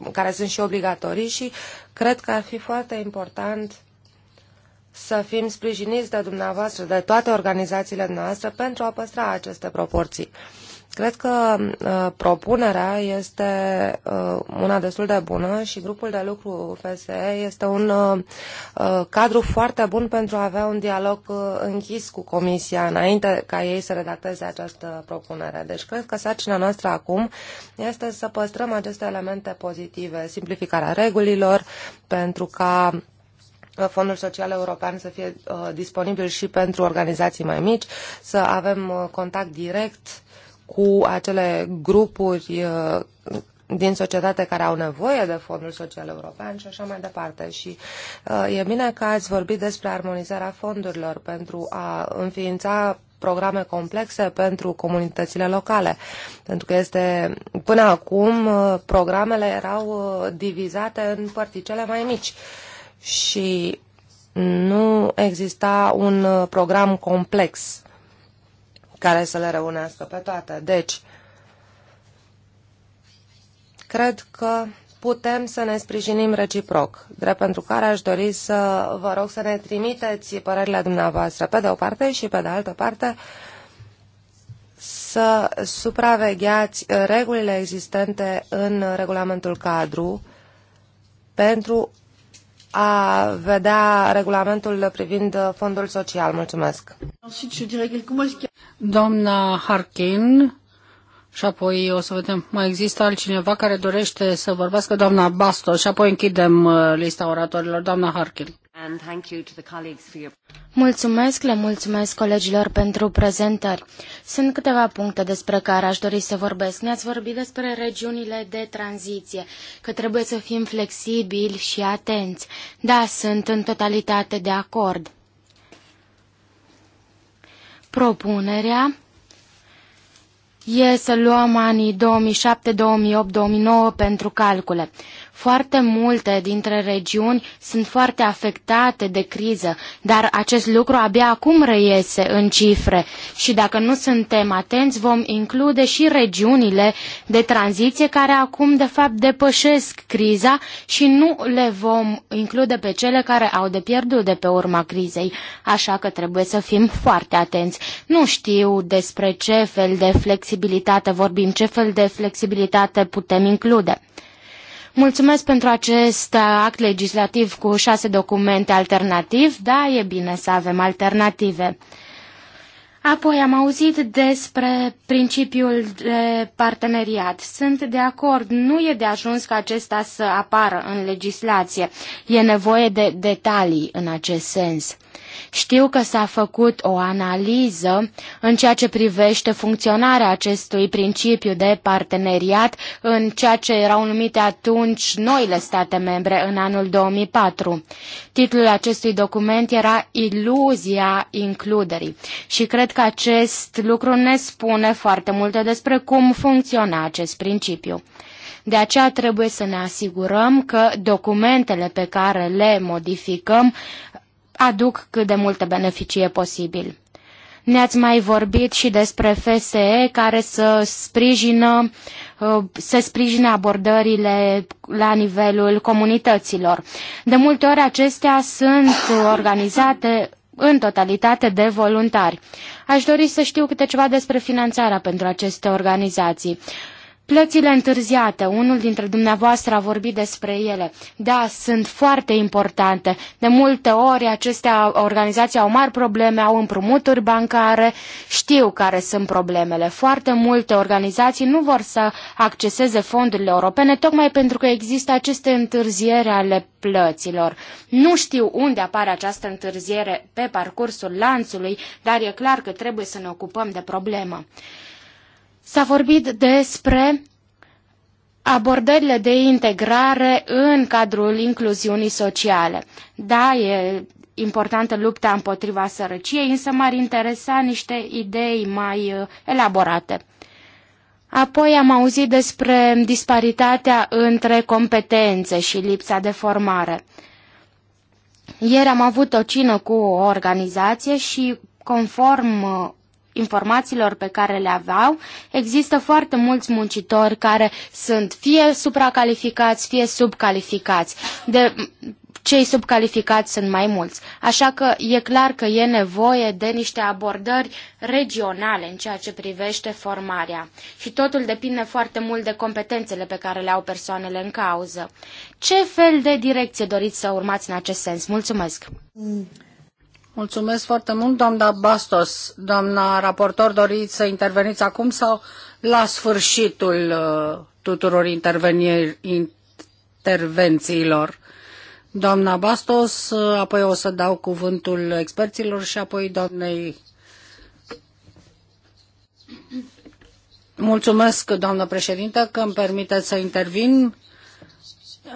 uh, care sunt și obligatorii și cred că ar fi foarte important să fim sprijiniți de dumneavoastră, de toate organizațiile noastre, pentru a păstra aceste proporții. Cred că uh, propunerea este uh, una destul de bună și grupul de lucru FSE este un uh, uh, cadru foarte bun pentru a avea un dialog uh, închis cu Comisia înainte ca ei să redacteze această propunere. Deci cred că sarcina noastră acum este să păstrăm aceste elemente pozitive, simplificarea regulilor pentru ca Uh, Fondul Social European să fie uh, disponibil și pentru organizații mai mici, să avem uh, contact direct cu acele grupuri din societate care au nevoie de Fondul Social European și așa mai departe. Și uh, e bine că ați vorbit despre armonizarea fondurilor pentru a înființa programe complexe pentru comunitățile locale. Pentru că este, până acum, programele erau divizate în părticele mai mici. Uh, și nu exista un uh, program complex care să le reunească pe toate. Deci, cred că putem să ne sprijinim reciproc, drept pentru care aș dori să vă rog să ne trimiteți părerile dumneavoastră pe de o parte și pe de altă parte să supravegheați uh, regulile existente în regulamentul cadru pentru a vedea regulamentul privind uh, fondul social. Mulțumesc. Doamna Harkin, și apoi o să vedem, mai există altcineva care dorește să vorbească, doamna Basto, și apoi închidem uh, lista oratorilor, doamna Harkin. Mulțumesc, le mulțumesc colegilor pentru prezentări. Sunt câteva puncte despre care aș dori să vorbesc. Ne-ați vorbit despre regiunile de tranziție, că trebuie să fim flexibili și atenți. Da, sunt în totalitate de acord. Propunerea e să luăm anii 2007, 2008, 2009 pentru calcule. Foarte multe dintre regiuni sunt foarte afectate de criză, dar acest lucru abia acum reiese în cifre și dacă nu suntem atenți vom include și regiunile de tranziție care acum de fapt depășesc criza și nu le vom include pe cele care au de pierdut de pe urma crizei. Așa că trebuie să fim foarte atenți. Nu știu despre ce fel de flexibilitate vorbim, ce fel de flexibilitate putem include. Mulțumesc pentru acest uh, act legislativ cu șase documente alternativ. Da, e bine să avem alternative. Apoi am auzit despre principiul de parteneriat. Sunt de acord, nu e de ajuns ca acesta să apară în legislație. E nevoie de detalii în acest sens. Știu că s-a făcut o analiză în ceea ce privește funcționarea acestui principiu de parteneriat în ceea ce erau numite atunci noile state membre în anul 2004. Titlul acestui document era Iluzia includerii și cred că acest lucru ne spune foarte multe despre cum funcționa acest principiu. De aceea trebuie să ne asigurăm că documentele pe care le modificăm aduc cât de multe beneficii e posibil. Ne-ați mai vorbit și despre FSE care să sprijină, uh, să sprijină abordările la nivelul comunităților. De multe ori acestea sunt organizate în totalitate de voluntari. Aș dori să știu câte ceva despre finanțarea pentru aceste organizații. Plățile întârziate, unul dintre dumneavoastră a vorbit despre ele. Da, sunt foarte importante. De multe ori aceste organizații au mari probleme, au împrumuturi bancare, știu care sunt problemele. Foarte multe organizații nu vor să acceseze fondurile europene tocmai pentru că există aceste întârziere ale plăților. Nu știu unde apare această întârziere pe parcursul lanțului, dar e clar că trebuie să ne ocupăm de problemă. S-a vorbit despre abordările de integrare în cadrul incluziunii sociale. Da, e importantă lupta împotriva sărăciei, însă m-ar interesa niște idei mai uh, elaborate. Apoi am auzit despre disparitatea între competențe și lipsa de formare. Ieri am avut o cină cu o organizație și conform uh, informațiilor pe care le aveau, există foarte mulți muncitori care sunt fie supracalificați, fie subcalificați. De, cei subcalificați sunt mai mulți. Așa că e clar că e nevoie de niște abordări regionale în ceea ce privește formarea. Și totul depinde foarte mult de competențele pe care le au persoanele în cauză. Ce fel de direcție doriți să urmați în acest sens? Mulțumesc! Mm. Mulțumesc foarte mult, doamna Bastos. Doamna raportor, doriți să interveniți acum sau la sfârșitul uh, tuturor intervențiilor? Doamna Bastos, uh, apoi o să dau cuvântul experților și apoi doamnei. Mulțumesc, doamnă președintă, că îmi permiteți să intervin.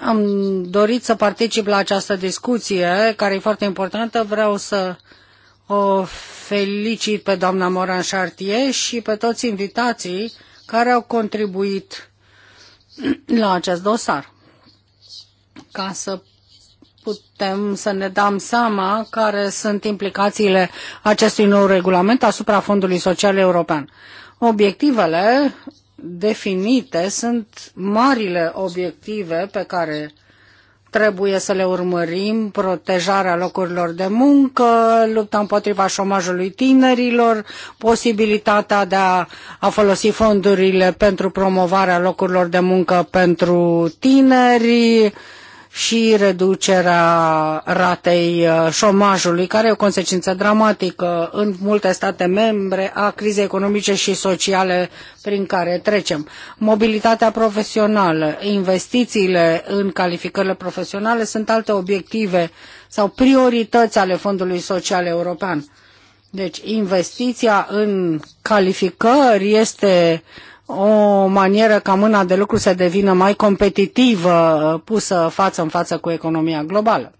Am dorit să particip la această discuție, care e foarte importantă. Vreau să o felicit pe doamna Moran Chartier și pe toți invitații care au contribuit la acest dosar, ca să putem să ne dăm seama care sunt implicațiile acestui nou regulament asupra Fondului Social European. Obiectivele definite sunt marile obiective pe care trebuie să le urmărim, protejarea locurilor de muncă, lupta împotriva șomajului tinerilor, posibilitatea de a, a folosi fondurile pentru promovarea locurilor de muncă pentru tineri, și reducerea ratei uh, șomajului, care e o consecință dramatică în multe state membre a crizei economice și sociale prin care trecem. Mobilitatea profesională, investițiile în calificările profesionale sunt alte obiective sau priorități ale Fondului Social European. Deci investiția în calificări este o manieră ca mâna de lucru să devină mai competitivă, pusă față în față cu economia globală.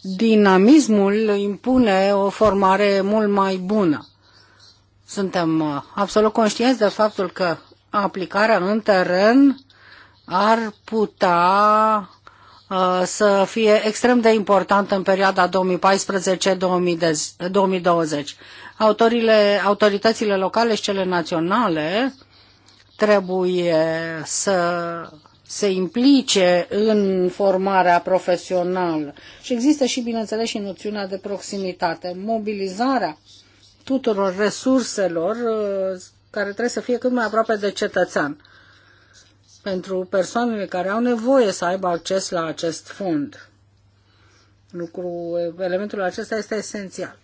Dinamismul impune o formare mult mai bună. Suntem uh, absolut conștienți de faptul că aplicarea în teren ar putea uh, să fie extrem de importantă în perioada 2014-2020 autorile, autoritățile locale și cele naționale trebuie să se implice în formarea profesională. Și există și, bineînțeles, și noțiunea de proximitate, mobilizarea tuturor resurselor uh, care trebuie să fie cât mai aproape de cetățean pentru persoanele care au nevoie să aibă acces la acest fond. Lucru, elementul acesta este esențial.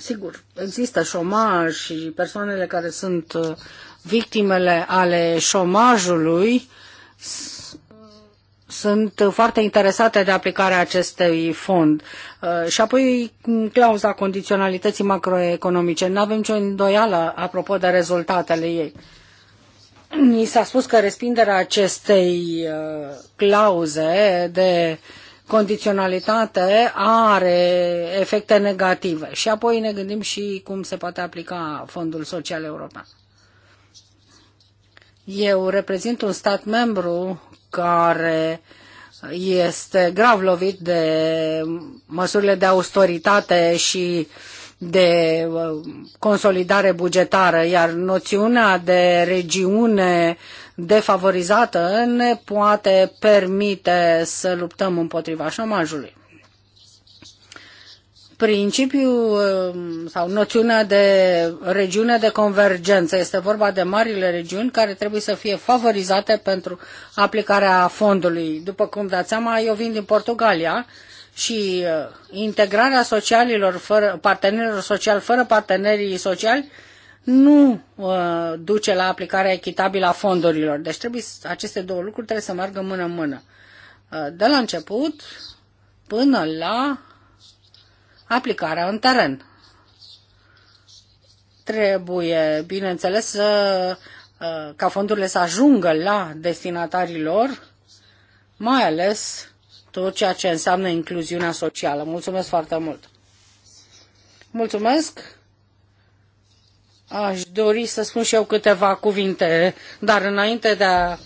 Sigur, există șomaj și persoanele care sunt uh, victimele ale șomajului sunt foarte interesate de aplicarea acestui fond. Uh, și apoi mm, clauza condiționalității macroeconomice. Nu avem nicio îndoială apropo de rezultatele ei. Mi s-a spus că respinderea acestei uh, clauze de uh, condiționalitate are efecte negative. Și apoi ne gândim și cum se poate aplica Fondul Social European. Eu reprezint un stat membru care este grav lovit de măsurile de austeritate și de uh, consolidare bugetară, iar noțiunea de regiune defavorizată ne poate permite să luptăm împotriva șomajului. Principiul um, sau noțiunea de regiune de convergență este vorba de marile regiuni care trebuie să fie favorizate pentru aplicarea fondului. După cum dați seama, eu vin din Portugalia și uh, integrarea socialilor fără, partenerilor sociali fără partenerii sociali nu uh, duce la aplicarea echitabilă a fondurilor. Deci trebuie, aceste două lucruri trebuie să meargă mână în mână. Uh, de la început până la aplicarea în teren. Trebuie, bineînțeles, să, uh, ca fondurile să ajungă la destinatarii lor, mai ales tot ceea ce înseamnă incluziunea socială. Mulțumesc foarte mult! Mulțumesc! Aș dori să spun și eu câteva cuvinte, dar înainte de a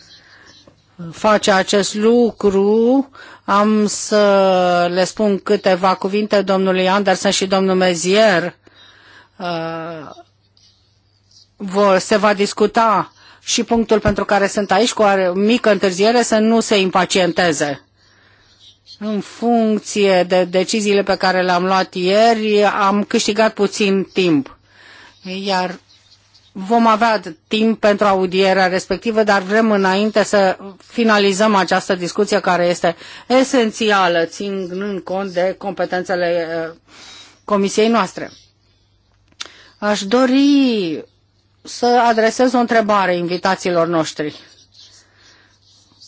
face acest lucru, am să le spun câteva cuvinte domnului Anderson și domnul Mezier. Uh, se va discuta și punctul pentru care sunt aici cu o mică întârziere să nu se impacienteze. În funcție de deciziile pe care le-am luat ieri, am câștigat puțin timp iar vom avea timp pentru audierea respectivă, dar vrem înainte să finalizăm această discuție care este esențială, ținând cont de competențele uh, comisiei noastre. Aș dori să adresez o întrebare invitațiilor noștri.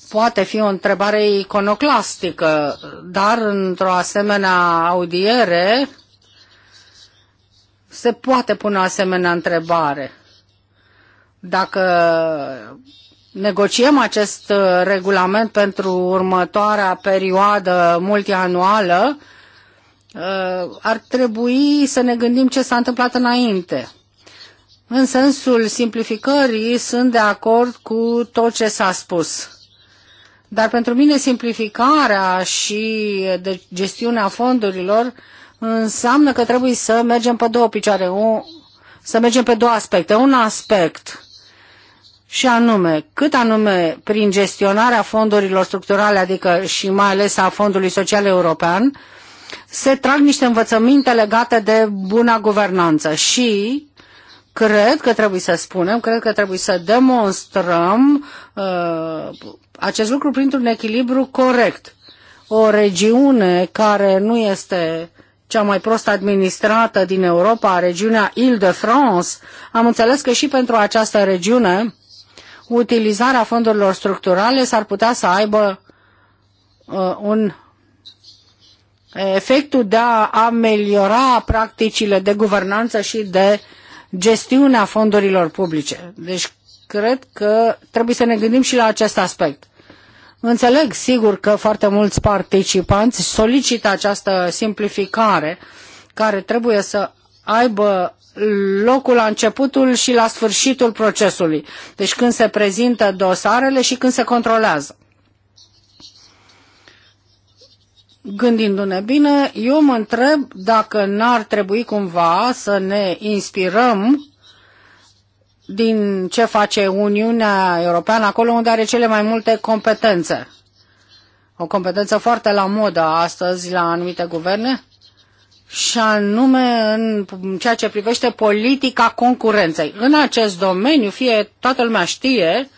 Poate fi o întrebare iconoclastică, dar într-o asemenea audiere se poate pune o asemenea întrebare. Dacă negociem acest uh, regulament pentru următoarea perioadă multianuală, uh, ar trebui să ne gândim ce s-a întâmplat înainte. În sensul simplificării sunt de acord cu tot ce s-a spus. Dar pentru mine simplificarea și de deci, gestiunea fondurilor uh, înseamnă că trebuie să mergem pe două picioare, o, să mergem pe două aspecte. Un aspect și anume, cât anume prin gestionarea fondurilor structurale, adică și mai ales a Fondului Social European, se trag niște învățăminte legate de buna guvernanță și cred că trebuie să spunem, cred că trebuie să demonstrăm uh, acest lucru printr-un echilibru corect. O regiune care nu este cea mai prost administrată din Europa, regiunea Île-de-France, am înțeles că și pentru această regiune utilizarea fondurilor structurale s-ar putea să aibă uh, un efectul de a ameliora practicile de guvernanță și de gestiunea fondurilor publice. Deci cred că trebuie să ne gândim și la acest aspect. Înțeleg, sigur, că foarte mulți participanți solicită această simplificare care trebuie să aibă locul la începutul și la sfârșitul procesului. Deci când se prezintă dosarele și când se controlează. Gândindu-ne bine, eu mă întreb dacă n-ar trebui cumva să ne inspirăm din ce face Uniunea Europeană acolo unde are cele mai multe competențe. O competență foarte la modă astăzi la anumite guverne și anume în ceea ce privește politica concurenței. În acest domeniu, fie toată lumea știe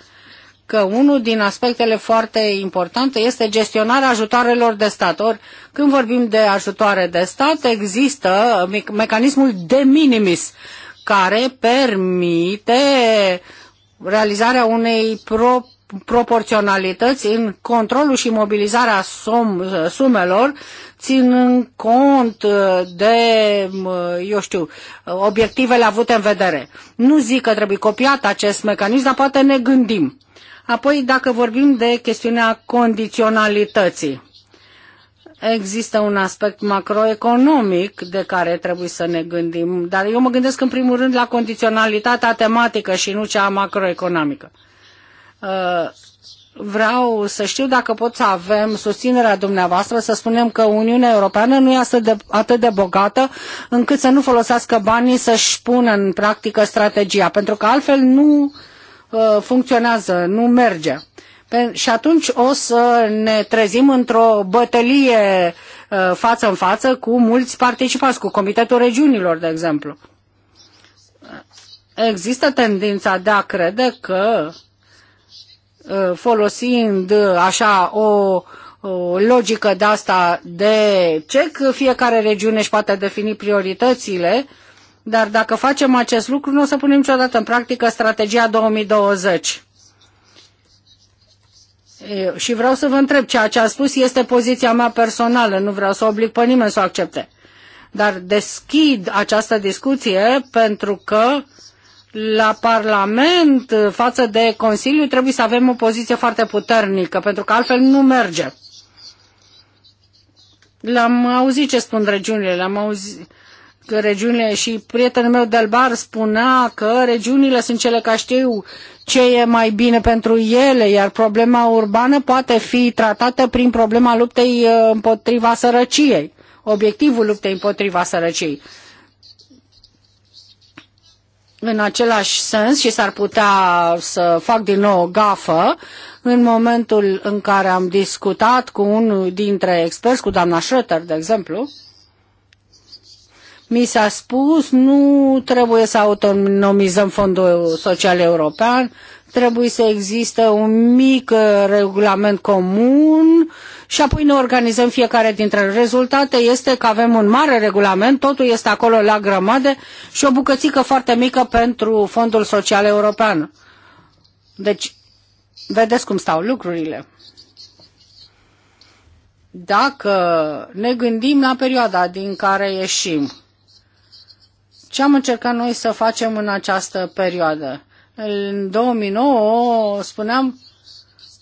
că unul din aspectele foarte importante este gestionarea ajutoarelor de stat. Ori, când vorbim de ajutoare de stat, există mecanismul de minimis, care permite realizarea unei pro proporționalități în controlul și mobilizarea sum, sumelor, ținând cont uh, de, uh, eu știu, obiectivele avute în vedere. Nu zic că trebuie copiat acest mecanism, dar poate ne gândim. Apoi, dacă vorbim de chestiunea condiționalității, Există un aspect macroeconomic de care trebuie să ne gândim, dar eu mă gândesc în primul rând la condiționalitatea tematică și nu cea macroeconomică. Uh, vreau să știu dacă pot să avem susținerea dumneavoastră să spunem că Uniunea Europeană nu este atât de bogată încât să nu folosească banii să-și pună în practică strategia, pentru că altfel nu uh, funcționează, nu merge. Și atunci o să ne trezim într-o bătălie uh, față în față cu mulți participați, cu Comitetul Regiunilor, de exemplu. Există tendința de a crede că uh, folosind așa o, o logică de asta de cec, fiecare regiune își poate defini prioritățile, dar dacă facem acest lucru, nu o să punem niciodată în practică strategia 2020. Și vreau să vă întreb, ceea ce a spus este poziția mea personală, nu vreau să oblig pe nimeni să o accepte. Dar deschid această discuție pentru că la Parlament, față de Consiliu, trebuie să avem o poziție foarte puternică, pentru că altfel nu merge. L-am auzit ce spun regiunile, l-am auzit, că regiunile și prietenul meu bar spunea că regiunile sunt cele care știu ce e mai bine pentru ele, iar problema urbană poate fi tratată prin problema luptei uh, împotriva sărăciei, obiectivul luptei împotriva sărăciei. În același sens, și s-ar putea să fac din nou o gafă, în momentul în care am discutat cu unul dintre experți, cu doamna Schröter, de exemplu, mi s-a spus, nu trebuie să autonomizăm fondul social european, trebuie să existe un mic uh, regulament comun și apoi ne organizăm fiecare dintre rezultate. Este că avem un mare regulament, totul este acolo la grămadă și o bucățică foarte mică pentru Fondul Social European. Deci, vedeți cum stau lucrurile. Dacă ne gândim la perioada din care ieșim, ce am încercat noi să facem în această perioadă? În 2009 spuneam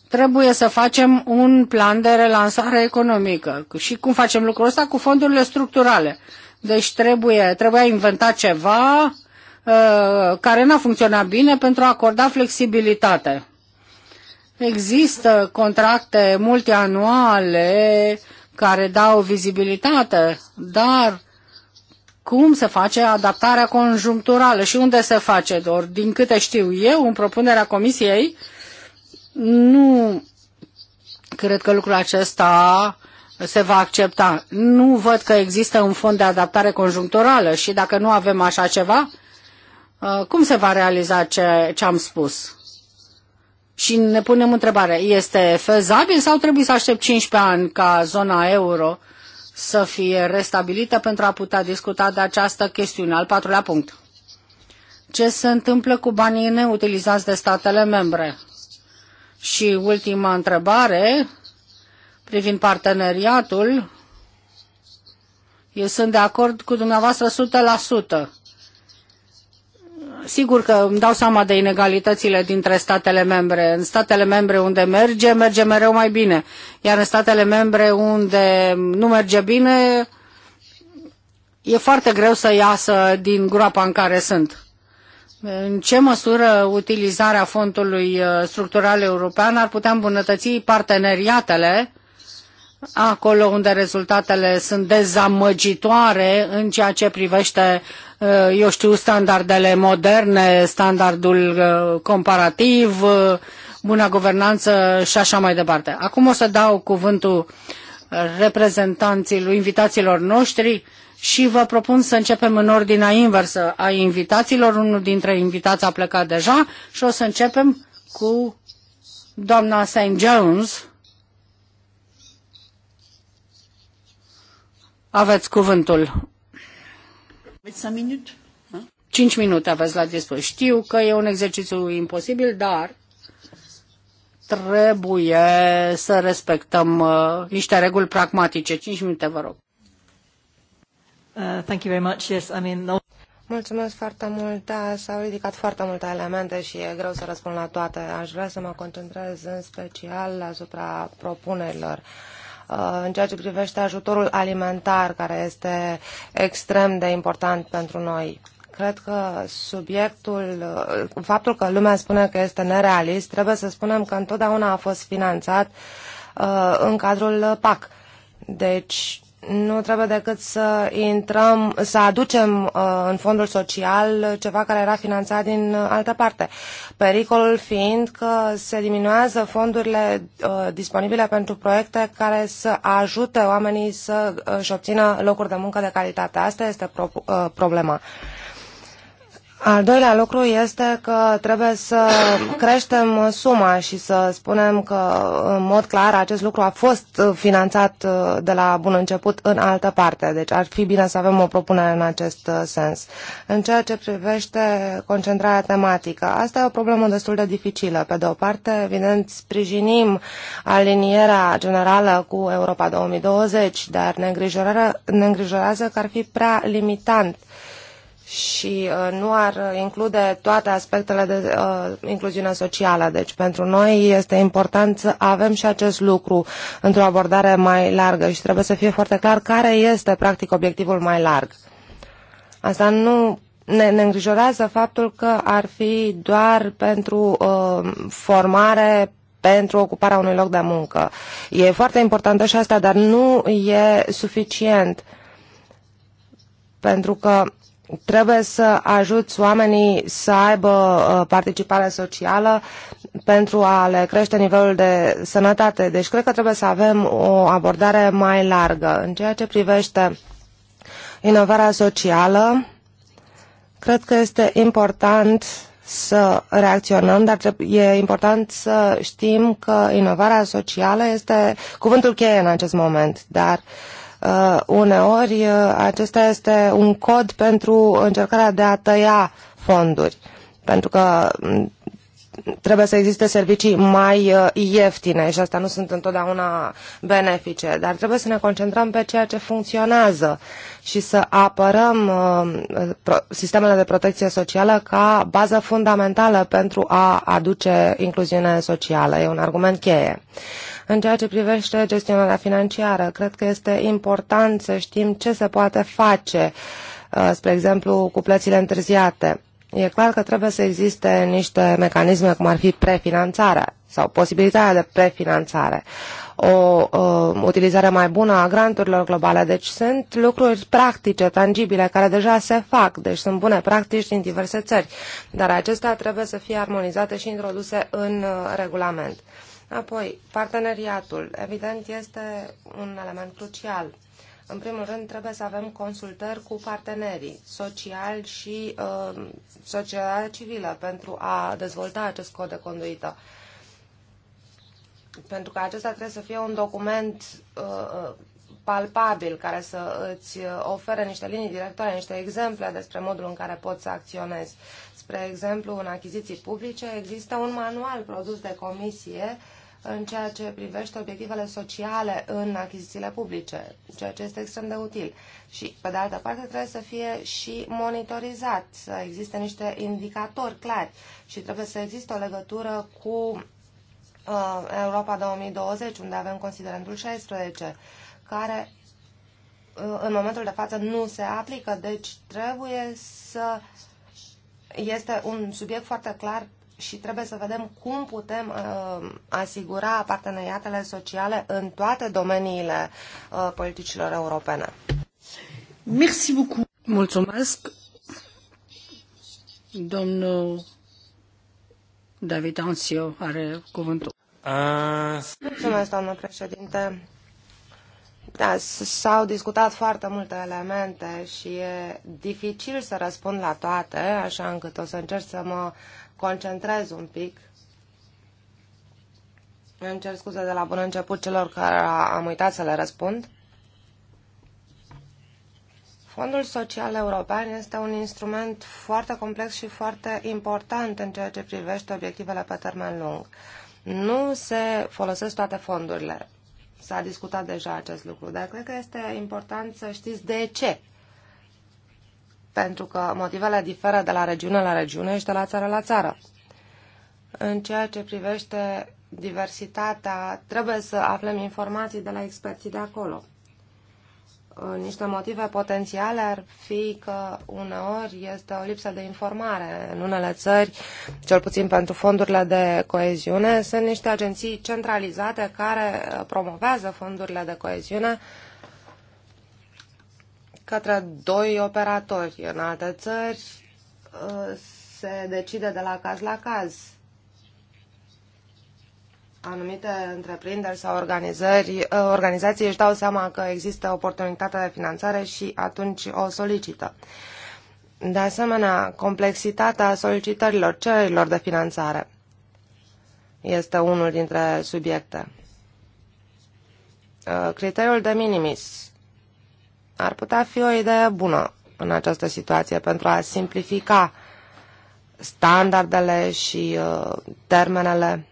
trebuie să facem un plan de relansare economică. Și cum facem lucrul ăsta? Cu fondurile structurale. Deci trebuie, trebuia inventat ceva uh, care n-a funcționat bine pentru a acorda flexibilitate. Există contracte multianuale care dau vizibilitate, dar cum se face adaptarea conjuncturală și unde se face. Dor din câte știu eu, în propunerea comisiei, nu cred că lucrul acesta se va accepta. Nu văd că există un fond de adaptare conjuncturală și dacă nu avem așa ceva, uh, cum se va realiza ce, ce am spus? Și ne punem întrebarea, este fezabil sau trebuie să aștept 15 ani ca zona euro să fie restabilită pentru a putea discuta de această chestiune. Al patrulea punct. Ce se întâmplă cu banii neutilizați de statele membre? Și ultima întrebare privind parteneriatul. Eu sunt de acord cu dumneavoastră 100%. Sigur că îmi dau seama de inegalitățile dintre statele membre. În statele membre unde merge, merge mereu mai bine. Iar în statele membre unde nu merge bine, e foarte greu să iasă din groapa în care sunt. În ce măsură utilizarea fondului uh, structural european ar putea îmbunătăți parteneriatele acolo unde rezultatele sunt dezamăgitoare în ceea ce privește Eh, eu știu, standardele moderne, standardul eh, comparativ, eh, buna guvernanță și așa mai departe. Acum o să dau cuvântul reprezentanților, invitațiilor noștri și vă propun să începem în ordinea inversă a invitațiilor. Unul dintre invitați a plecat deja și o să începem cu doamna St. Jones. Aveți cuvântul. Cinci minute aveți la dispoziție. Știu că e un exercițiu imposibil, dar trebuie să respectăm uh, niște reguli pragmatice. Cinci minute, vă rog. Uh, thank you very much. Yes, I mean, Mulțumesc foarte mult. Da, s-au ridicat foarte multe elemente și e greu să răspund la toate. Aș vrea să mă concentrez în special asupra propunerilor. Uh, Uh, în ceea ce privește ajutorul alimentar, care este extrem de important pentru noi. Cred că subiectul, uh, faptul că lumea spune că este nerealist, trebuie să spunem că întotdeauna a fost finanțat uh, în cadrul PAC. Deci, nu trebuie decât să intrăm, să aducem uh, în fondul social ceva care era finanțat din uh, altă parte. Pericolul fiind că se diminuează fondurile uh, disponibile pentru proiecte care să ajute oamenii să își obțină locuri de muncă de calitate. Asta este problema. Al doilea lucru este că trebuie să creștem suma și să spunem că, în mod clar, acest lucru a fost finanțat uh, de la bun început în altă parte. Deci ar fi bine să avem o propunere în acest uh, sens. În ceea ce privește concentrarea tematică, asta e o problemă destul de dificilă. Pe de o parte, evident, sprijinim alinierea generală cu Europa 2020, dar ne, ne îngrijorează că ar fi prea limitant uh, și uh, nu ar include toate aspectele de uh, incluziune socială. Deci pentru noi este important să avem și acest lucru într-o abordare mai largă și trebuie să fie foarte clar care este practic obiectivul mai larg. Asta nu ne, ne îngrijorează faptul că ar fi doar pentru uh, formare pentru ocuparea unui loc de muncă. E foarte importantă și asta, dar nu e suficient. Pentru că Trebuie să ajuți oamenii să aibă uh, participare socială pentru a le crește nivelul de sănătate. Deci cred că trebuie să avem o abordare mai largă. În ceea ce privește inovarea socială, cred că este important să reacționăm, dar e important să știm că inovarea socială este cuvântul cheie în acest moment, dar uh, Uh, uneori uh, acesta este un cod pentru încercarea de a tăia fonduri. Pentru că trebuie să existe servicii mai uh, ieftine și asta nu sunt întotdeauna benefice, dar trebuie să ne concentrăm pe ceea ce funcționează și să apărăm uh, sistemele de protecție socială ca bază fundamentală pentru a aduce incluziune socială. E un argument cheie. În ceea ce privește gestionarea financiară, cred că este important să știm ce se poate face, uh, spre exemplu, cu plățile întârziate E clar că trebuie să existe niște mecanisme, cum ar fi prefinanțarea sau posibilitatea de prefinanțare, o uh, utilizare mai bună a granturilor globale. Deci sunt lucruri practice, tangibile, care deja se fac, deci sunt bune practici din diverse țări, dar acestea trebuie să fie armonizate și introduse în uh, regulament. Apoi, parteneriatul. Evident, este un element crucial în primul rând, trebuie să avem consultări cu partenerii social și uh, societatea civilă pentru a dezvolta acest cod de conduită. Pentru că acesta trebuie să fie un document uh, palpabil care să îți ofere niște linii directoare, niște exemple despre modul în care poți să acționezi. Spre exemplu, în achiziții publice există un manual produs de comisie uh, în ceea ce privește obiectivele sociale în achizițiile publice, ceea ce este extrem de util. Și, pe de altă parte, trebuie să fie și monitorizat, să existe niște indicatori clari și trebuie să existe o legătură cu uh, Europa 2020, unde avem considerentul 16, care uh, în momentul de față nu se aplică, deci trebuie să este un subiect foarte clar și trebuie să vedem cum putem uh, asigura parteneriatele sociale în toate domeniile uh, politicilor europene. Merci beaucoup. Mulțumesc, domnul David Anțio are cuvântul. Uh, Mulțumesc, doamnă președinte. Da, s-au discutat foarte multe elemente și e dificil să răspund la toate, așa încât o să încerc să mă concentrez un pic. Îmi cer scuze de la bun început celor care am uitat să le răspund. Fondul Social European este un instrument foarte complex și foarte important în ceea ce privește obiectivele pe termen lung. Nu se folosesc toate fondurile. S-a discutat deja acest lucru, dar cred că este important să știți de ce pentru că motivele diferă de la regiune la regiune și de la țară la țară. În ceea ce privește diversitatea, trebuie să aflăm informații de la experții de acolo. Niște motive potențiale ar fi că uneori este o lipsă de informare. În unele țări, cel puțin pentru fondurile de coeziune, sunt niște agenții centralizate care promovează fondurile de coeziune, către doi operatori. În alte țări uh, se decide de la caz la caz. Anumite întreprinderi sau organizări, uh, organizații își dau seama că există oportunitatea de finanțare și atunci o solicită. De asemenea, complexitatea solicitărilor, cererilor de finanțare este unul dintre subiecte. Uh, criteriul de minimis ar putea fi o idee bună în această situație pentru a simplifica standardele și uh, termenele.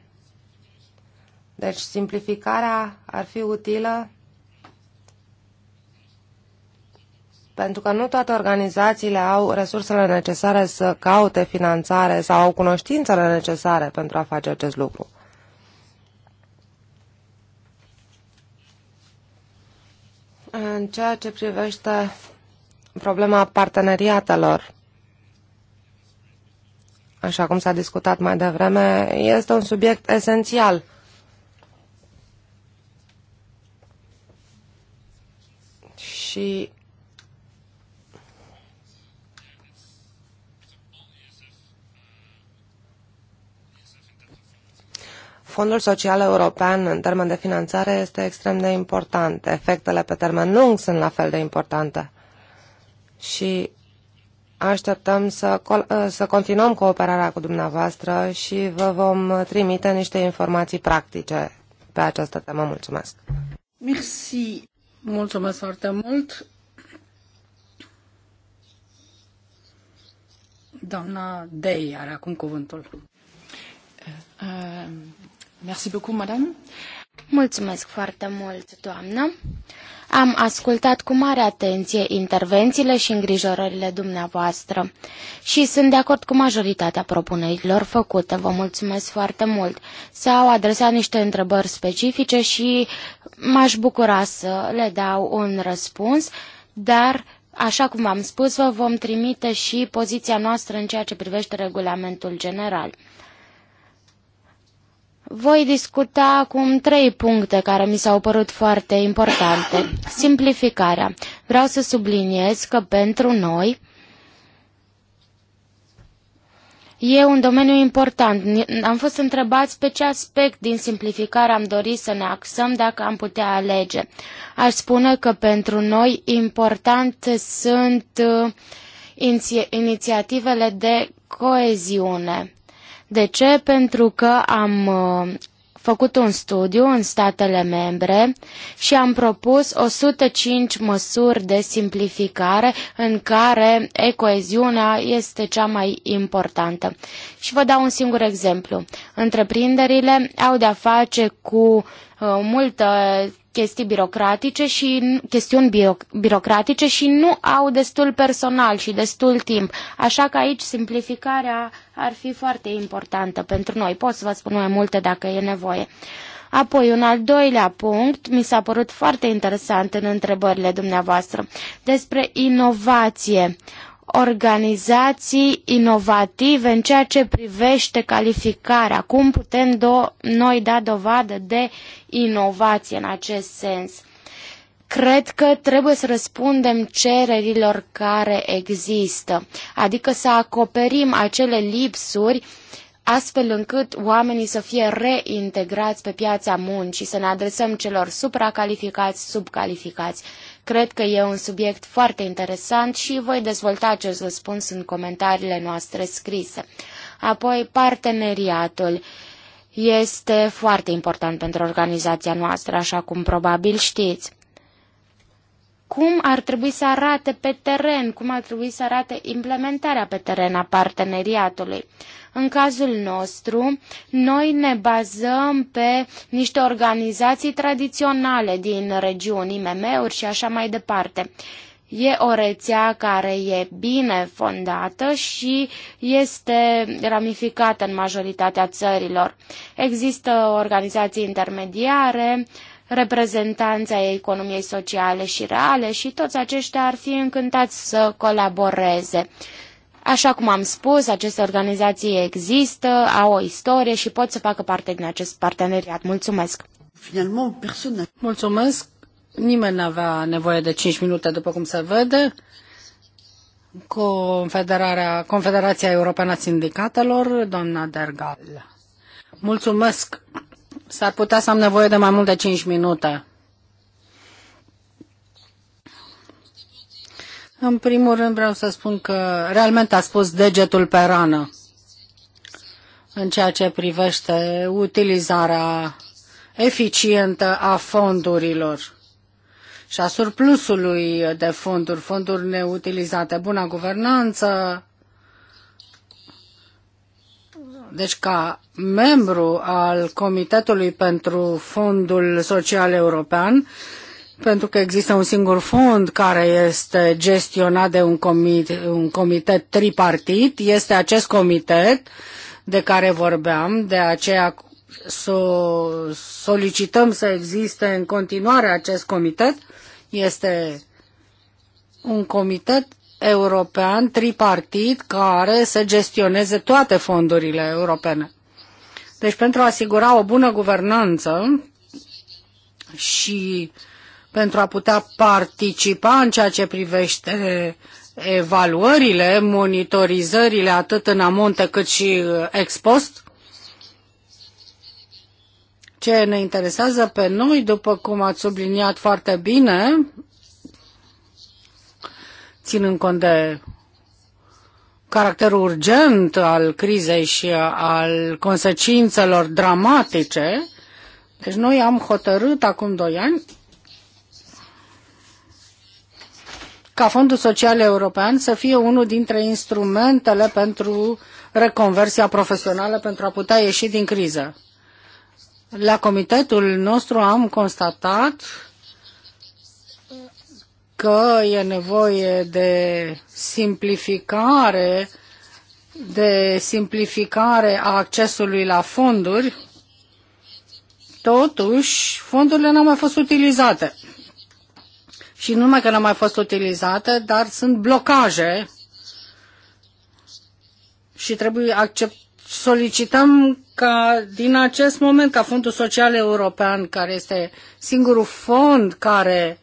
Deci simplificarea ar fi utilă pentru că nu toate organizațiile au resursele necesare să caute finanțare sau au cunoștințele necesare pentru a face acest lucru. În ceea ce privește problema parteneriatelor, așa cum s-a discutat mai devreme, este un subiect esențial. Și Fondul Social European în termen de finanțare este extrem de important. Efectele pe termen lung sunt la fel de importante. Și așteptăm să, ă, să continuăm cooperarea cu dumneavoastră și vă vom trimite niște informații practice pe această temă. Mulțumesc! Merci! Mulțumesc foarte mult! Doamna Dei are acum cuvântul. Uh, Mulțumesc foarte mult, doamnă. Am ascultat cu mare atenție intervențiile și îngrijorările dumneavoastră și sunt de acord cu majoritatea propunerilor făcute. Vă mulțumesc foarte mult. S-au adresat niște întrebări specifice și m-aș bucura să le dau un răspuns, dar Așa cum v-am spus, vă vom trimite și poziția noastră în ceea ce privește regulamentul general. Voi discuta acum trei puncte care mi s-au părut foarte importante. Simplificarea. Vreau să subliniez că pentru noi e un domeniu important. Am fost întrebați pe ce aspect din simplificare am dorit să ne axăm dacă am putea alege. Aș spune că pentru noi importante sunt uh, inițiativele de coeziune de ce? Pentru că am uh, făcut un studiu în statele membre și am propus 105 măsuri de simplificare în care ecoeziunea este cea mai importantă. Și vă dau un singur exemplu. Întreprinderile au de-a face cu uh, multă chestii birocratice și chestiuni biro, birocratice și nu au destul personal și destul timp. Așa că aici simplificarea ar fi foarte importantă pentru noi. Pot să vă spun mai multe dacă e nevoie. Apoi, un al doilea punct mi s-a părut foarte interesant în întrebările dumneavoastră despre inovație organizații inovative în ceea ce privește calificarea. Cum putem do- noi da dovadă de inovație în acest sens? Cred că trebuie să răspundem cererilor care există, adică să acoperim acele lipsuri astfel încât oamenii să fie reintegrați pe piața muncii, să ne adresăm celor supracalificați, subcalificați. Cred că e un subiect foarte interesant și voi dezvolta acest răspuns în comentariile noastre scrise. Apoi, parteneriatul este foarte important pentru organizația noastră, așa cum probabil știți cum ar trebui să arate pe teren, cum ar trebui să arate implementarea pe teren a parteneriatului. În cazul nostru, noi ne bazăm pe niște organizații tradiționale din regiuni, IMM-uri și așa mai departe. E o rețea care e bine fondată și este ramificată în majoritatea țărilor. Există organizații intermediare, uh, reprezentanța economiei sociale și reale și toți aceștia ar fi încântați să colaboreze. Așa cum am spus, aceste organizații există, au o istorie și pot să facă parte din acest parteneriat. Mulțumesc! Mulțumesc! Nimeni nu avea nevoie de 5 minute, după cum se vede. Confederarea, Confederația Europeană a Sindicatelor, doamna Dergal. Mulțumesc! S-ar putea să am nevoie de mai mult de 5 minute. În primul rând vreau să spun că realmente a spus degetul pe rană în ceea ce privește utilizarea eficientă a fondurilor și a surplusului de fonduri, fonduri neutilizate, buna guvernanță, deci ca membru al Comitetului pentru Fondul Social European, pentru că există un singur fond care este gestionat de un, comit, un comitet tripartit, este acest comitet de care vorbeam, de aceea so, solicităm să existe în continuare acest comitet, este un comitet european tripartit care să gestioneze toate fondurile europene. Deci pentru a asigura o bună guvernanță și pentru a putea participa în ceea ce privește evaluările, monitorizările atât în amonte cât și uh, ex post, ce ne interesează pe noi, după cum ați subliniat foarte bine, ținând cont de caracterul urgent al crizei și al consecințelor dramatice. Deci noi am hotărât acum doi ani ca Fondul Social European să fie unul dintre instrumentele pentru reconversia profesională pentru a putea ieși din criză. La comitetul nostru am constatat că e nevoie de simplificare, de simplificare a accesului la fonduri, totuși fondurile n-au mai fost utilizate. Și nu numai că n-au mai fost utilizate, dar sunt blocaje și trebuie accept, solicităm ca din acest moment ca Fondul Social European, care este singurul fond care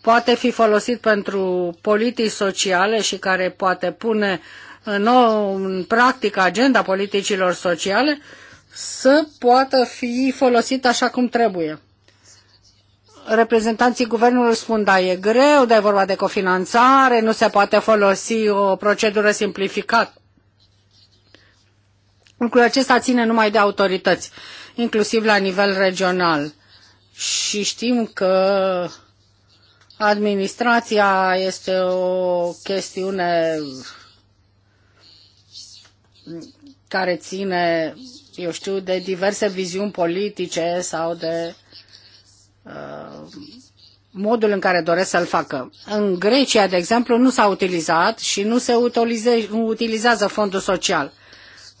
poate fi folosit pentru politici sociale și care poate pune în, nou, în practică agenda politicilor sociale, să poată fi folosit așa cum trebuie. Reprezentanții guvernului spun, da, e greu, dar e vorba de cofinanțare, nu se poate folosi o procedură simplificată. Lucrul acesta ține numai de autorități, inclusiv la nivel regional. Și știm că Administrația este o chestiune care ține, eu știu, de diverse viziuni politice sau de uh, modul în care doresc să-l facă. În Grecia, de exemplu, nu s-a utilizat și nu se utilize, utilizează fondul social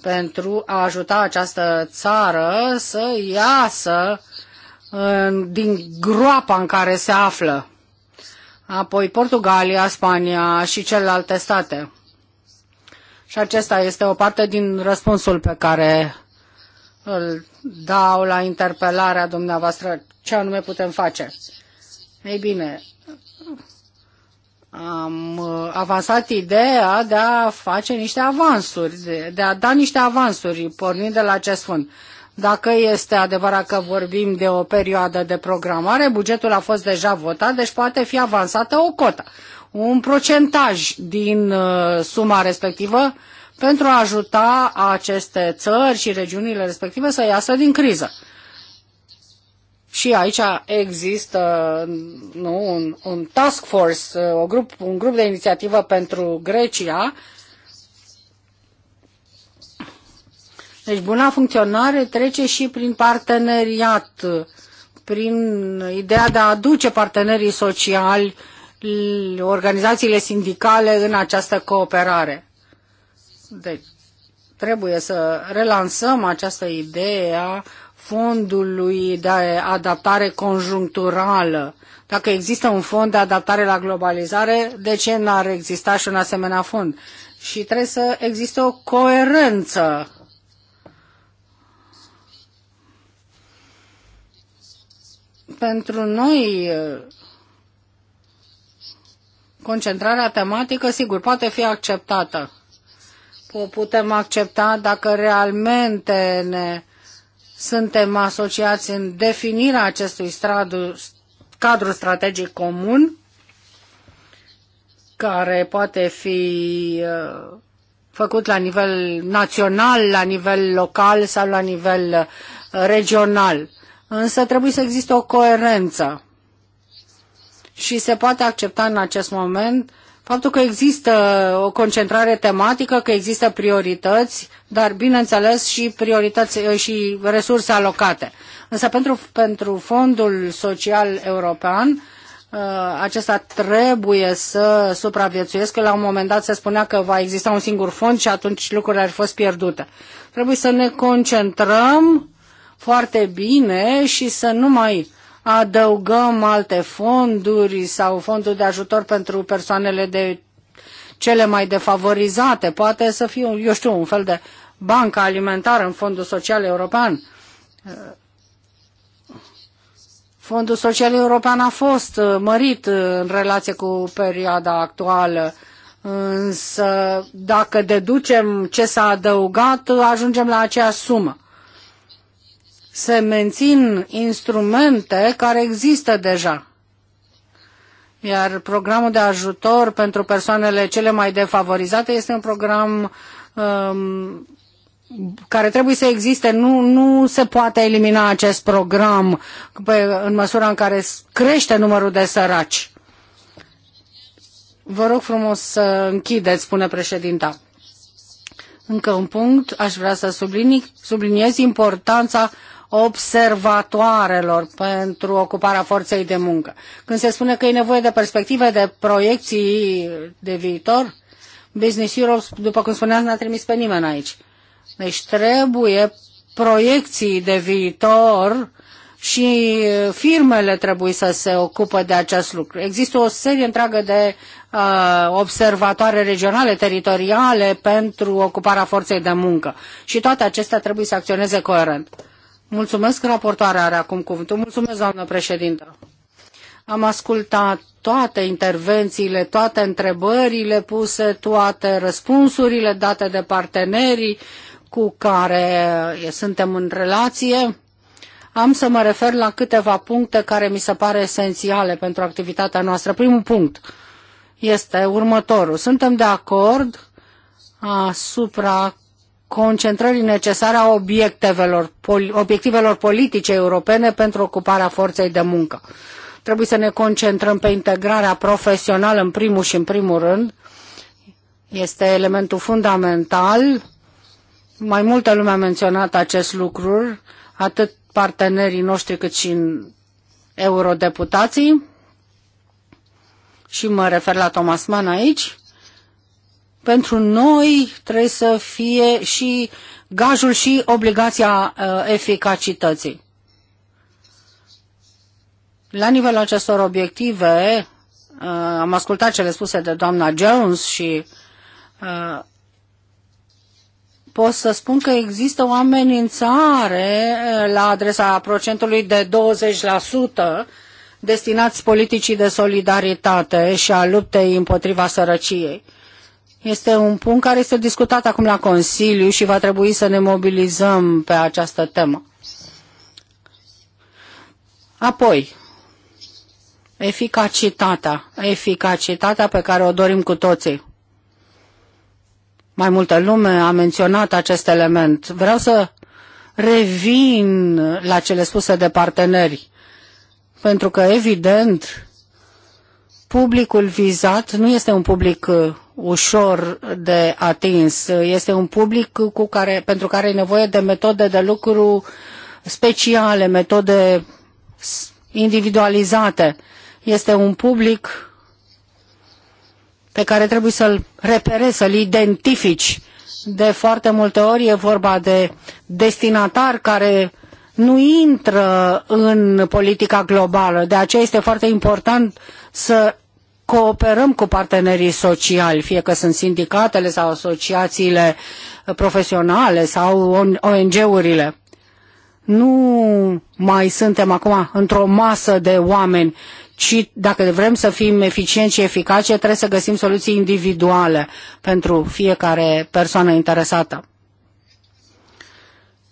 pentru a ajuta această țară să iasă în, uh, din groapa în care se află apoi Portugalia, Spania și celelalte state. Și acesta este o parte din răspunsul pe care îl dau la interpelarea dumneavoastră, ce anume putem face. Ei bine, am avansat ideea de a face niște avansuri, de, de a da niște avansuri pornind de la acest fond. Dacă este adevărat că vorbim de o perioadă de programare, bugetul a fost deja votat, deci poate fi avansată o cotă, un procentaj din uh, suma respectivă pentru a ajuta aceste țări și regiunile respective să iasă din criză. Și aici există nu, un, un task force, uh, o grup, un grup de inițiativă pentru Grecia Deci buna funcționare trece și prin parteneriat, prin ideea de a aduce partenerii sociali, organizațiile sindicale în această cooperare. Deci trebuie să relansăm această idee a fondului de adaptare conjuncturală. Dacă există un fond de adaptare la globalizare, de ce n-ar exista și un asemenea fond? Și trebuie să existe o coerență pentru noi concentrarea tematică, sigur, poate fi acceptată. O putem accepta dacă realmente ne suntem asociați în definirea acestui stradu, cadru strategic comun, care poate fi uh, făcut la nivel național, la nivel local sau la nivel uh, regional însă trebuie să existe o coerență și se poate accepta în acest moment faptul că există o concentrare tematică, că există priorități, dar bineînțeles și priorități eh, și resurse alocate. Însă pentru, pentru Fondul Social European eh, acesta trebuie să supraviețuiesc, că la un moment dat se spunea că va exista un singur fond și atunci lucrurile ar fi fost pierdute. Trebuie să ne concentrăm foarte bine și să nu mai adăugăm alte fonduri sau fonduri de ajutor pentru persoanele de cele mai defavorizate. Poate să fie, eu știu, un fel de bancă alimentară în Fondul Social European. Fondul Social European a fost uh, mărit uh, în relație cu perioada actuală, însă dacă deducem ce s-a adăugat, uh, ajungem la aceeași sumă se mențin instrumente care există deja. Iar programul de ajutor pentru persoanele cele mai defavorizate este un program um, care trebuie să existe. Nu, nu se poate elimina acest program pe, în măsura în care crește numărul de săraci. Vă rog frumos să închideți, spune președinta. Încă un punct, aș vrea să subliniez importanța observatoarelor pentru ocuparea forței de muncă. Când se spune că e nevoie de perspective, de proiecții de viitor, Business Europe, după cum spuneați, n-a trimis pe nimeni aici. Deci trebuie proiecții de viitor și firmele trebuie să se ocupe de acest lucru. Există o serie întreagă de uh, observatoare regionale, teritoriale pentru ocuparea forței de muncă și toate acestea trebuie să acționeze coerent. Mulțumesc, raportoarea are acum cuvântul. Mulțumesc, doamnă președintă. Am ascultat toate intervențiile, toate întrebările puse, toate răspunsurile date de partenerii cu care suntem în relație. Am să mă refer la câteva puncte care mi se pare esențiale pentru activitatea noastră. Primul punct este următorul. Suntem de acord asupra concentrării necesare a obiectivelor, obiectivelor politice europene pentru ocuparea forței de muncă. Trebuie să ne concentrăm pe integrarea profesională în primul și în primul rând. Este elementul fundamental. Mai multă lume a menționat acest lucru, atât partenerii noștri cât și în eurodeputații. Și mă refer la Thomas Mann aici pentru noi trebuie să fie și gajul și obligația uh, eficacității. La nivelul acestor obiective, uh, am ascultat cele spuse de doamna Jones și uh, pot să spun că există o amenințare la adresa procentului de 20% destinați politicii de solidaritate și a luptei împotriva sărăciei. Este un punct care este discutat acum la Consiliu și va trebui să ne mobilizăm pe această temă. Apoi, eficacitatea, eficacitatea pe care o dorim cu toții. Mai multă lume a menționat acest element. Vreau să revin la cele spuse de parteneri, pentru că, evident, publicul vizat nu este un public uh, ușor de atins. Este un public cu care, pentru care e nevoie de metode de lucru speciale, metode individualizate. Este un public pe care trebuie să-l reperezi, să-l identifici. De foarte multe ori e vorba de destinatari care nu intră în politica globală. De aceea este foarte important să cooperăm cu partenerii sociali, fie că sunt sindicatele sau asociațiile profesionale sau ONG-urile. Nu mai suntem acum într-o masă de oameni, ci dacă vrem să fim eficienți și eficace, trebuie să găsim soluții individuale pentru fiecare persoană interesată.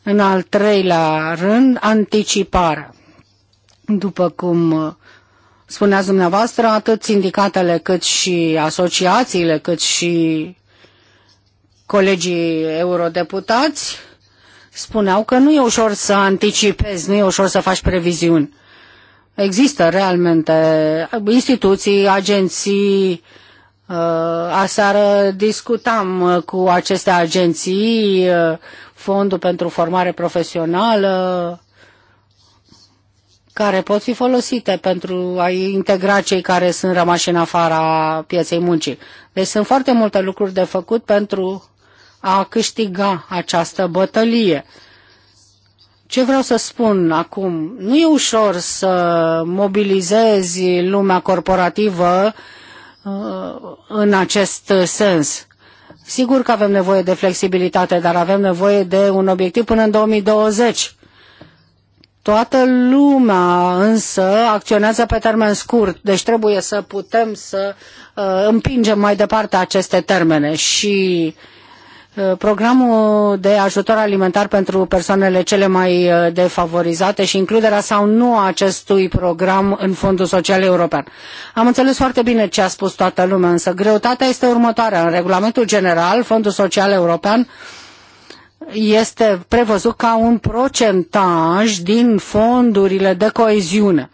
În al treilea rând, anticiparea. După cum spuneați dumneavoastră, atât sindicatele cât și asociațiile, cât și colegii eurodeputați spuneau că nu e ușor să anticipezi, nu e ușor să faci previziuni. Există realmente instituții, agenții. Uh, aseară discutam uh, cu aceste agenții, uh, Fondul pentru Formare Profesională, care pot fi folosite pentru a integra cei care sunt rămași în afara pieței muncii. Deci sunt foarte multe lucruri de făcut pentru a câștiga această bătălie. Ce vreau să spun acum? Nu e ușor să mobilizezi lumea corporativă uh, în acest sens. Sigur că avem nevoie de flexibilitate, dar avem nevoie de un obiectiv până în 2020 Toată lumea însă acționează pe termen scurt, deci trebuie să putem să uh, împingem mai departe aceste termene și uh, programul de ajutor alimentar pentru persoanele cele mai uh, defavorizate și includerea sau nu a acestui program în Fondul Social European. Am înțeles foarte bine ce a spus toată lumea, însă greutatea este următoarea. În regulamentul general, Fondul Social European uh, este prevăzut ca un procentaj din fondurile de coeziune.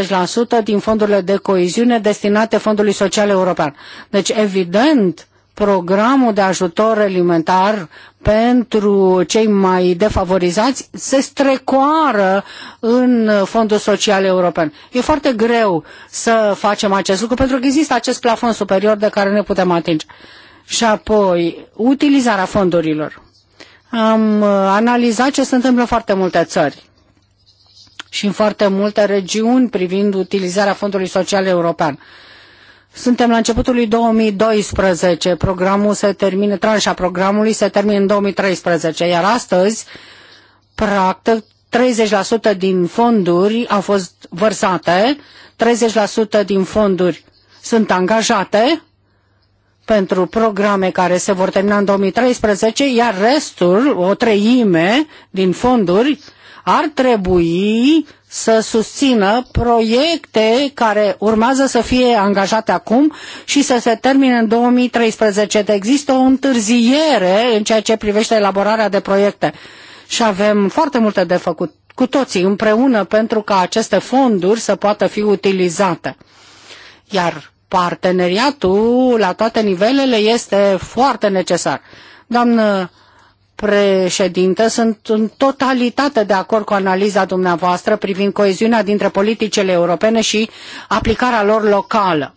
40% din fondurile de coeziune destinate Fondului Social European. Deci, evident, programul de ajutor alimentar pentru cei mai defavorizați se strecoară în Fondul Social European. E foarte greu să facem acest lucru pentru că există acest plafon superior de care ne putem atinge. Și apoi, utilizarea fondurilor. Am uh, analizat ce se întâmplă în foarte multe țări și în foarte multe regiuni privind utilizarea Fondului Social European. Suntem la începutul lui 2012, programul se termină, tranșa programului se termină în 2013, iar astăzi, practic, 30% din fonduri au fost vărsate, 30% din fonduri sunt angajate pentru programe care se vor termina în 2013, iar restul, o treime din fonduri, ar trebui să susțină proiecte care urmează să fie angajate acum și să se termine în 2013. Deci există o întârziere în ceea ce privește elaborarea de proiecte și avem foarte multe de făcut cu toții împreună pentru ca aceste fonduri să poată fi utilizate. Iar parteneriatul la toate nivelele este foarte necesar. Doamnă președinte, sunt în totalitate de acord cu analiza dumneavoastră privind coeziunea dintre politicile europene și aplicarea lor locală.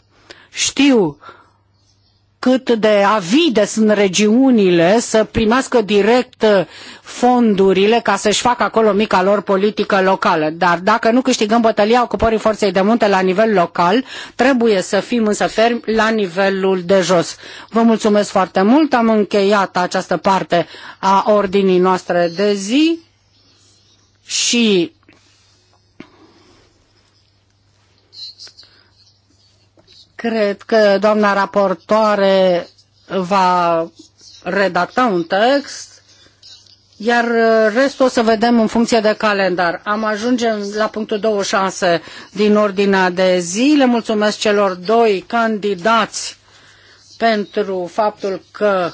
Știu cât de avide sunt regiunile să primească direct fondurile ca să-și facă acolo mica lor politică locală. Dar dacă nu câștigăm bătălia ocupării forței de munte la nivel local, trebuie să fim însă fermi la nivelul de jos. Vă mulțumesc foarte mult, am încheiat această parte a ordinii noastre de zi și Cred că doamna raportoare va redacta un text, iar restul o să vedem în funcție de calendar. Am ajunge la punctul 26 din ordinea de zi. Le mulțumesc celor doi candidați pentru faptul că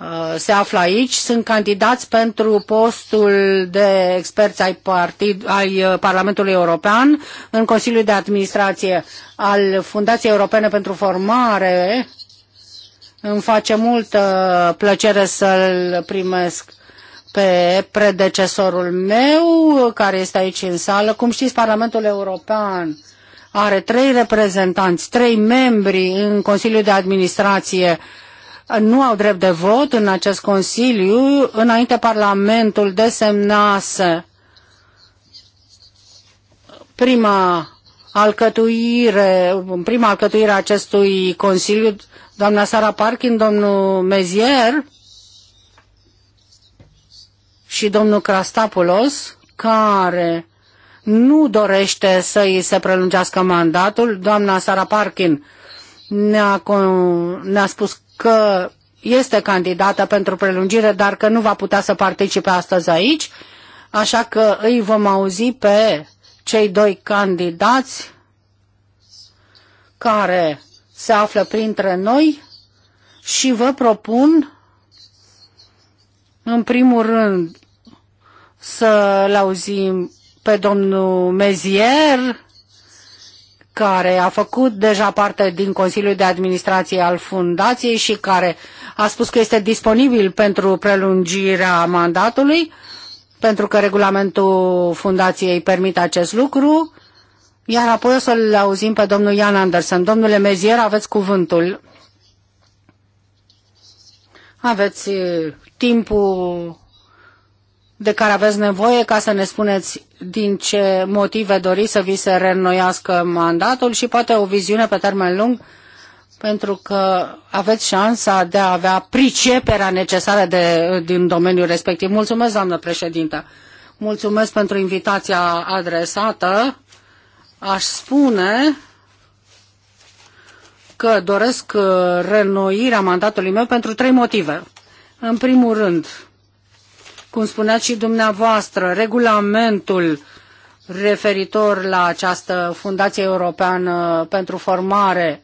Uh, se află aici, sunt candidați pentru postul de experți ai, partid, ai uh, Parlamentului European în Consiliul de Administrație al Fundației Europene pentru Formare. Îmi face multă plăcere să-l primesc pe predecesorul meu, care este aici în sală. Cum știți, Parlamentul European are trei reprezentanți, trei membri în Consiliul de Administrație uh, nu au drept de vot în acest Consiliu, înainte Parlamentul desemnase prima alcătuire, prima alcătuire a acestui Consiliu, doamna Sara Parkin, domnul Mezier și domnul Crastapulos, care nu dorește să îi se prelungească mandatul. Doamna Sara Parkin ne-a, ne, -a, ne -a spus că este candidată pentru prelungire, dar că nu va putea să participe astăzi aici, așa că îi vom auzi pe cei doi candidați care se află printre noi și vă propun, în primul rând, să-l auzim pe domnul Mezier, care a făcut deja parte din Consiliul de Administrație al Fundației și care a spus că este disponibil pentru prelungirea mandatului, pentru că regulamentul Fundației permite acest lucru. Iar apoi o să-l auzim pe domnul Ian Anderson. Domnule Mezier, aveți cuvântul. Aveți uh, timpul de care aveți nevoie ca să ne spuneți din ce motive doriți să vi se reînnoiască mandatul și poate o viziune pe termen lung pentru că aveți șansa de a avea priceperea necesară de, din domeniul respectiv. Mulțumesc, doamnă președintă. Mulțumesc pentru invitația adresată. Aș spune că doresc uh, renoirea mandatului meu pentru trei motive. În primul rând, cum spuneați și dumneavoastră, regulamentul referitor la această Fundație Europeană pentru Formare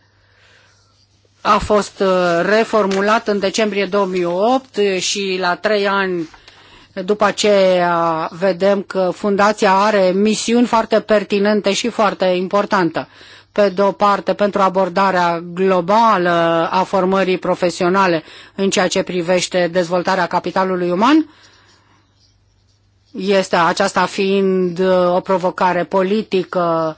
a fost uh, reformulat în decembrie 2008 și la trei ani după aceea vedem că fundația are misiuni foarte pertinente și foarte importantă. Pe de o parte, pentru abordarea globală a formării profesionale în ceea ce privește dezvoltarea capitalului uman este aceasta fiind uh, o provocare politică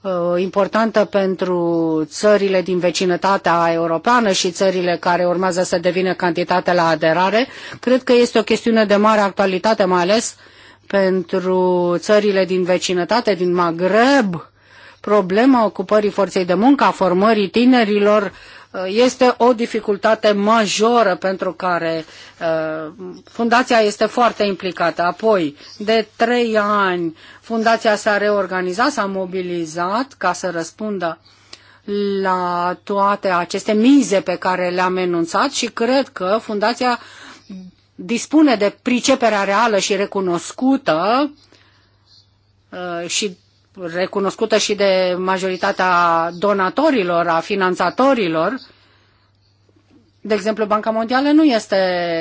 uh, importantă pentru țările din vecinătatea europeană și țările care urmează să devină candidate la aderare. Cred că este o chestiune de mare actualitate, mai ales pentru țările din vecinătate, din Maghreb. Problema ocupării forței de muncă, a formării tinerilor, Uh, este o dificultate majoră pentru care uh, fundația este foarte implicată. Apoi, de trei ani, fundația s-a reorganizat, s-a mobilizat ca să răspundă la toate aceste mize pe care le-am enunțat și cred că fundația dispune de priceperea reală și recunoscută uh, și recunoscută și de majoritatea donatorilor, a finanțatorilor. De exemplu, Banca Mondială nu este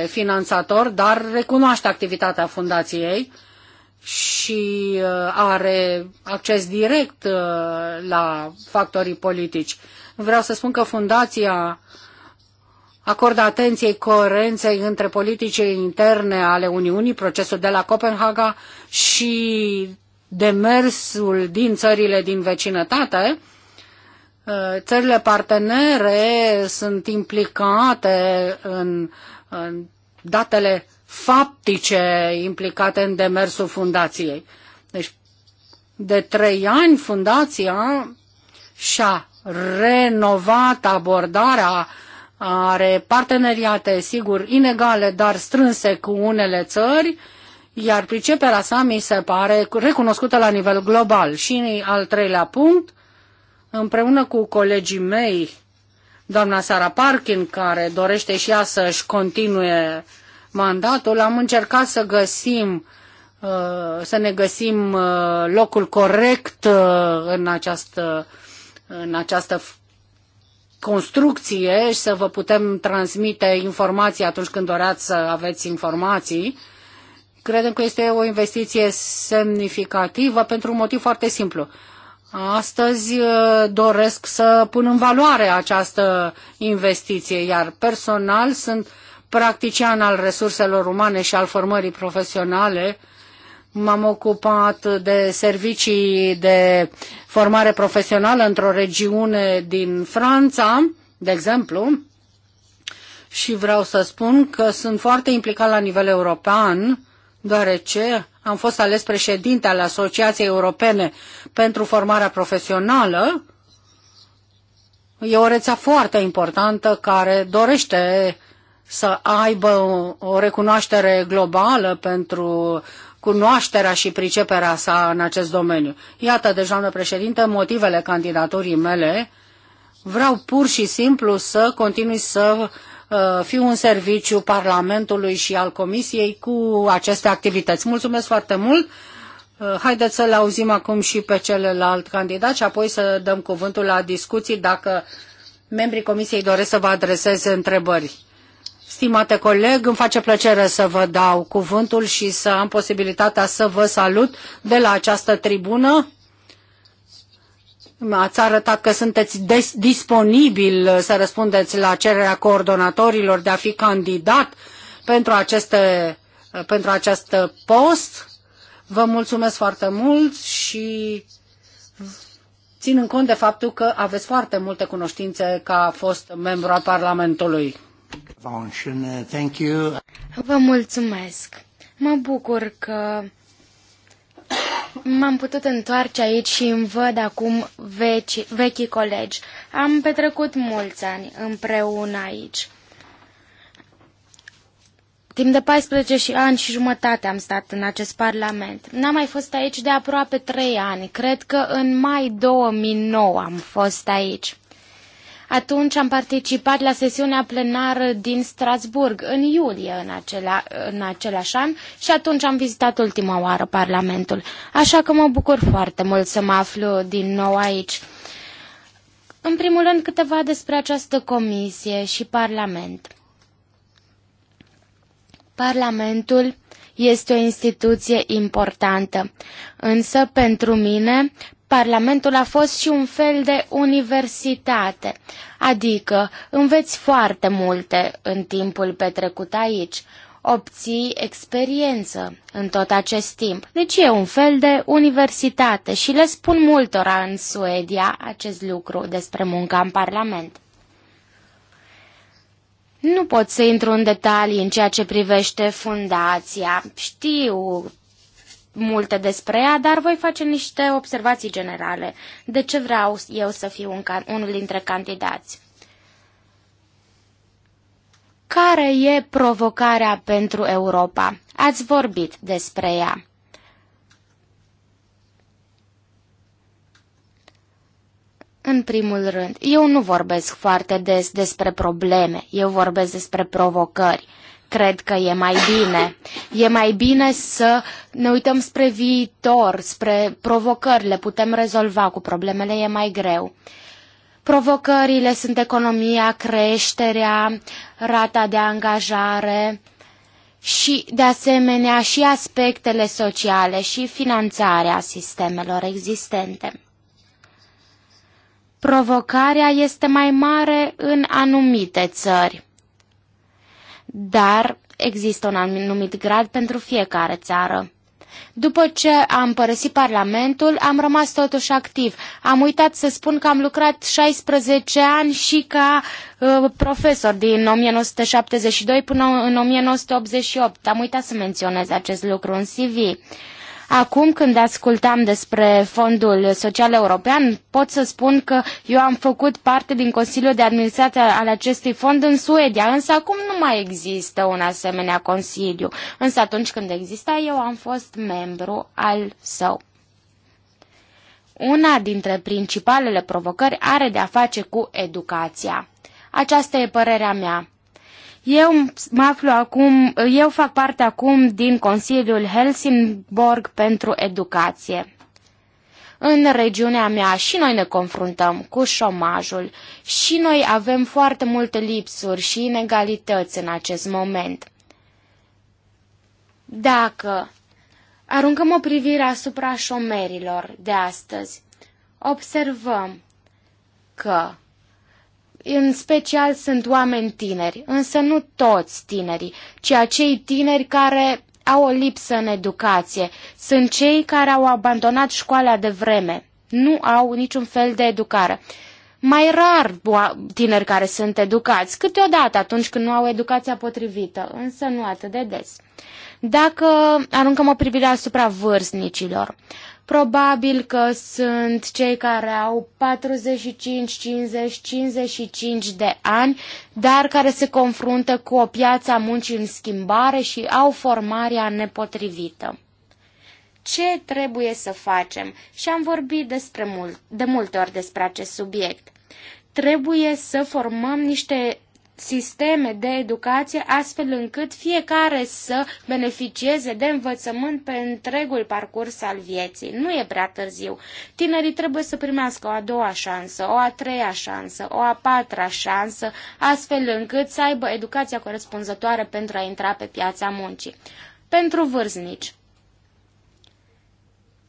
finanțator, dar recunoaște activitatea fundației și uh, are acces direct uh, la factorii politici. Vreau să spun că fundația acordă atenție coerenței între politicile interne ale Uniunii, procesul de la Copenhaga și demersul din țările din vecinătate, uh, țările partenere sunt implicate în, în datele faptice implicate în demersul fundației. Deci, de trei ani, fundația și-a renovat abordarea, are parteneriate, sigur, inegale, dar strânse cu unele țări, uh, iar priceperea sa mi se pare recunoscută la nivel global. Și al treilea punct, împreună cu colegii mei, doamna Sara Parkin, care dorește și ea să-și continue mandatul, am încercat să găsim uh, să ne găsim uh, locul corect uh, în această, în această construcție și să vă putem transmite informații atunci când doreați să aveți informații Credem că este o investiție semnificativă pentru un motiv foarte simplu. Astăzi uh, doresc să pun în valoare această investiție, iar personal sunt practician al resurselor umane și al formării profesionale. M-am ocupat de servicii de formare profesională într-o regiune din Franța, de exemplu, și vreau să spun că sunt foarte implicat la nivel european deoarece am fost ales președinte al Asociației Europene pentru Formarea Profesională. E o rețea foarte importantă care dorește să aibă o recunoaștere globală pentru cunoașterea și priceperea sa în acest domeniu. Iată, deja, deci, doamnă președinte, motivele candidaturii mele. Vreau pur și simplu să continui să Uh, fi un serviciu Parlamentului și al Comisiei cu aceste activități. Mulțumesc foarte mult! Uh, haideți să le auzim acum și pe celălalt candidat și apoi să dăm cuvântul la discuții dacă membrii Comisiei doresc să vă adreseze întrebări. Stimate coleg, îmi face plăcere să vă dau cuvântul și să am posibilitatea să vă salut de la această tribună. Ați arătat că sunteți disponibil uh, să răspundeți la cererea coordonatorilor de a fi candidat pentru, aceste, uh, pentru acest uh, post. Vă mulțumesc foarte mult și țin în cont de faptul că aveți foarte multe cunoștințe ca a fost membru al Parlamentului. Vă mulțumesc! Mă bucur că M-am putut întoarce aici și îmi văd acum veci, vechii colegi. Am petrecut mulți ani împreună aici. Timp de 14 și ani și jumătate am stat în acest parlament. N-am mai fost aici de aproape 3 ani. Cred că în mai 2009 am fost aici. Atunci am participat la sesiunea plenară din Strasburg, în iulie în, acela, în același an, și atunci am vizitat ultima oară Parlamentul. Așa că mă bucur foarte mult să mă aflu din nou aici. În primul rând, câteva despre această comisie și Parlament. Parlamentul este o instituție importantă, însă pentru mine Parlamentul a fost și un fel de universitate, adică înveți foarte multe în timpul petrecut aici, obții experiență în tot acest timp. Deci e un fel de universitate și le spun multora în Suedia acest lucru despre munca în Parlament. Nu pot să intru în detalii în ceea ce privește fundația. Știu multe despre ea, dar voi face niște observații generale. De ce vreau eu să fiu un, unul dintre candidați? Care e provocarea pentru Europa? Ați vorbit despre ea. În primul rând, eu nu vorbesc foarte des despre probleme, eu vorbesc despre provocări cred că e mai bine. E mai bine să ne uităm spre viitor, spre provocări, le putem rezolva cu problemele, e mai greu. Provocările sunt economia, creșterea, rata de angajare și, de asemenea, și aspectele sociale și finanțarea sistemelor existente. Provocarea este mai mare în anumite țări dar există un anumit grad pentru fiecare țară. După ce am părăsit Parlamentul, am rămas totuși activ. Am uitat să spun că am lucrat 16 ani și ca uh, profesor din 1972 până în 1988. Am uitat să menționez acest lucru în CV. Acum când ascultam despre Fondul Social European, pot să spun că eu am făcut parte din Consiliul de Administrație al acestui fond în Suedia, însă acum nu mai există un asemenea consiliu. Însă atunci când exista, eu am fost membru al său. Una dintre principalele provocări are de a face cu educația. Aceasta e părerea mea. Eu mă aflu acum, eu fac parte acum din Consiliul Helsingborg pentru Educație. În regiunea mea și noi ne confruntăm cu șomajul și noi avem foarte multe lipsuri și inegalități în acest moment. Dacă aruncăm o privire asupra șomerilor de astăzi, observăm că în special sunt oameni tineri, însă nu toți tinerii, ci acei tineri care au o lipsă în educație. Sunt cei care au abandonat școala de vreme, nu au niciun fel de educare. Mai rar tineri care sunt educați, câteodată atunci când nu au educația potrivită, însă nu atât de des. Dacă aruncăm o privire asupra vârstnicilor, Probabil că sunt cei care au 45, 50, 55 de ani, dar care se confruntă cu o piață a muncii în schimbare și au formarea nepotrivită. Ce trebuie să facem? Și am vorbit despre mult, de multe ori despre acest subiect trebuie să formăm niște sisteme de educație astfel încât fiecare să beneficieze de învățământ pe întregul parcurs al vieții. Nu e prea târziu. Tinerii trebuie să primească o a doua șansă, o a treia șansă, o a patra șansă, astfel încât să aibă educația corespunzătoare pentru a intra pe piața muncii. Pentru vârznici.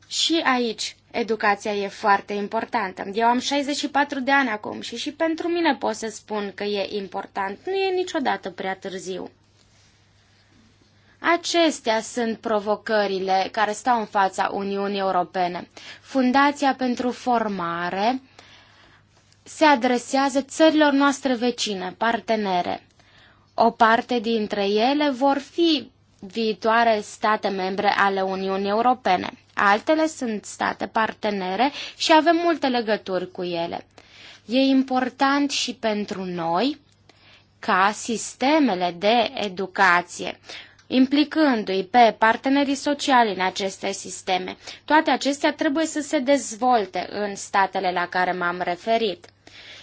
Și aici Educația e foarte importantă. Eu am 64 de ani acum și și pentru mine pot să spun că e important. Nu e niciodată prea târziu. Acestea sunt provocările care stau în fața Uniunii Europene. Fundația pentru formare se adresează țărilor noastre vecine, partenere. O parte dintre ele vor fi viitoare state membre ale Uniunii Europene. Altele sunt state partenere și avem multe legături cu ele. E important și pentru noi ca sistemele de educație, implicându-i pe partenerii sociali în aceste sisteme, toate acestea trebuie să se dezvolte în statele la care m-am referit.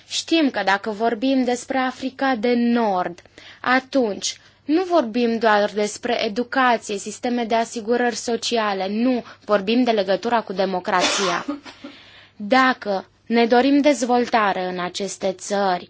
Știm că dacă vorbim despre Africa de Nord, atunci nu vorbim doar despre educație, sisteme de asigurări sociale, nu, vorbim de legătura cu democrația. Dacă ne dorim dezvoltare în aceste țări,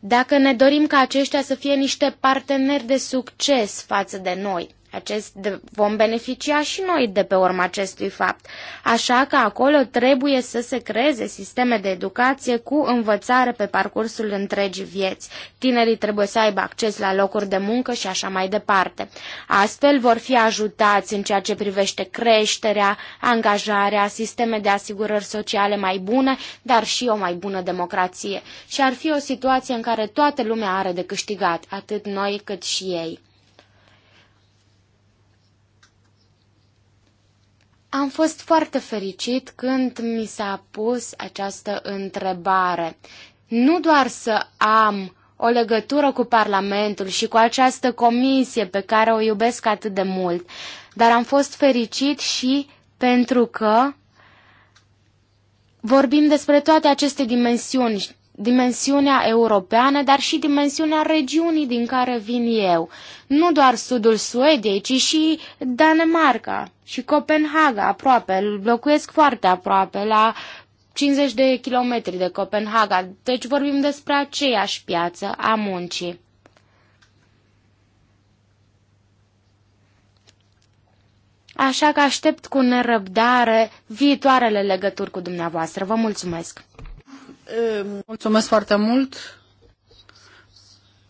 dacă ne dorim ca aceștia să fie niște parteneri de succes față de noi, acest, vom beneficia și noi de pe urma acestui fapt. Așa că acolo trebuie să se creeze sisteme de educație cu învățare pe parcursul întregii vieți. Tinerii trebuie să aibă acces la locuri de muncă și așa mai departe. Astfel vor fi ajutați în ceea ce privește creșterea, angajarea, sisteme de asigurări sociale mai bune, dar și o mai bună democrație. Și ar fi o situație în care toată lumea are de câștigat, atât noi cât și ei. Am fost foarte fericit când mi s-a pus această întrebare. Nu doar să am o legătură cu Parlamentul și cu această comisie pe care o iubesc atât de mult, dar am fost fericit și pentru că vorbim despre toate aceste dimensiuni dimensiunea europeană, dar și dimensiunea regiunii din care vin eu. Nu doar sudul Suediei, ci și Danemarca și Copenhaga aproape. Locuiesc foarte aproape, la 50 de kilometri de Copenhaga, deci vorbim despre aceeași piață a muncii. Așa că aștept cu nerăbdare viitoarele legături cu dumneavoastră. Vă mulțumesc! Ehm, mulțumesc foarte mult.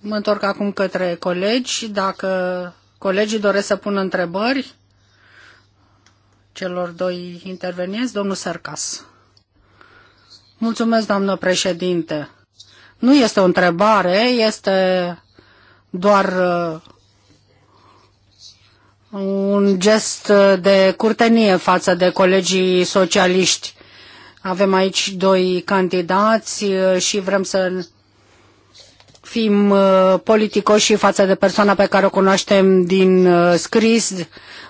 Mă întorc acum către colegi. Dacă colegii doresc să pună întrebări celor doi intervenienți, domnul Sărcas. Mulțumesc, doamnă președinte. Nu este o întrebare, este doar uh, un gest de curtenie față de colegii socialiști avem aici doi candidați uh, și vrem să fim uh, politicoși și față de persoana pe care o cunoaștem din uh, scris.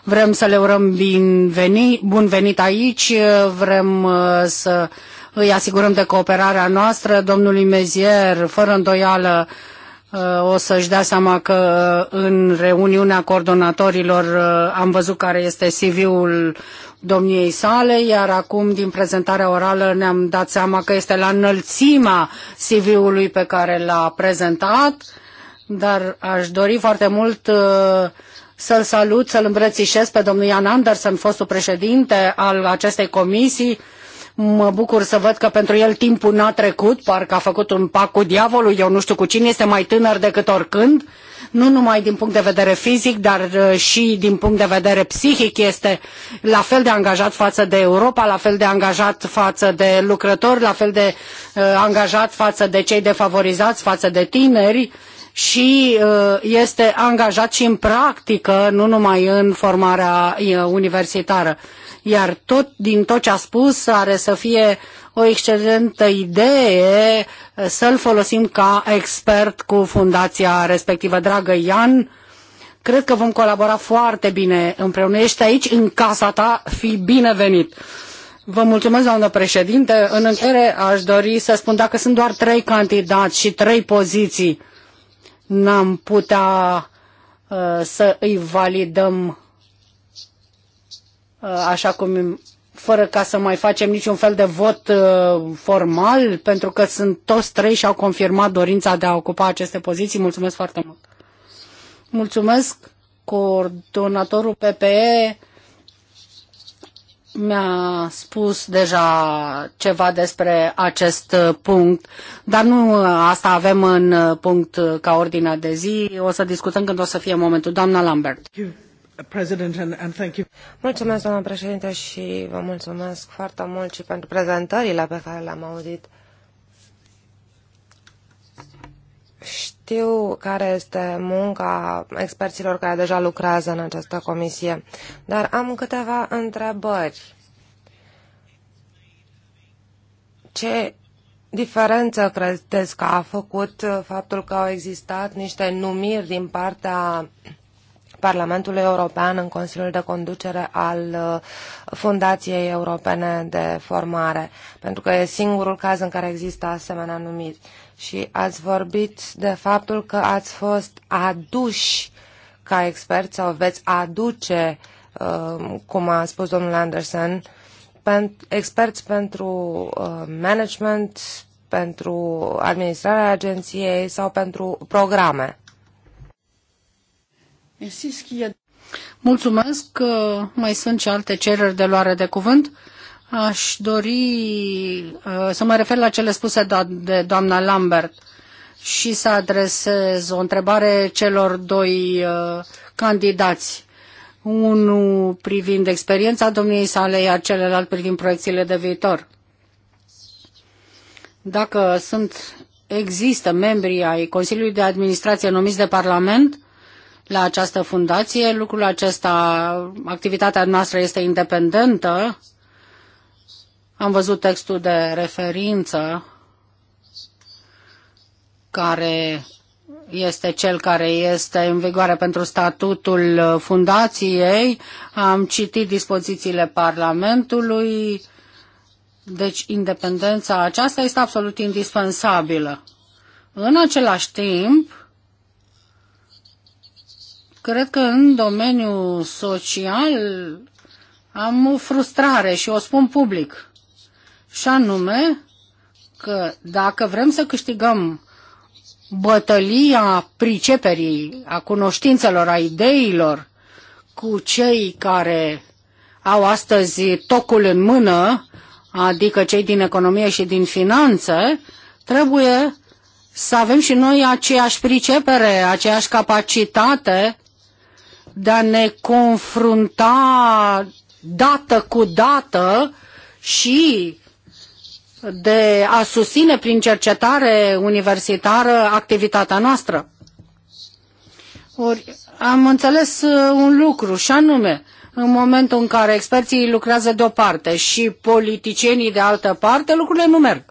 Vrem să le urăm bun venit aici, vrem să îi asigurăm de cooperarea noastră. Domnului Mezier, fără îndoială, o să-și dea seama că în reuniunea coordonatorilor am văzut care este CV-ul domniei sale, iar acum din prezentarea orală ne-am dat seama că este la înălțimea CV-ului pe care l-a prezentat, dar aș dori foarte mult uh, să-l salut, să-l îmbrățișez pe domnul Ian Anderson, fostul președinte al acestei comisii. Mă bucur să văd că pentru el timpul n-a trecut, parcă a făcut un pact cu diavolul, eu nu știu cu cine, este mai tânăr decât oricând. Uh, nu numai din punct de vedere fizic, dar uh, și din punct de vedere psihic este la fel de angajat față de Europa, la fel de angajat față de lucrători, la fel de uh, angajat față de cei defavorizați, față de tineri și uh, este angajat și în practică, nu numai în formarea universitară. Iar tot din tot ce a spus are să fie uh, o excelentă idee să-l folosim ca expert cu fundația respectivă. Dragă Ian, cred că vom colabora foarte bine împreună. Ești aici, în casa ta, fi binevenit. Vă mulțumesc, doamnă președinte. În încheiere aș dori să spun dacă sunt doar trei candidați și trei poziții, n-am putea uh, să îi validăm uh, așa cum fără ca să mai facem niciun fel de vot uh, formal, pentru că sunt toți trei și au confirmat dorința de a ocupa aceste poziții. Mulțumesc foarte mult. Mulțumesc coordonatorul PPE mi-a spus deja ceva despre acest uh, punct, dar nu uh, asta avem în uh, punct ca ordinea de zi. O să discutăm când o să fie momentul. Doamna Lambert. Uh, mulțumesc, doamna președinte, și vă mulțumesc foarte mult și pentru prezentările pe care le-am auzit. Știu care este munca experților care deja lucrează în această comisie, dar am câteva întrebări. Ce diferență credeți că a făcut faptul că au existat niște numiri din partea Parlamentului European în Consiliul de Conducere al uh, Fundației Europene de Formare, pentru că e singurul caz în care există asemenea numiri. Și ați vorbit de faptul că ați fost aduși ca expert sau veți aduce, uh, cum a spus domnul Anderson, experți pentru uh, management, pentru administrarea agenției sau pentru programe. Mulțumesc că mai sunt și alte cereri de luare de cuvânt. Aș dori uh, să mă refer la cele spuse da, de doamna Lambert și să adresez o întrebare celor doi uh, candidați. Unul privind experiența domniei sale, iar celălalt privind proiecțiile de viitor. Dacă sunt, există membri ai Consiliului de Administrație numiți de Parlament, la această fundație. Lucrul acesta, activitatea noastră este independentă. Am văzut textul de referință care este cel care este în vigoare pentru statutul fundației. Am citit dispozițiile Parlamentului. Deci independența aceasta este absolut indispensabilă. În același timp, Cred că în domeniul social am o frustrare și o spun public. Și anume că dacă vrem să câștigăm bătălia priceperii, a cunoștințelor, a ideilor cu cei care au astăzi tocul în mână, adică cei din economie și din finanțe, trebuie să avem și noi aceeași pricepere, aceeași capacitate de a ne confrunta dată cu dată și de a susține prin cercetare universitară activitatea noastră. Ori am înțeles uh, un lucru și anume, în momentul în care experții lucrează de o parte și politicienii de altă parte, lucrurile nu merg.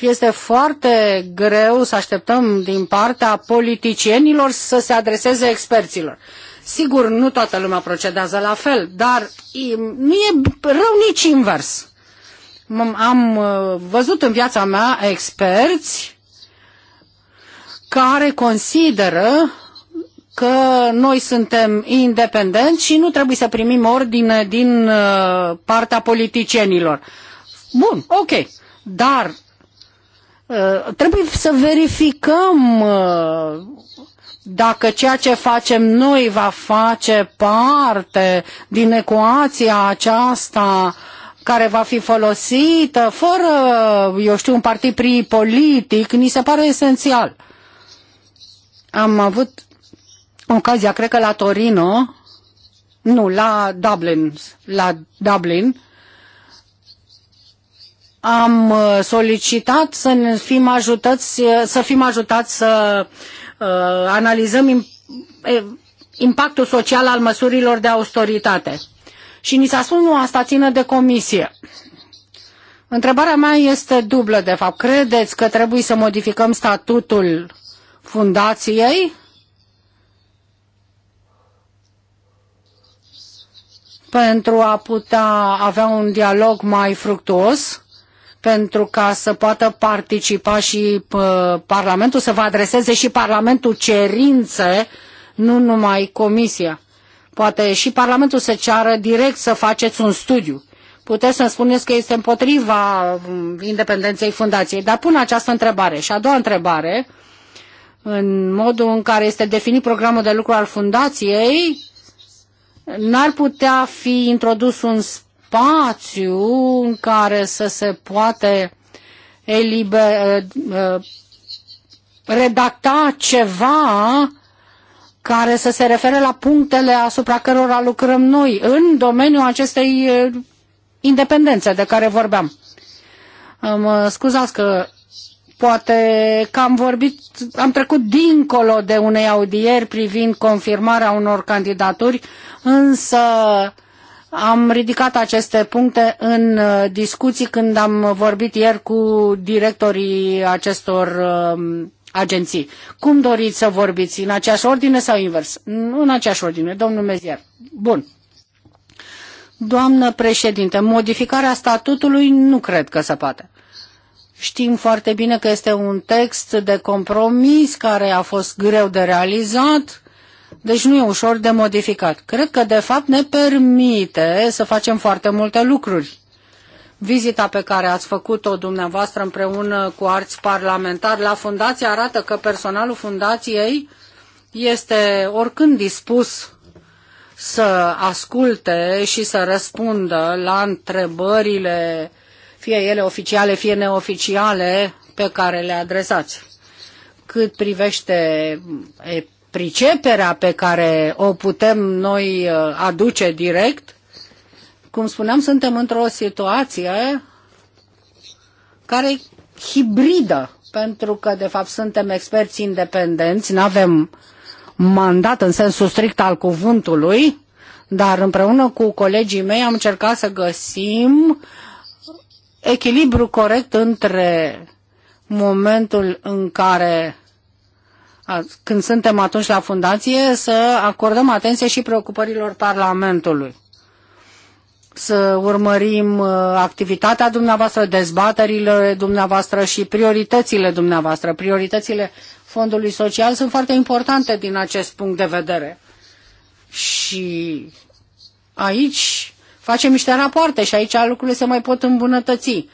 Este foarte greu să așteptăm din partea politicienilor să se adreseze experților. Sigur, nu toată lumea procedează la fel, dar nu e rău nici invers. Am uh, văzut în viața mea experți care consideră că noi suntem independenți și nu trebuie să primim ordine din uh, partea politicienilor. Bun, ok, dar Uh, trebuie să verificăm uh, dacă ceea ce facem noi va face parte din ecuația aceasta care va fi folosită fără, eu știu, un partid politic, ni se pare esențial. Am avut ocazia, cred că la Torino, nu, la Dublin, la Dublin, am uh, solicitat să ne fim ajutați, uh, să fim ajutați să uh, analizăm impactul social al măsurilor de austeritate. Și ni s-a spus, nu, asta ține de comisie. Întrebarea mea este dublă, de fapt. Credeți că trebuie să modificăm statutul fundației? pentru a putea avea un dialog mai fructuos pentru ca să poată participa și Parlamentul, să vă adreseze și Parlamentul cerințe, nu numai Comisia. Poate și Parlamentul să ceară direct să faceți un studiu. Puteți să-mi spuneți că este împotriva mm, independenței fundației, dar pun această întrebare. Și a doua întrebare, în modul în care este definit programul de lucru al fundației, n-ar putea fi introdus un spațiu în care să se poate eliber, uh, uh, redacta ceva care să se refere la punctele asupra cărora lucrăm noi în domeniul acestei uh, independențe de care vorbeam. Mă scuzați că poate că am vorbit, am trecut dincolo de unei audieri privind confirmarea unor candidaturi, însă uh, am ridicat aceste puncte în uh, discuții când am vorbit ieri cu directorii acestor um, agenții. Cum doriți să vorbiți? În aceeași ordine sau invers? În aceeași ordine, domnul Mezier. Bun. Doamnă președinte, modificarea statutului nu cred că se poate. Știm foarte bine că este un text de compromis care a fost greu de realizat deci nu e ușor de modificat. Cred că, de fapt, ne permite să facem foarte multe lucruri. Vizita pe care ați făcut-o dumneavoastră împreună cu arți parlamentari la fundație arată că personalul fundației este oricând dispus să asculte și să răspundă la întrebările, fie ele oficiale, fie neoficiale, pe care le adresați. Cât privește priceperea pe care o putem noi uh, aduce direct, cum spuneam, suntem într-o situație care e hibridă, pentru că, de fapt, suntem experți independenți, nu avem mandat în sensul strict al cuvântului, dar împreună cu colegii mei am încercat să găsim echilibru corect între momentul în care când suntem atunci la fundație, să acordăm atenție și preocupărilor Parlamentului. Să urmărim uh, activitatea dumneavoastră, dezbaterile dumneavoastră și prioritățile dumneavoastră. Prioritățile Fondului Social sunt foarte importante din acest punct de vedere. Și aici facem niște rapoarte și aici lucrurile se mai pot îmbunătăți.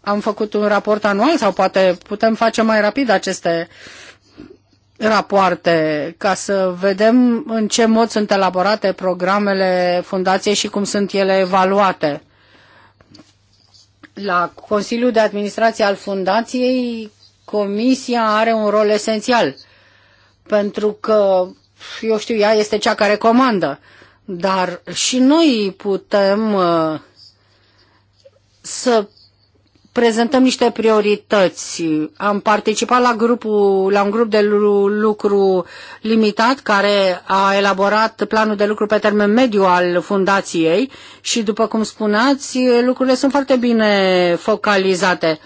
Am făcut un raport anual sau poate putem face mai rapid aceste uh, rapoarte ca să vedem în ce mod sunt elaborate programele fundației și cum sunt ele evaluate. La Consiliul de Administrație al Fundației, Comisia are un rol esențial, pentru că, eu știu, ea este cea care comandă, dar și noi putem uh, să prezentăm niște priorități. Am participat la, grupul, la un grup de lucru limitat care a elaborat planul de lucru pe termen mediu al fundației și, după cum spuneați, lucrurile sunt foarte bine focalizate.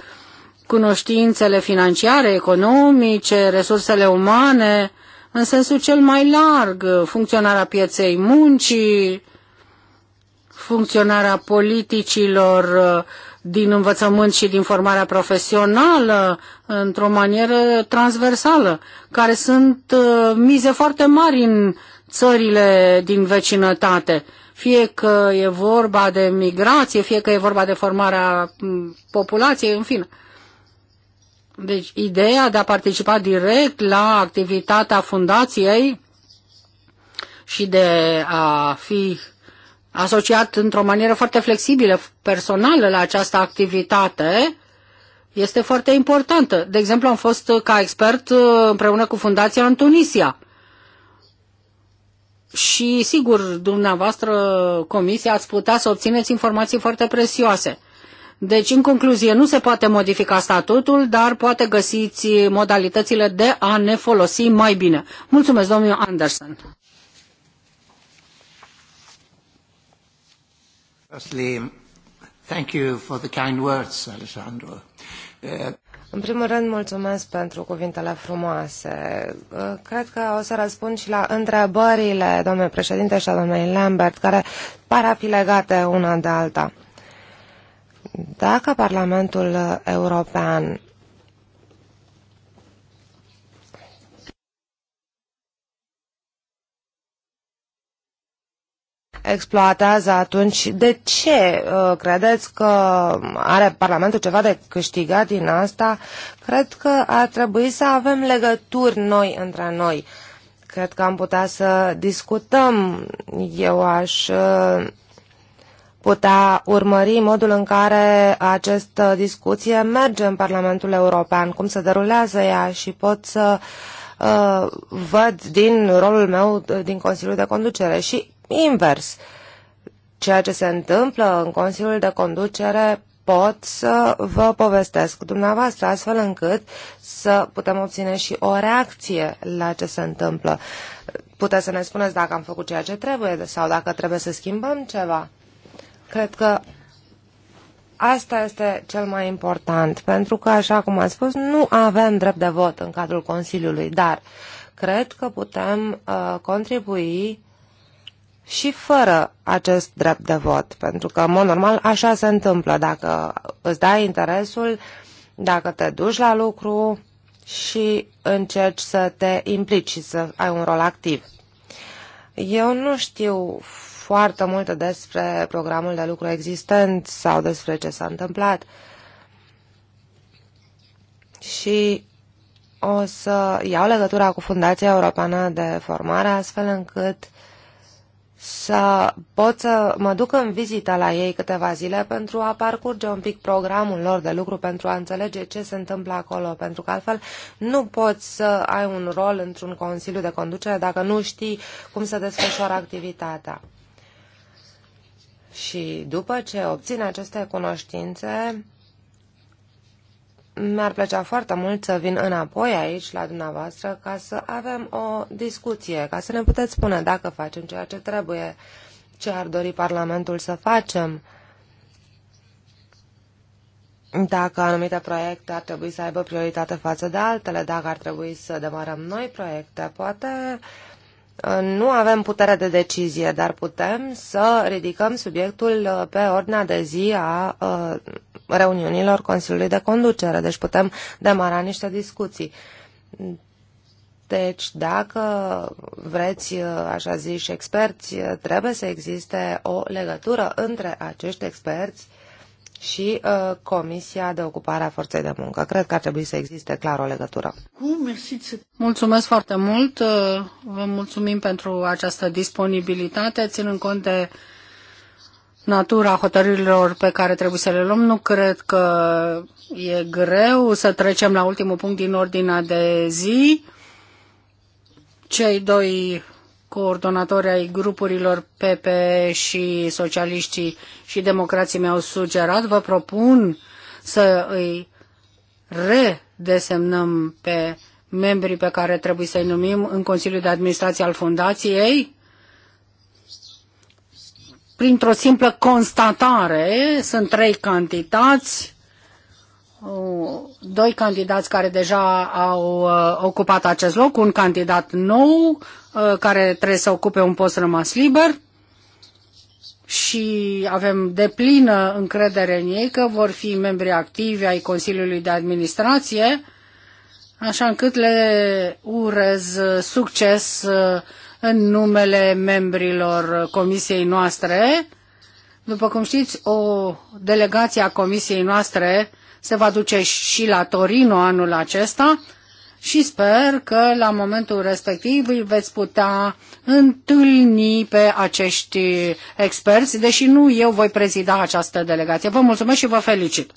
Cunoștințele financiare, economice, resursele umane, în sensul cel mai larg, funcționarea pieței muncii, funcționarea politicilor uh, din învățământ și din formarea profesională într-o manieră transversală, care sunt uh, mize foarte mari în țările din vecinătate. Fie că e vorba de migrație, fie că e vorba de formarea populației, în fine. Deci ideea de a participa direct la activitatea fundației și de a fi asociat într-o manieră foarte flexibilă, personală la această activitate, este foarte importantă. De exemplu, am fost ca expert uh, împreună cu Fundația în Tunisia. Și, sigur, dumneavoastră, comisia, ați putea să obțineți informații foarte prețioase. Deci, în concluzie, nu se poate modifica statutul, dar poate găsiți modalitățile de a ne folosi mai bine. Mulțumesc, domnul Anderson. În primul rând, mulțumesc pentru cuvintele frumoase. Uh, cred că o să răspund și la întrebările domnului președinte și a domnului Lambert, care par a fi legate una de alta. Dacă Parlamentul European exploatează atunci, de ce uh, credeți că are Parlamentul ceva de câștigat din asta? Cred că ar trebui să avem legături noi între noi. Cred că am putea să discutăm. Eu aș uh, putea urmări modul în care această discuție merge în Parlamentul European, cum se derulează ea și pot să uh, văd din rolul meu din Consiliul de Conducere. Și invers. Ceea ce se întâmplă în Consiliul de Conducere pot să vă povestesc dumneavoastră, astfel încât să putem obține și o reacție la ce se întâmplă. Puteți să ne spuneți dacă am făcut ceea ce trebuie sau dacă trebuie să schimbăm ceva. Cred că asta este cel mai important, pentru că, așa cum am spus, nu avem drept de vot în cadrul Consiliului, dar cred că putem uh, contribui și fără acest drept de vot, pentru că, în mod normal, așa se întâmplă. Dacă îți dai interesul, dacă te duci la lucru și încerci să te implici și să ai un rol activ. Eu nu știu foarte multe despre programul de lucru existent sau despre ce s-a întâmplat. Și o să iau legătura cu Fundația Europeană de Formare astfel încât să pot să mă duc în vizită la ei câteva zile pentru a parcurge un pic programul lor de lucru, pentru a înțelege ce se întâmplă acolo, pentru că altfel nu poți să ai un rol într-un consiliu de conducere dacă nu știi cum să desfășoară activitatea. Și după ce obțin aceste cunoștințe, mi-ar plăcea foarte mult să vin înapoi aici la dumneavoastră ca să avem o discuție, ca să ne puteți spune dacă facem ceea ce trebuie, ce ar dori Parlamentul să facem, dacă anumite proiecte ar trebui să aibă prioritate față de altele, dacă ar trebui să demarăm noi proiecte, poate uh, nu avem puterea de decizie, dar putem să ridicăm subiectul uh, pe ordinea de zi a uh, reuniunilor Consiliului de Conducere, deci putem demara niște discuții. Deci, dacă vreți, așa zici, experți, trebuie să existe o legătură între acești experți și uh, Comisia de Ocupare a Forței de Muncă. Cred că ar trebui să existe clar o legătură. Mulțumesc foarte mult. Uh, vă mulțumim pentru această disponibilitate, ținând cont de natura hotărârilor pe care trebuie să le luăm. Nu cred că e greu să trecem la ultimul punct din ordinea de zi. Cei doi coordonatori ai grupurilor PP și socialiștii și democrații mi-au sugerat, vă propun să îi redesemnăm pe membrii pe care trebuie să-i numim în Consiliul de Administrație al Fundației printr-o simplă constatare, sunt trei candidați, doi candidați care deja au uh, ocupat acest loc, un candidat nou uh, care trebuie să ocupe un post rămas liber și avem deplină încredere în ei că vor fi membri activi ai Consiliului de Administrație, așa încât le urez succes uh, în numele membrilor comisiei noastre. După cum știți, o delegație a comisiei noastre se va duce și la Torino anul acesta și sper că la momentul respectiv îi veți putea întâlni pe acești experți, deși nu eu voi prezida această delegație. Vă mulțumesc și vă felicit!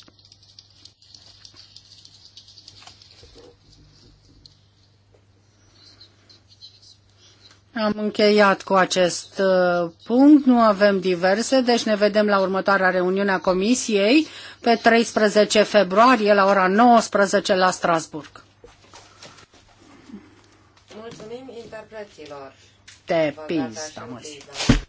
Am încheiat cu acest uh, punct, nu avem diverse, deci ne vedem la următoarea reuniune a Comisiei pe 13 februarie la ora 19 la Strasburg. Mulțumim interpreților. Te pinzi,